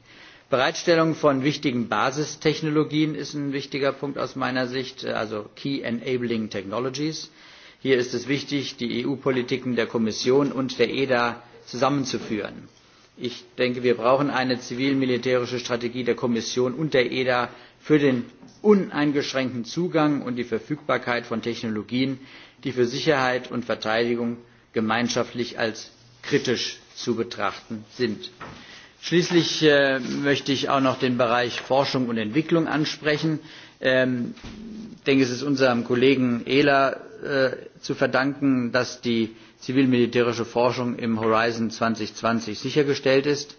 Bereitstellung von wichtigen Basistechnologien ist ein wichtiger Punkt aus meiner Sicht, äh, also Key Enabling Technologies. Hier ist es wichtig, die EU-Politiken der Kommission und der EDA zusammenzuführen. Ich denke, wir brauchen eine zivil-militärische Strategie der Kommission und der EDA für den uneingeschränkten Zugang und die Verfügbarkeit von Technologien, die für Sicherheit und Verteidigung gemeinschaftlich als kritisch zu betrachten sind. Schließlich äh, möchte ich auch noch den Bereich Forschung und Entwicklung ansprechen. Ähm, ich denke, es ist unserem Kollegen Ehler äh, zu verdanken, dass die zivilmilitärische Forschung im Horizon 2020 sichergestellt ist.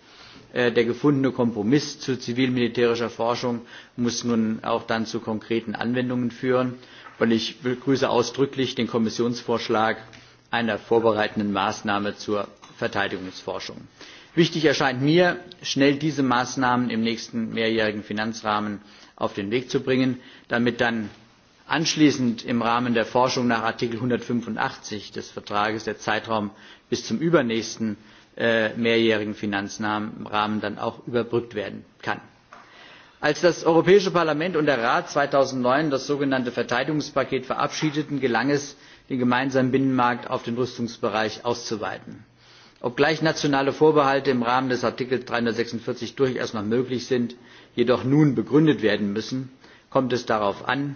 Äh, der gefundene Kompromiss zu zivilmilitärischer Forschung muss nun auch dann zu konkreten Anwendungen führen. Und ich begrüße ausdrücklich den Kommissionsvorschlag einer vorbereitenden Maßnahme zur Verteidigungsforschung. Wichtig erscheint mir, schnell diese Maßnahmen im nächsten mehrjährigen Finanzrahmen auf den Weg zu bringen, damit dann anschließend im Rahmen der Forschung nach Artikel 185 des Vertrages der Zeitraum bis zum übernächsten äh, mehrjährigen Finanzrahmen dann auch überbrückt werden kann. Als das Europäische Parlament und der Rat 2009 das sogenannte Verteidigungspaket verabschiedeten, gelang es, den gemeinsamen Binnenmarkt auf den Rüstungsbereich auszuweiten. Obgleich nationale Vorbehalte im Rahmen des Artikels 346 durchaus noch möglich sind, jedoch nun begründet werden müssen, kommt es darauf an,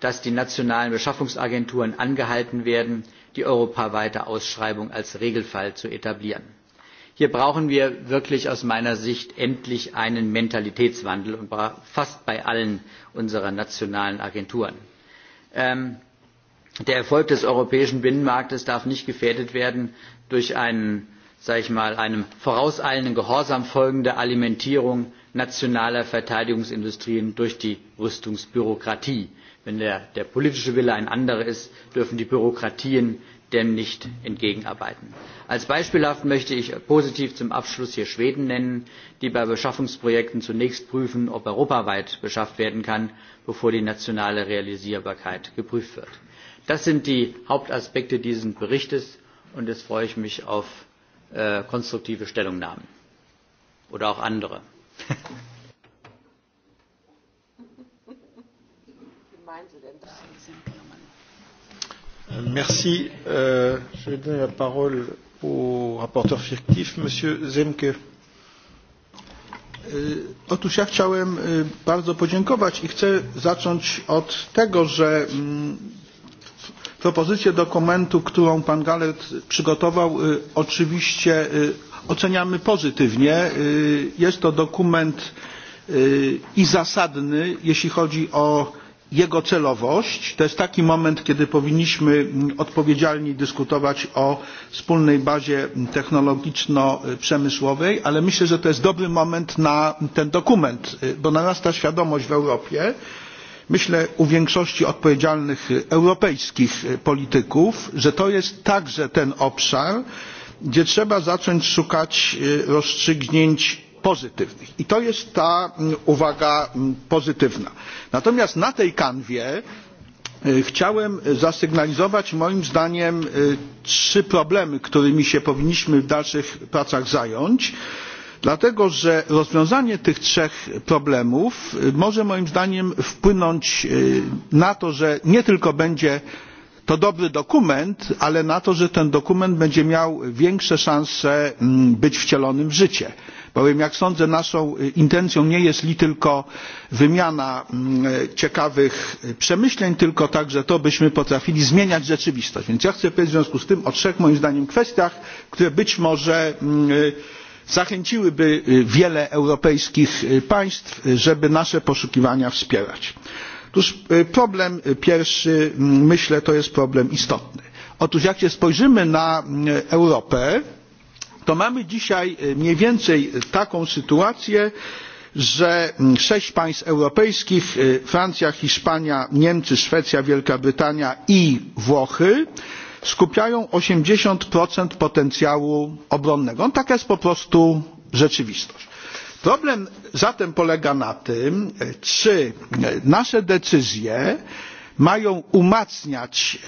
dass die nationalen Beschaffungsagenturen angehalten werden, die europaweite Ausschreibung als Regelfall zu etablieren. Hier brauchen wir wirklich aus meiner Sicht endlich einen Mentalitätswandel und fast bei allen unserer nationalen Agenturen. Ähm, der Erfolg des europäischen Binnenmarktes darf nicht gefährdet werden durch einen sage ich mal, einem vorauseilenden Gehorsam folgende Alimentierung nationaler Verteidigungsindustrien durch die Rüstungsbürokratie. Wenn der, der politische Wille ein anderer ist, dürfen die Bürokratien dem nicht entgegenarbeiten. Als beispielhaft möchte ich positiv zum Abschluss hier Schweden nennen, die bei Beschaffungsprojekten zunächst prüfen, ob europaweit beschafft werden kann, bevor die nationale Realisierbarkeit geprüft wird. Das sind die Hauptaspekte dieses Berichtes und jetzt freue ich mich auf äh, konstruktive Stellungnahmen oder auch andere. Merci. Euh, je vais donner la parole au rapporteur fictif, M. Zemke. E, otóż ja chciałem e, bardzo podziękować i chcę zacząć od tego, że mm, Propozycję dokumentu, którą pan Galet przygotował, oczywiście oceniamy pozytywnie. Jest to dokument i zasadny, jeśli chodzi o jego celowość. To jest taki moment, kiedy powinniśmy odpowiedzialnie dyskutować o wspólnej bazie technologiczno-przemysłowej, ale myślę, że to jest dobry moment na ten dokument, bo narasta świadomość w Europie, myślę u większości odpowiedzialnych europejskich polityków że to jest także ten obszar gdzie trzeba zacząć szukać e, rozstrzygnięć pozytywnych i to jest ta uwaga pozytywna. natomiast na tej kanwie e, chciałem zasygnalizować moim zdaniem e, trzy problemy którymi się powinniśmy w dalszych pracach zająć po Dlatego, że rozwiązanie tych trzech problemów może moim zdaniem wpłynąć na to, że nie tylko będzie to dobry dokument, ale na to, że ten dokument będzie miał większe szanse mm, być wcielonym w życie. Bowiem, jak sądzę, naszą intencją nie jest li tylko wymiana mm, ciekawych przemyśleń, tylko także to, byśmy potrafili zmieniać rzeczywistość. Więc ja chcę powiedzieć w związku z tym o trzech, moim zdaniem, kwestiach, które być może yy, mm, zachęciłyby wiele europejskich państw, żeby nasze poszukiwania wspierać. Otóż problem pierwszy, mm, myślę, to jest problem istotny. Otóż jak się spojrzymy na Europę, to mamy dzisiaj mniej więcej taką sytuację, że mm, sześć państw europejskich Francja, Hiszpania, Niemcy, Szwecja, Wielka Brytania i Włochy skupiają 80% potencjału obronnego. No, taka jest po prostu rzeczywistość. Problem zatem polega na tym, czy nasze decyzje mają umacniać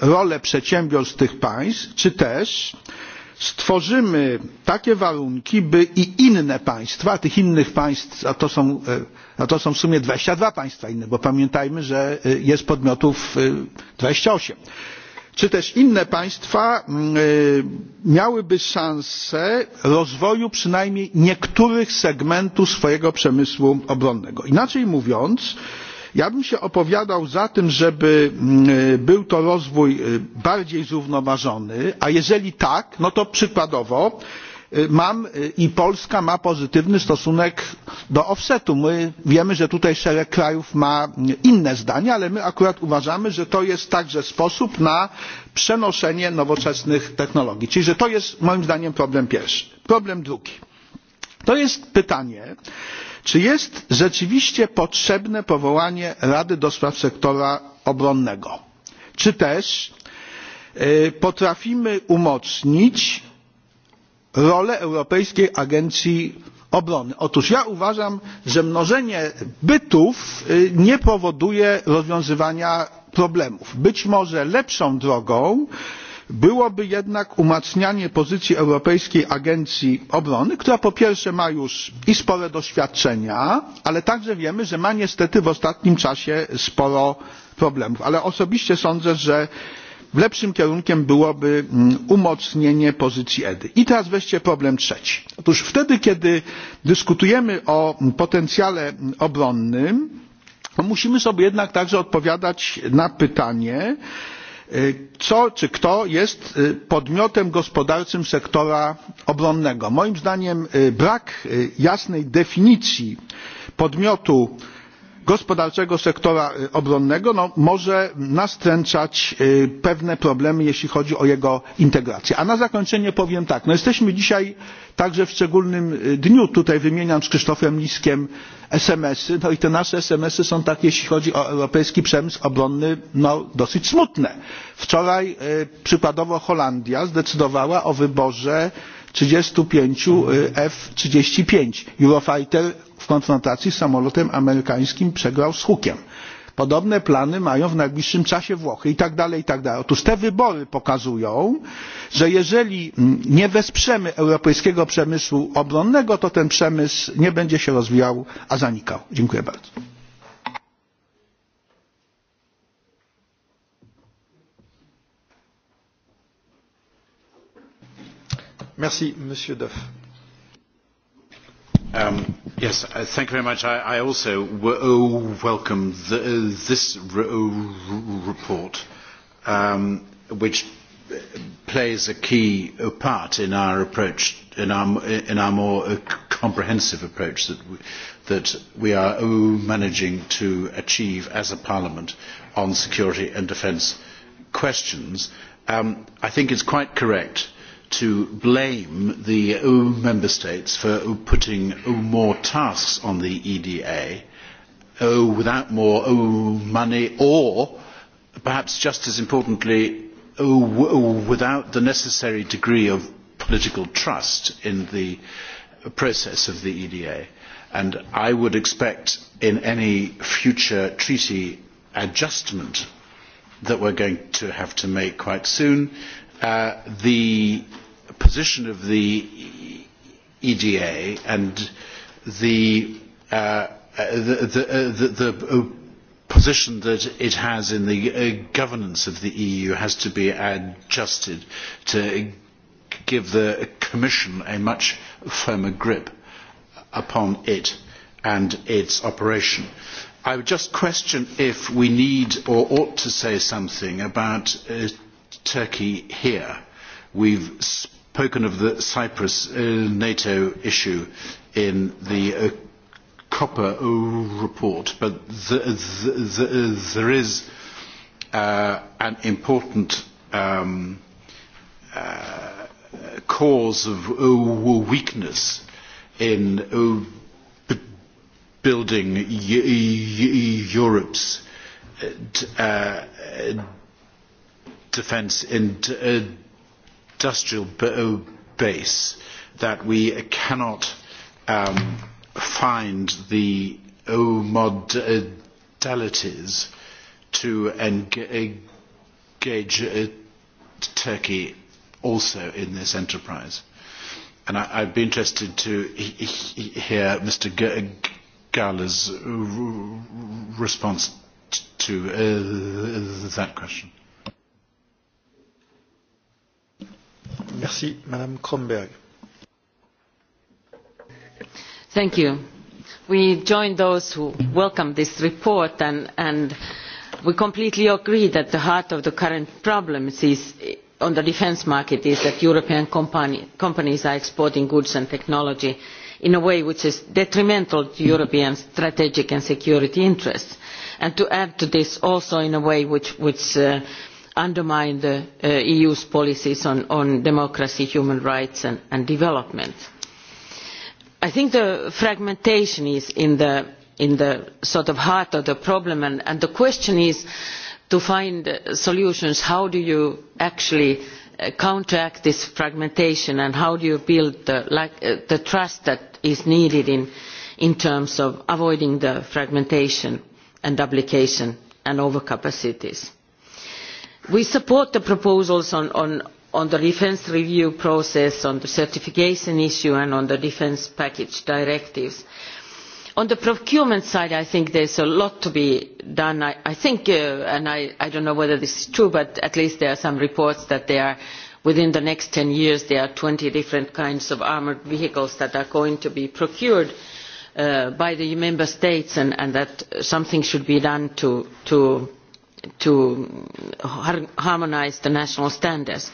rolę przedsiębiorstw tych państw, czy też stworzymy takie warunki, by i inne państwa, tych innych państw, a to są, a to są w sumie 22 państwa inne, bo pamiętajmy, że jest podmiotów 28, czy też inne państwa mm, e, miałyby szansę rozwoju przynajmniej niektórych segmentów swojego przemysłu obronnego. Inaczej mówiąc, ja bym się opowiadał za tym, żeby mm, e, był to rozwój e, bardziej zrównoważony, a jeżeli tak, no to przykładowo mam i Polska ma pozytywny stosunek do offsetu. My wiemy, że tutaj szereg krajów ma inne zdanie, ale my akurat uważamy, że to jest także sposób na przenoszenie nowoczesnych technologii. Czyli, że to jest moim zdaniem problem pierwszy. Problem drugi. To jest pytanie, czy jest rzeczywiście potrzebne powołanie Rady do Spraw Sektora Obronnego? Czy też potrafimy umocnić rolę Europejskiej Agencji Obrony. Otóż ja uważam, że mnożenie bytów nie powoduje rozwiązywania problemów. Być może lepszą drogą byłoby jednak umacnianie pozycji Europejskiej Agencji Obrony, która po pierwsze ma już i spore doświadczenia, ale także wiemy, że ma niestety w ostatnim czasie sporo problemów. Ale osobiście sądzę, że lepszym kierunkiem byłoby mm, umocnienie pozycji edy. I teraz weźcie problem trzeci. Otóż wtedy, kiedy dyskutujemy o mm, potencjale mm, obronnym, musimy sobie jednak także odpowiadać na pytanie, co czy kto jest podmiotem gospodarczym sektora obronnego. Moim zdaniem brak jasnej definicji podmiotu gospodarczego sektora obronnego no, może nastręczać pewne problemy, jeśli chodzi o jego integrację. A na zakończenie powiem tak, no jesteśmy dzisiaj także w szczególnym dniu, tutaj wymieniam z Krzysztofem Liskiem SMS-y, no i te nasze SMS-y są tak, jeśli chodzi o europejski przemysł obronny, no dosyć smutne. Wczoraj przykładowo Holandia zdecydowała o wyborze 35 F-35 Eurofighter w konfrontacji z samolotem amerykańskim przegrał z hukiem. Podobne plany mają w najbliższym czasie Włochy i tak dalej, i tak dalej. Otóż te wybory pokazują, że jeżeli mm, nie wesprzemy europejskiego przemysłu obronnego, to ten przemysł nie będzie się rozwijał, a zanikał. Dziękuję bardzo. Merci, Monsieur Duff. Um, yes, uh, thank you very much. I, I also w oh, welcome the, uh, this re oh, report, um, which plays a key uh, part in our approach, in our, in our more uh, comprehensive approach that we, that we are oh, managing to achieve as a parliament on security and defence questions. Um, I think it's quite correct to blame the member states for putting more tasks on the EDA without more money or perhaps just as importantly without the necessary degree of political trust in the process of the EDA. And I would expect in any future treaty adjustment that we're going to have to make quite soon, uh, the position of the EDA and uh, uh, the, uh, the, the, the, uh, the position that it has in the uh, governance of the EU has to be adjusted to give the Commission a much firmer grip upon it and its operation. I would just question if we need or ought to say something about uh, Turkey here. We've spoken of the Cyprus uh, NATO issue in the uh, copper uh, report, but the, the, the, there is uh, an important um, uh, cause of uh, weakness in uh, building Europe's uh, defence in industrial base that we cannot um, find the modalities to engage Turkey also in this enterprise. And I, I'd be interested to hear Mr. Gala's response to uh, that question. Merci, Madame Kronberg. Thank you. We join those who welcome this report and, and we completely agree that the heart of the current problems is, on the defence market is that European company, companies are exporting goods and technology in a way which is detrimental to European strategic and security interests. And to add to this also in a way which, which uh, undermine the uh, EU's policies on, on democracy, human rights and, and development. I think the fragmentation is in the, in the sort of heart of the problem and, and the question is to find solutions. How do you actually uh, counteract this fragmentation and how do you build the, like, uh, the trust that is needed in, in terms of avoiding the fragmentation and duplication and overcapacities? We support the proposals on, on, on the defence review process, on the certification issue and on the defence package directives. On the procurement side, I think there's a lot to be done. I, I think, uh, and I, I don't know whether this is true, but at least there are some reports that there are, within the next 10 years, there are 20 different kinds of armoured vehicles that are going to be procured uh, by the member states and, and that something should be done to, to to harmonise the national standards.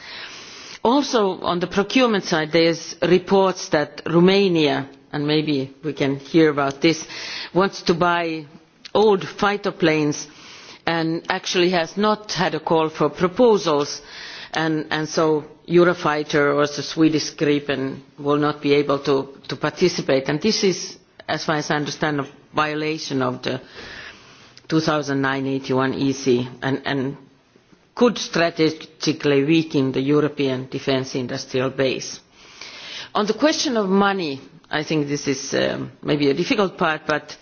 Also on the procurement side there is reports that Romania and maybe we can hear about this wants to buy old fighter planes and actually has not had a call for proposals and, and so Eurofighter or the Swedish Gripen will not be able to, to participate and this is as far as I understand a violation of the 2009-81 EC e and, and could strategically weaken the European defence industrial base. On the question of money, I think this is um, maybe a difficult part, but,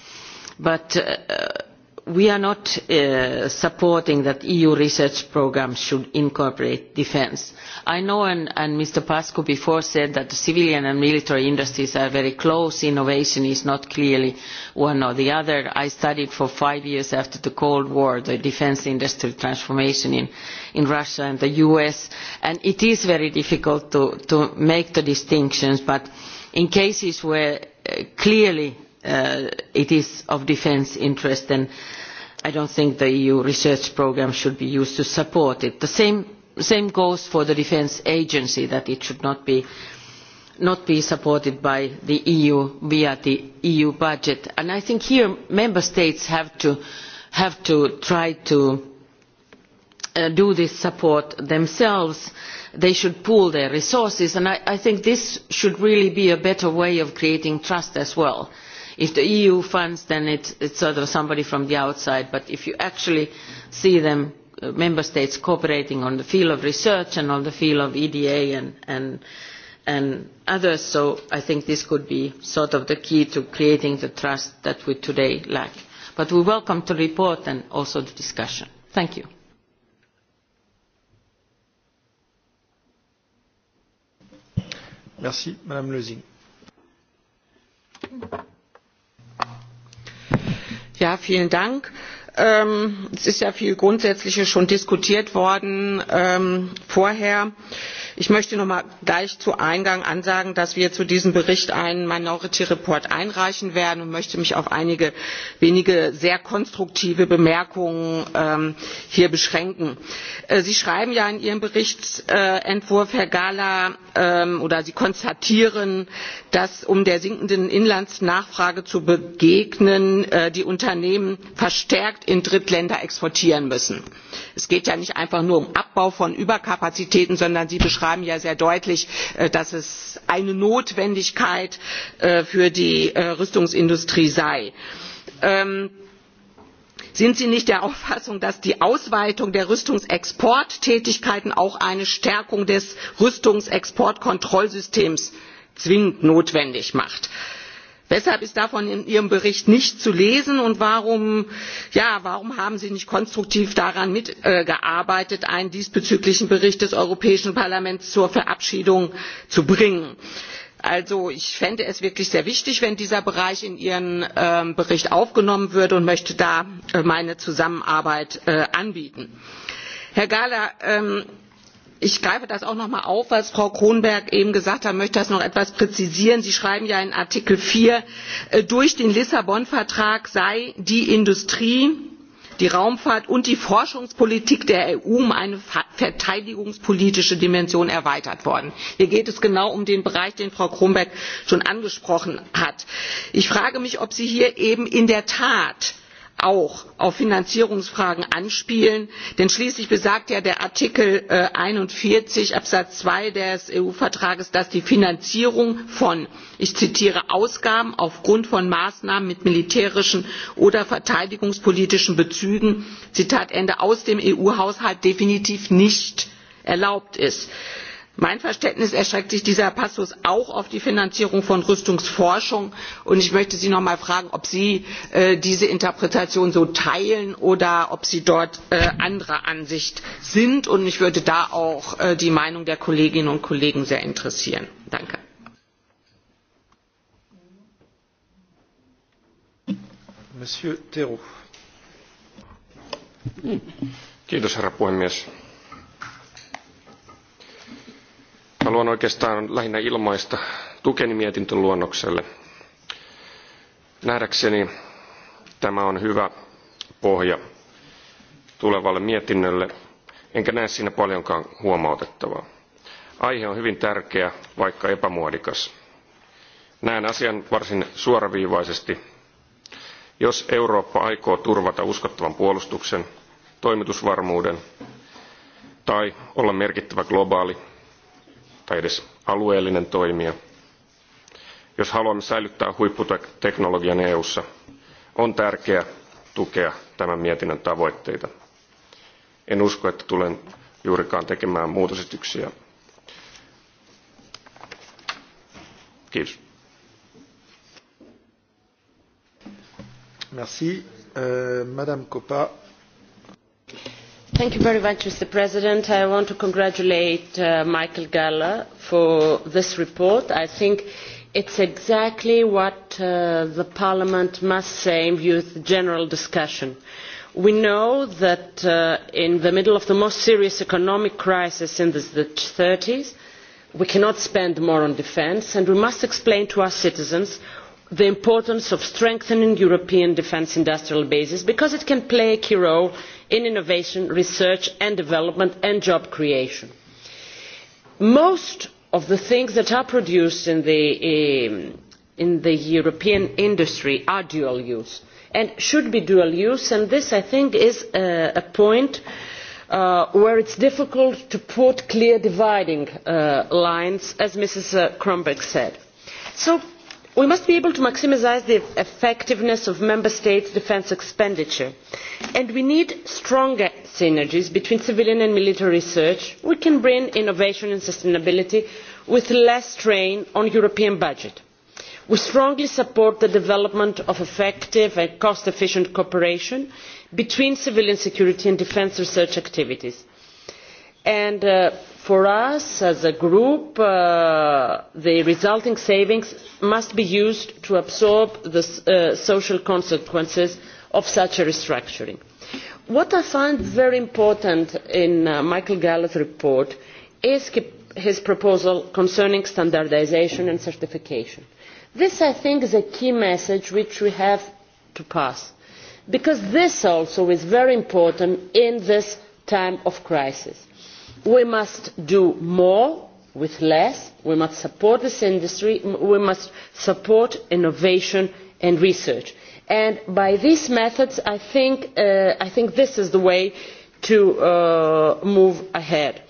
but uh, we are not uh, supporting that EU research programmes should incorporate defence. I know, and, and Mr. Pascu before said that the civilian and military industries are very close. Innovation is not clearly one or the other. I studied for five years after the Cold War the defence industry transformation in, in Russia and the US, and it is very difficult to, to make the distinctions, but in cases where uh, clearly uh, it is of defence interest and I don't think the EU research programme should be used to support it. The same, same goes for the defence agency that it should not be, not be supported by the EU via the EU budget. And I think here member states have to, have to try to uh, do this support themselves they should pool their resources and I, I think this should really be a better way of creating trust as well If the EU funds, then it's, it's sort of somebody from the outside, but if you actually see them, uh, member states cooperating on the field of research and on the field of EDA and, and, and others, so I think this could be sort of the key to creating the trust that we today lack. But we welcome the report and also the discussion. Thank you. Merci, Madame Lezing. Ja, vielen Dank. Ähm, es ist ja viel Grundsätzliches schon diskutiert worden ähm, vorher. Äh, Ich möchte noch mal gleich zu Eingang ansagen, dass wir zu diesem Bericht einen Minority Report einreichen werden und möchte mich auf einige wenige sehr konstruktive Bemerkungen ähm, hier beschränken. Äh, Sie schreiben ja in Ihrem Berichtsentwurf, Herr Gala, ähm, oder Sie konstatieren, dass um der sinkenden Inlandsnachfrage zu begegnen, äh, die Unternehmen verstärkt in Drittländer exportieren müssen. Es geht ja nicht einfach nur um Abbau von Überkapazitäten, sondern Sie beschreiben programm ja sehr deutlich, äh, dass es eine Notwendigkeit äh, für die äh, Rüstungsindustrie sei. Ähm, sind Sie nicht der Auffassung, dass die Ausweitung der Rüstungsexporttätigkeiten auch eine Stärkung des Rüstungsexportkontrollsystems zwingend notwendig macht? Weshalb ist davon in Ihrem Bericht nicht zu lesen und warum, ja, warum haben Sie nicht konstruktiv daran mitgearbeitet, äh, einen diesbezüglichen Bericht des Europäischen Parlaments zur Verabschiedung zu bringen? Also ich fände es wirklich sehr wichtig, wenn dieser Bereich in Ihren ähm, Bericht aufgenommen würde und möchte da äh, meine Zusammenarbeit äh, anbieten. Herr Gahler, ähm, ich greife das auch noch mal auf, was Frau Kronberg eben gesagt hat, möchte das noch etwas präzisieren. Sie schreiben ja in Artikel 4, äh, durch den Lissabon-Vertrag sei die Industrie, die Raumfahrt und die Forschungspolitik der EU um eine verteidigungspolitische Dimension erweitert worden. Hier geht es genau um den Bereich, den Frau Kronberg schon angesprochen hat. Ich frage mich, ob Sie hier eben in der Tat auch auf Finanzierungsfragen anspielen, denn schließlich besagt ja der Artikel äh, einundvierzig Absatz zwei des EU-Vertrages, dass die Finanzierung von, ich zitiere, Ausgaben aufgrund von Maßnahmen mit militärischen oder verteidigungspolitischen Bezügen, Zitat Ende, aus dem EU-Haushalt definitiv nicht erlaubt ist. Mein Verständnis erstreckt sich dieser Passus auch auf die Finanzierung von Rüstungsforschung. Und ich möchte Sie noch einmal fragen, ob Sie äh, diese Interpretation so teilen oder ob Sie dort äh, anderer Ansicht sind. Und mich würde da auch äh, die Meinung der Kolleginnen und Kollegen sehr interessieren. Danke. Monsieur Kiitos, herra puhemies. Haluan oikeastaan lähinnä ilmaista tukeni mietintöluonnokselle. Nähdäkseni tämä on hyvä pohja tulevalle mietinnölle, enkä näe siinä paljonkaan huomautettavaa. Aihe on hyvin tärkeä, vaikka epämuodikas. Näen asian varsin suoraviivaisesti. Jos Eurooppa aikoo turvata uskottavan puolustuksen, toimitusvarmuuden tai olla merkittävä globaali tai edes alueellinen toimija. Jos haluamme säilyttää huipputeknologian EU:ssa, on tärkeää tukea tämän mietinnön tavoitteita. En usko, että tulen juurikaan tekemään muutosityksiä. Kiitos. Merci. Euh, Madame Coppa. Thank you very much, Mr. President. I want to congratulate uh, Michael Gala for this report. I think it's exactly what uh, the Parliament must say in view of the general discussion. We know that uh, in the middle of the most serious economic crisis in the 30s, we cannot spend more on defence, and we must explain to our citizens the importance of strengthening European defence industrial bases because it can play a key role in innovation, research and development and job creation. Most of the things that are produced in the, um, European industry are dual use and should be dual use and this I think is a, point uh, where it is difficult to put clear dividing uh, lines as Mrs. Uh, Krombeck said. So we must be able to maximise the effectiveness of member states' defence expenditure and we need stronger synergies between civilian and military research. we can bring innovation and sustainability with less strain on the european budget. we strongly support the development of effective and cost efficient cooperation between civilian security and defence research activities And uh, for us as a group, uh, the resulting savings must be used to absorb the uh, social consequences of such a restructuring. What I find very important in uh, Michael Gallup's report is his proposal concerning standardisation and certification. This, I think, is a key message which we have to pass, because this also is very important in this time of crisis we must do more with less, we must support this industry, we must support innovation and research. And by these methods, I think, uh, I think this is the way to uh, move ahead.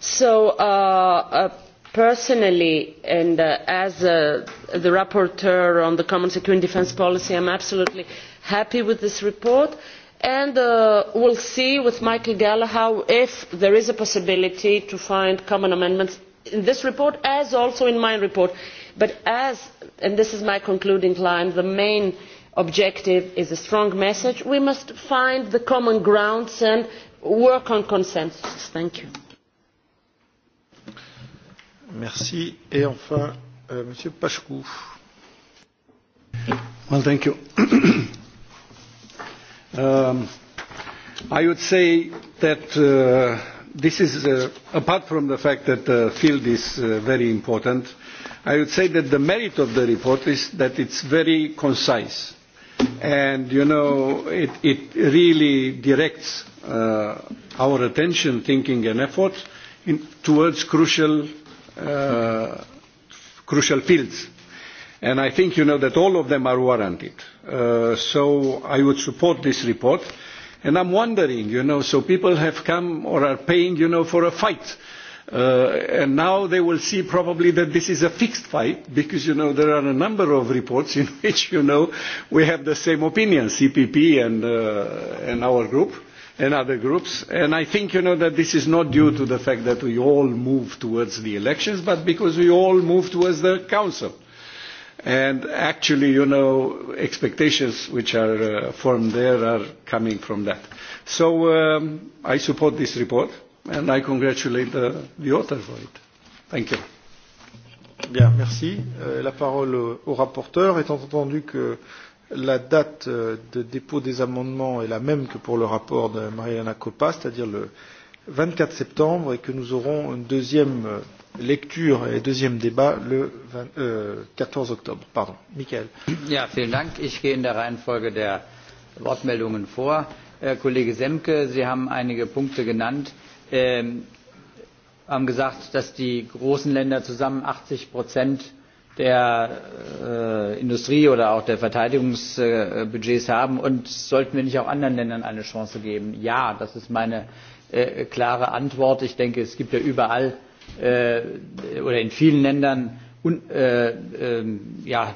So, uh, uh, personally, and uh, as uh, the rapporteur on the Common Security and Defence Policy, I'm absolutely happy with this report. Uh, and uh, we will see with michael gallagher if there is a possibility to find common amendments in this report as also in my report but as and this is my concluding line the main objective is a strong message we must find the common grounds and work on consensus thank you Merci. Et enfin, euh, Monsieur Pachkou. Well, thank you. Um, I would say that uh, this is, uh, apart from the fact that the field is uh, very important, I would say that the merit of the report is that it's very concise. And, you know, it, it really directs uh, our attention, thinking and effort in, towards crucial, uh, crucial fields. And I think, you know, that all of them are warranted. Uh, so I would support this report. And I'm wondering, you know, so people have come or are paying, you know, for a fight. Uh, and now they will see probably that this is a fixed fight because, you know, there are a number of reports in which, you know, we have the same opinion, CPP and, uh, and our group and other groups. And I think, you know, that this is not due to the fact that we all move towards the elections, but because we all move towards the council. And actually, you know, expectations which are uh, formed there are coming from that. So um, I support this report and I congratulate the, the author for it. Thank you. Bien, merci. Euh, la parole au, au rapporteur, étant entendu que la date euh, de dépôt des amendements est la même que pour le rapport de Mariana Coppa, c'est-à-dire le 24 septembre, et que nous aurons une deuxième euh, lecture et deuxième débat le 20, euh, 14 octobre. Pardon. Michael. Ja, vielen Dank. Ich gehe in der Reihenfolge der Wortmeldungen vor. Herr äh, Kollege Semke, Sie haben einige Punkte genannt, ähm, haben gesagt, dass die großen Länder zusammen 80 Prozent der äh, Industrie oder auch der Verteidigungsbudgets äh, haben und sollten wir nicht auch anderen Ländern eine Chance geben? Ja, das ist meine äh, klare Antwort. Ich denke, es gibt ja überall äh, äh, oder in vielen Ländern un, äh, äh, ja,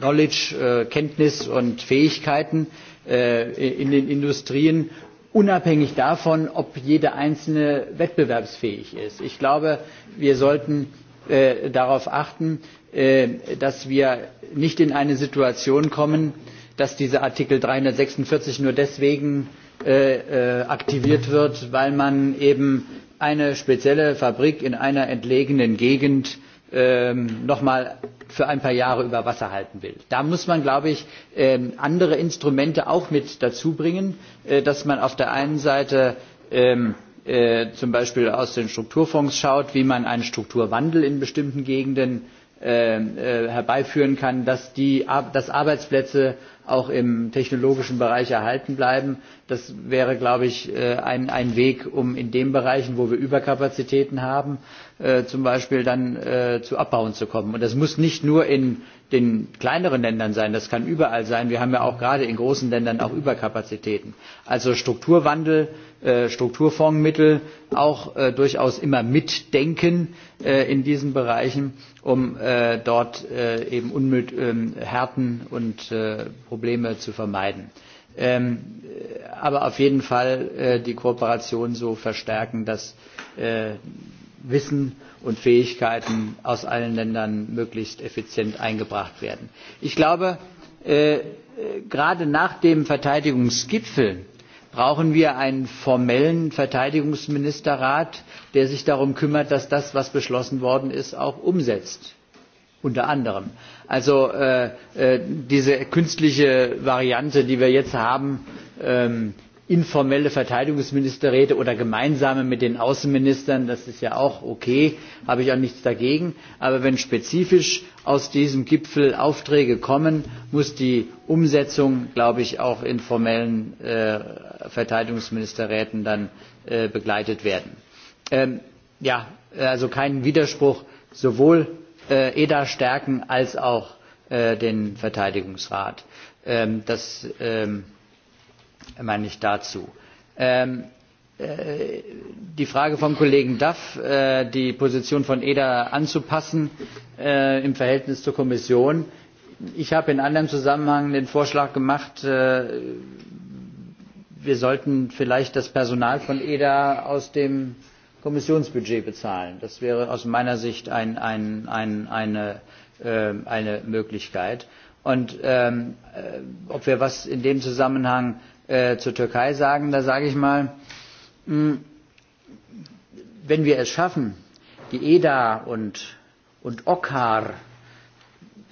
Knowledge, äh, Kenntnis und Fähigkeiten äh, in den Industrien, unabhängig davon, ob jede einzelne wettbewerbsfähig ist. Ich glaube, wir sollten äh, darauf achten, äh, dass wir nicht in eine Situation kommen, dass dieser Artikel 346 nur deswegen äh, äh, aktiviert wird, weil man eben eine spezielle Fabrik in einer entlegenen Gegend ähm, nochmal für ein paar Jahre über Wasser halten will. Da muss man, glaube ich, ähm, andere Instrumente auch mit dazu bringen, äh, dass man auf der einen Seite ähm, äh, zum Beispiel aus den Strukturfonds schaut, wie man einen Strukturwandel in bestimmten Gegenden ähm, äh, herbeiführen kann, dass, die, dass Arbeitsplätze auch im technologischen Bereich erhalten bleiben. Das wäre, glaube ich, äh, ein, ein Weg, um in den Bereichen, wo wir Überkapazitäten haben, Äh, zum Beispiel dann äh, zu Abbauen zu kommen. Und das muss nicht nur in den kleineren Ländern sein, das kann überall sein. Wir haben ja auch gerade in großen Ländern auch Überkapazitäten. Also Strukturwandel, äh, Strukturfondsmittel auch äh, durchaus immer mitdenken äh, in diesen Bereichen, um äh, dort äh, eben Unmüt, äh, Härten und äh, Probleme zu vermeiden. Ähm, äh, aber auf jeden Fall äh, die Kooperation so verstärken, dass äh, Wissen und Fähigkeiten aus allen Ländern möglichst effizient eingebracht werden. Ich glaube, äh, äh, gerade nach dem Verteidigungsgipfel brauchen wir einen formellen Verteidigungsministerrat, der sich darum kümmert, dass das, was beschlossen worden ist, auch umsetzt unter anderem. Also äh, äh, diese künstliche Variante, die wir jetzt haben, ähm, informelle Verteidigungsministerräte oder gemeinsame mit den Außenministern, das ist ja auch okay, habe ich auch nichts dagegen. Aber wenn spezifisch aus diesem Gipfel Aufträge kommen, muss die Umsetzung, glaube ich, auch in formellen äh, Verteidigungsministerräten dann äh, begleitet werden. Ähm, ja, also kein Widerspruch, sowohl äh, EDA stärken als auch äh, den Verteidigungsrat. Ähm, das ähm, meine ich dazu. Ähm, äh, die Frage vom Kollegen Duff, äh, die Position von EDA anzupassen äh, im Verhältnis zur Kommission. Ich habe in anderem Zusammenhang den Vorschlag gemacht, äh, wir sollten vielleicht das Personal von EDA aus dem Kommissionsbudget bezahlen. Das wäre aus meiner Sicht ein, ein, ein, eine, äh, eine Möglichkeit. Und ähm, äh, ob wir was in dem Zusammenhang äh, zur Türkei sagen, da sage ich mal, mh, mm, wenn wir es schaffen, die EDA und, und OKAR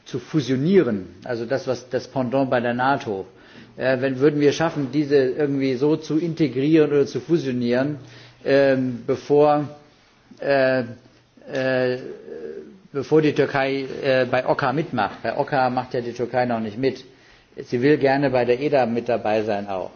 zu fusionieren, also das, was das Pendant bei der NATO, äh, wenn, würden wir schaffen, diese irgendwie so zu integrieren oder zu fusionieren, äh, bevor, äh, äh, bevor die Türkei äh, bei Oka mitmacht. Bei Oka macht ja die Türkei noch nicht mit Sie will gerne bei der EDA mit dabei sein auch.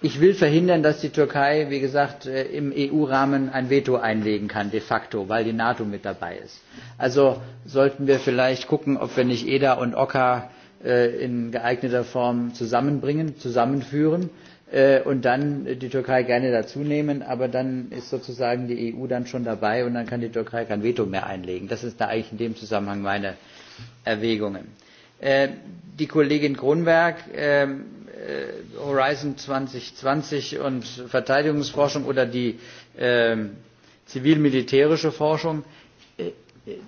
Ich will verhindern, dass die Türkei, wie gesagt, äh, im EU-Rahmen ein Veto einlegen kann, de facto, weil die NATO mit dabei ist. Also sollten wir vielleicht gucken, ob wir nicht EDA und OCA äh, in geeigneter Form zusammenbringen, zusammenführen äh, und dann die Türkei gerne dazu nehmen, aber dann ist sozusagen die EU dann schon dabei und dann kann die Türkei kein Veto mehr einlegen. Das ist da eigentlich in dem Zusammenhang meine Erwägungen. Äh, die Kollegin Kronberg, ähm, äh, Horizon 2020 und Verteidigungsforschung oder die ähm, zivil-militärische Forschung. Äh,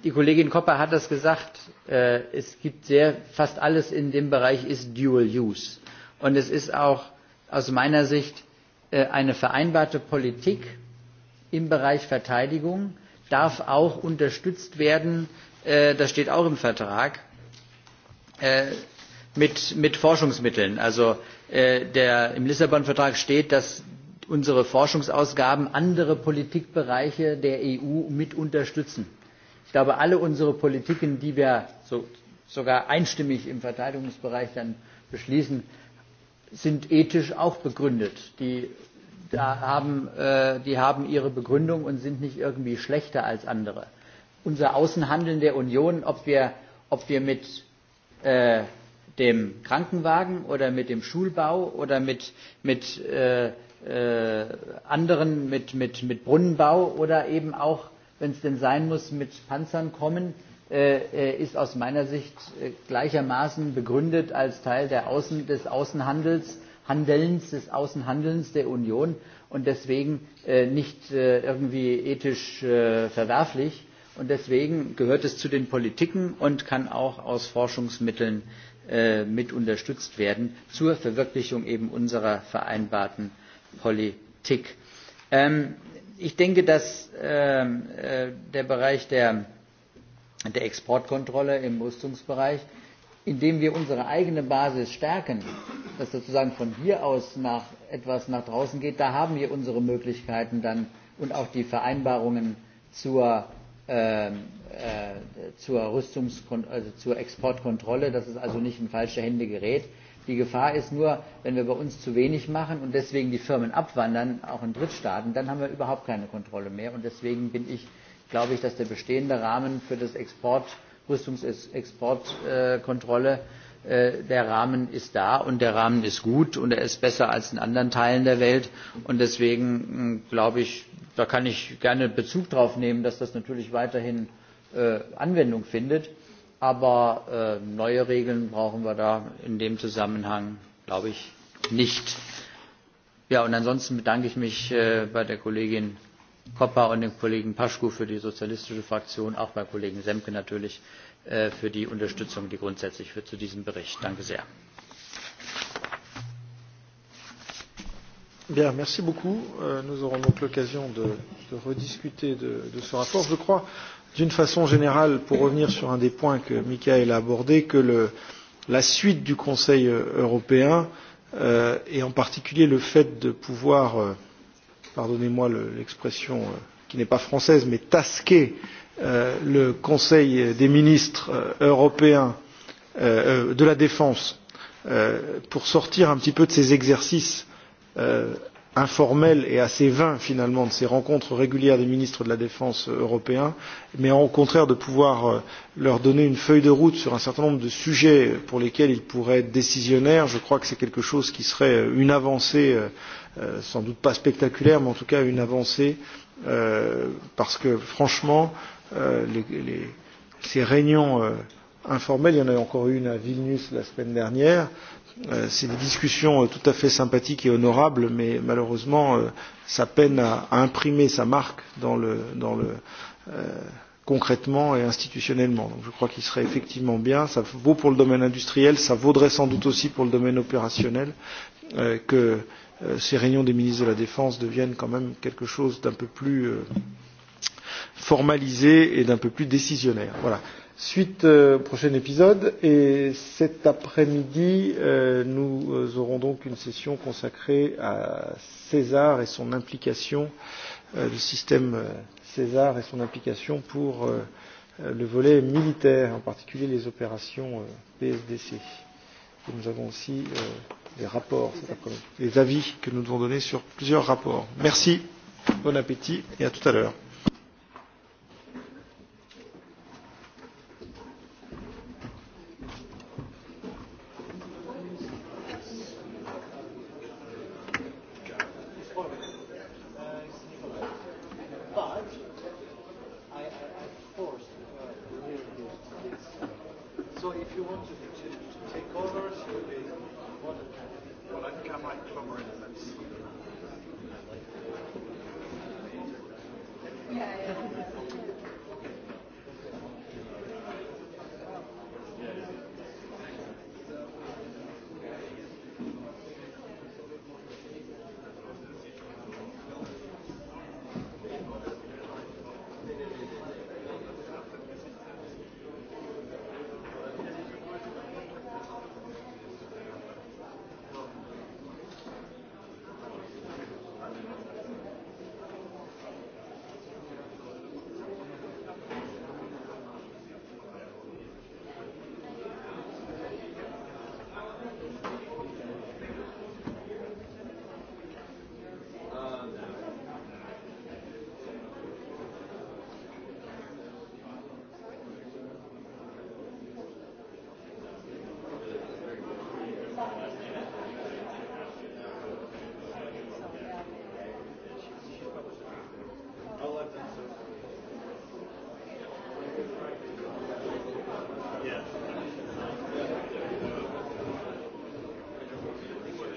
die Kollegin Kopper hat das gesagt, es gibt sehr, fast alles in dem Bereich ist Dual Use. Und es ist auch aus meiner Sicht eine vereinbarte Politik im Bereich Verteidigung darf auch unterstützt werden, das steht auch im Vertrag, Äh, mit, mit Forschungsmitteln. Also äh, der, im Lissabon-Vertrag steht, dass unsere Forschungsausgaben andere Politikbereiche der EU mit unterstützen. Ich glaube, alle unsere Politiken, die wir so, sogar einstimmig im Verteidigungsbereich dann beschließen, sind ethisch auch begründet. Die, da haben, äh, die haben ihre Begründung und sind nicht irgendwie schlechter als andere. Unser Außenhandeln der Union, ob wir, ob wir mit Äh, dem Krankenwagen oder mit dem Schulbau oder mit, mit äh, äh, anderen, mit, mit, mit Brunnenbau oder eben auch, wenn es denn sein muss, mit Panzern kommen, äh, äh ist aus meiner Sicht äh, gleichermaßen begründet als Teil der Außen, des Außenhandels, Handelns, des Außenhandelns der Union und deswegen äh, nicht äh, irgendwie ethisch äh, verwerflich Und deswegen gehört es zu den Politiken und kann auch aus Forschungsmitteln äh, mit unterstützt werden zur Verwirklichung eben unserer vereinbarten Politik. Ähm, ich denke, dass ähm, äh, der Bereich der, der Exportkontrolle im Rüstungsbereich, indem wir unsere eigene Basis stärken, dass sozusagen von hier aus nach etwas nach draußen geht, da haben wir unsere Möglichkeiten dann und auch die Vereinbarungen zur ähm, äh, zur, Rüstungs- also zur Exportkontrolle, dass es also nicht in falsche Hände gerät. Die Gefahr ist nur, wenn wir bei uns zu wenig machen und deswegen die Firmen abwandern, auch in Drittstaaten, dann haben wir überhaupt keine Kontrolle mehr. Und deswegen bin ich, glaube ich, dass der bestehende Rahmen für das Export, Rüstungsexportkontrolle äh, Äh, der Rahmen ist da und der Rahmen ist gut und er ist besser als in anderen Teilen der Welt. Und deswegen hm, glaube ich, da kann ich gerne Bezug darauf nehmen, dass das natürlich weiterhin äh, Anwendung findet. Aber äh, neue Regeln brauchen wir da in dem Zusammenhang, glaube ich, nicht. Ja, und ansonsten bedanke ich mich äh, bei der Kollegin Koppa und dem Kollegen Paschku für die sozialistische Fraktion, auch beim Kollegen Semke natürlich Äh, für die Unterstützung, die grundsätzlich für zu diesem Bericht. Danke sehr. Bien, merci beaucoup. Euh, nous aurons donc l'occasion de, de rediscuter de, de ce rapport. Je crois, d'une façon générale, pour revenir sur un des points que Michael a abordé, que le, la suite du Conseil européen, euh, et en particulier le fait de pouvoir, euh, pardonnez-moi l'expression euh, qui n'est pas française, mais tasquer euh, Euh, le Conseil des ministres euh, européens euh, euh, de la défense euh, pour sortir un petit peu de ces exercices euh, informels et assez vains finalement de ces rencontres régulières des ministres de la défense européens, mais au contraire de pouvoir euh, leur donner une feuille de route sur un certain nombre de sujets pour lesquels ils pourraient être décisionnaires, je crois que c'est quelque chose qui serait une avancée, euh, sans doute pas spectaculaire, mais en tout cas une avancée euh, parce que franchement, euh, les, les, ces réunions euh, informelles, il y en a encore une à Vilnius la semaine dernière, euh, c'est des discussions euh, tout à fait sympathiques et honorables, mais malheureusement, euh, ça peine à, à imprimer sa marque dans le, dans le, euh, concrètement et institutionnellement. Donc je crois qu'il serait effectivement bien, ça vaut pour le domaine industriel, ça vaudrait sans doute aussi pour le domaine opérationnel, euh, que euh, ces réunions des ministres de la Défense deviennent quand même quelque chose d'un peu plus euh, formalisé et d'un peu plus décisionnaire. Voilà. Suite euh, prochain épisode et cet après-midi euh, nous euh, aurons donc une session consacrée à César et son implication euh, système euh, César et son implication pour euh, euh, le volet militaire, en particulier les opérations euh, PSDC. Et nous avons aussi euh, des rapports cet les avis que nous devons donner sur plusieurs rapports. Merci, bon appétit et à tout à l'heure.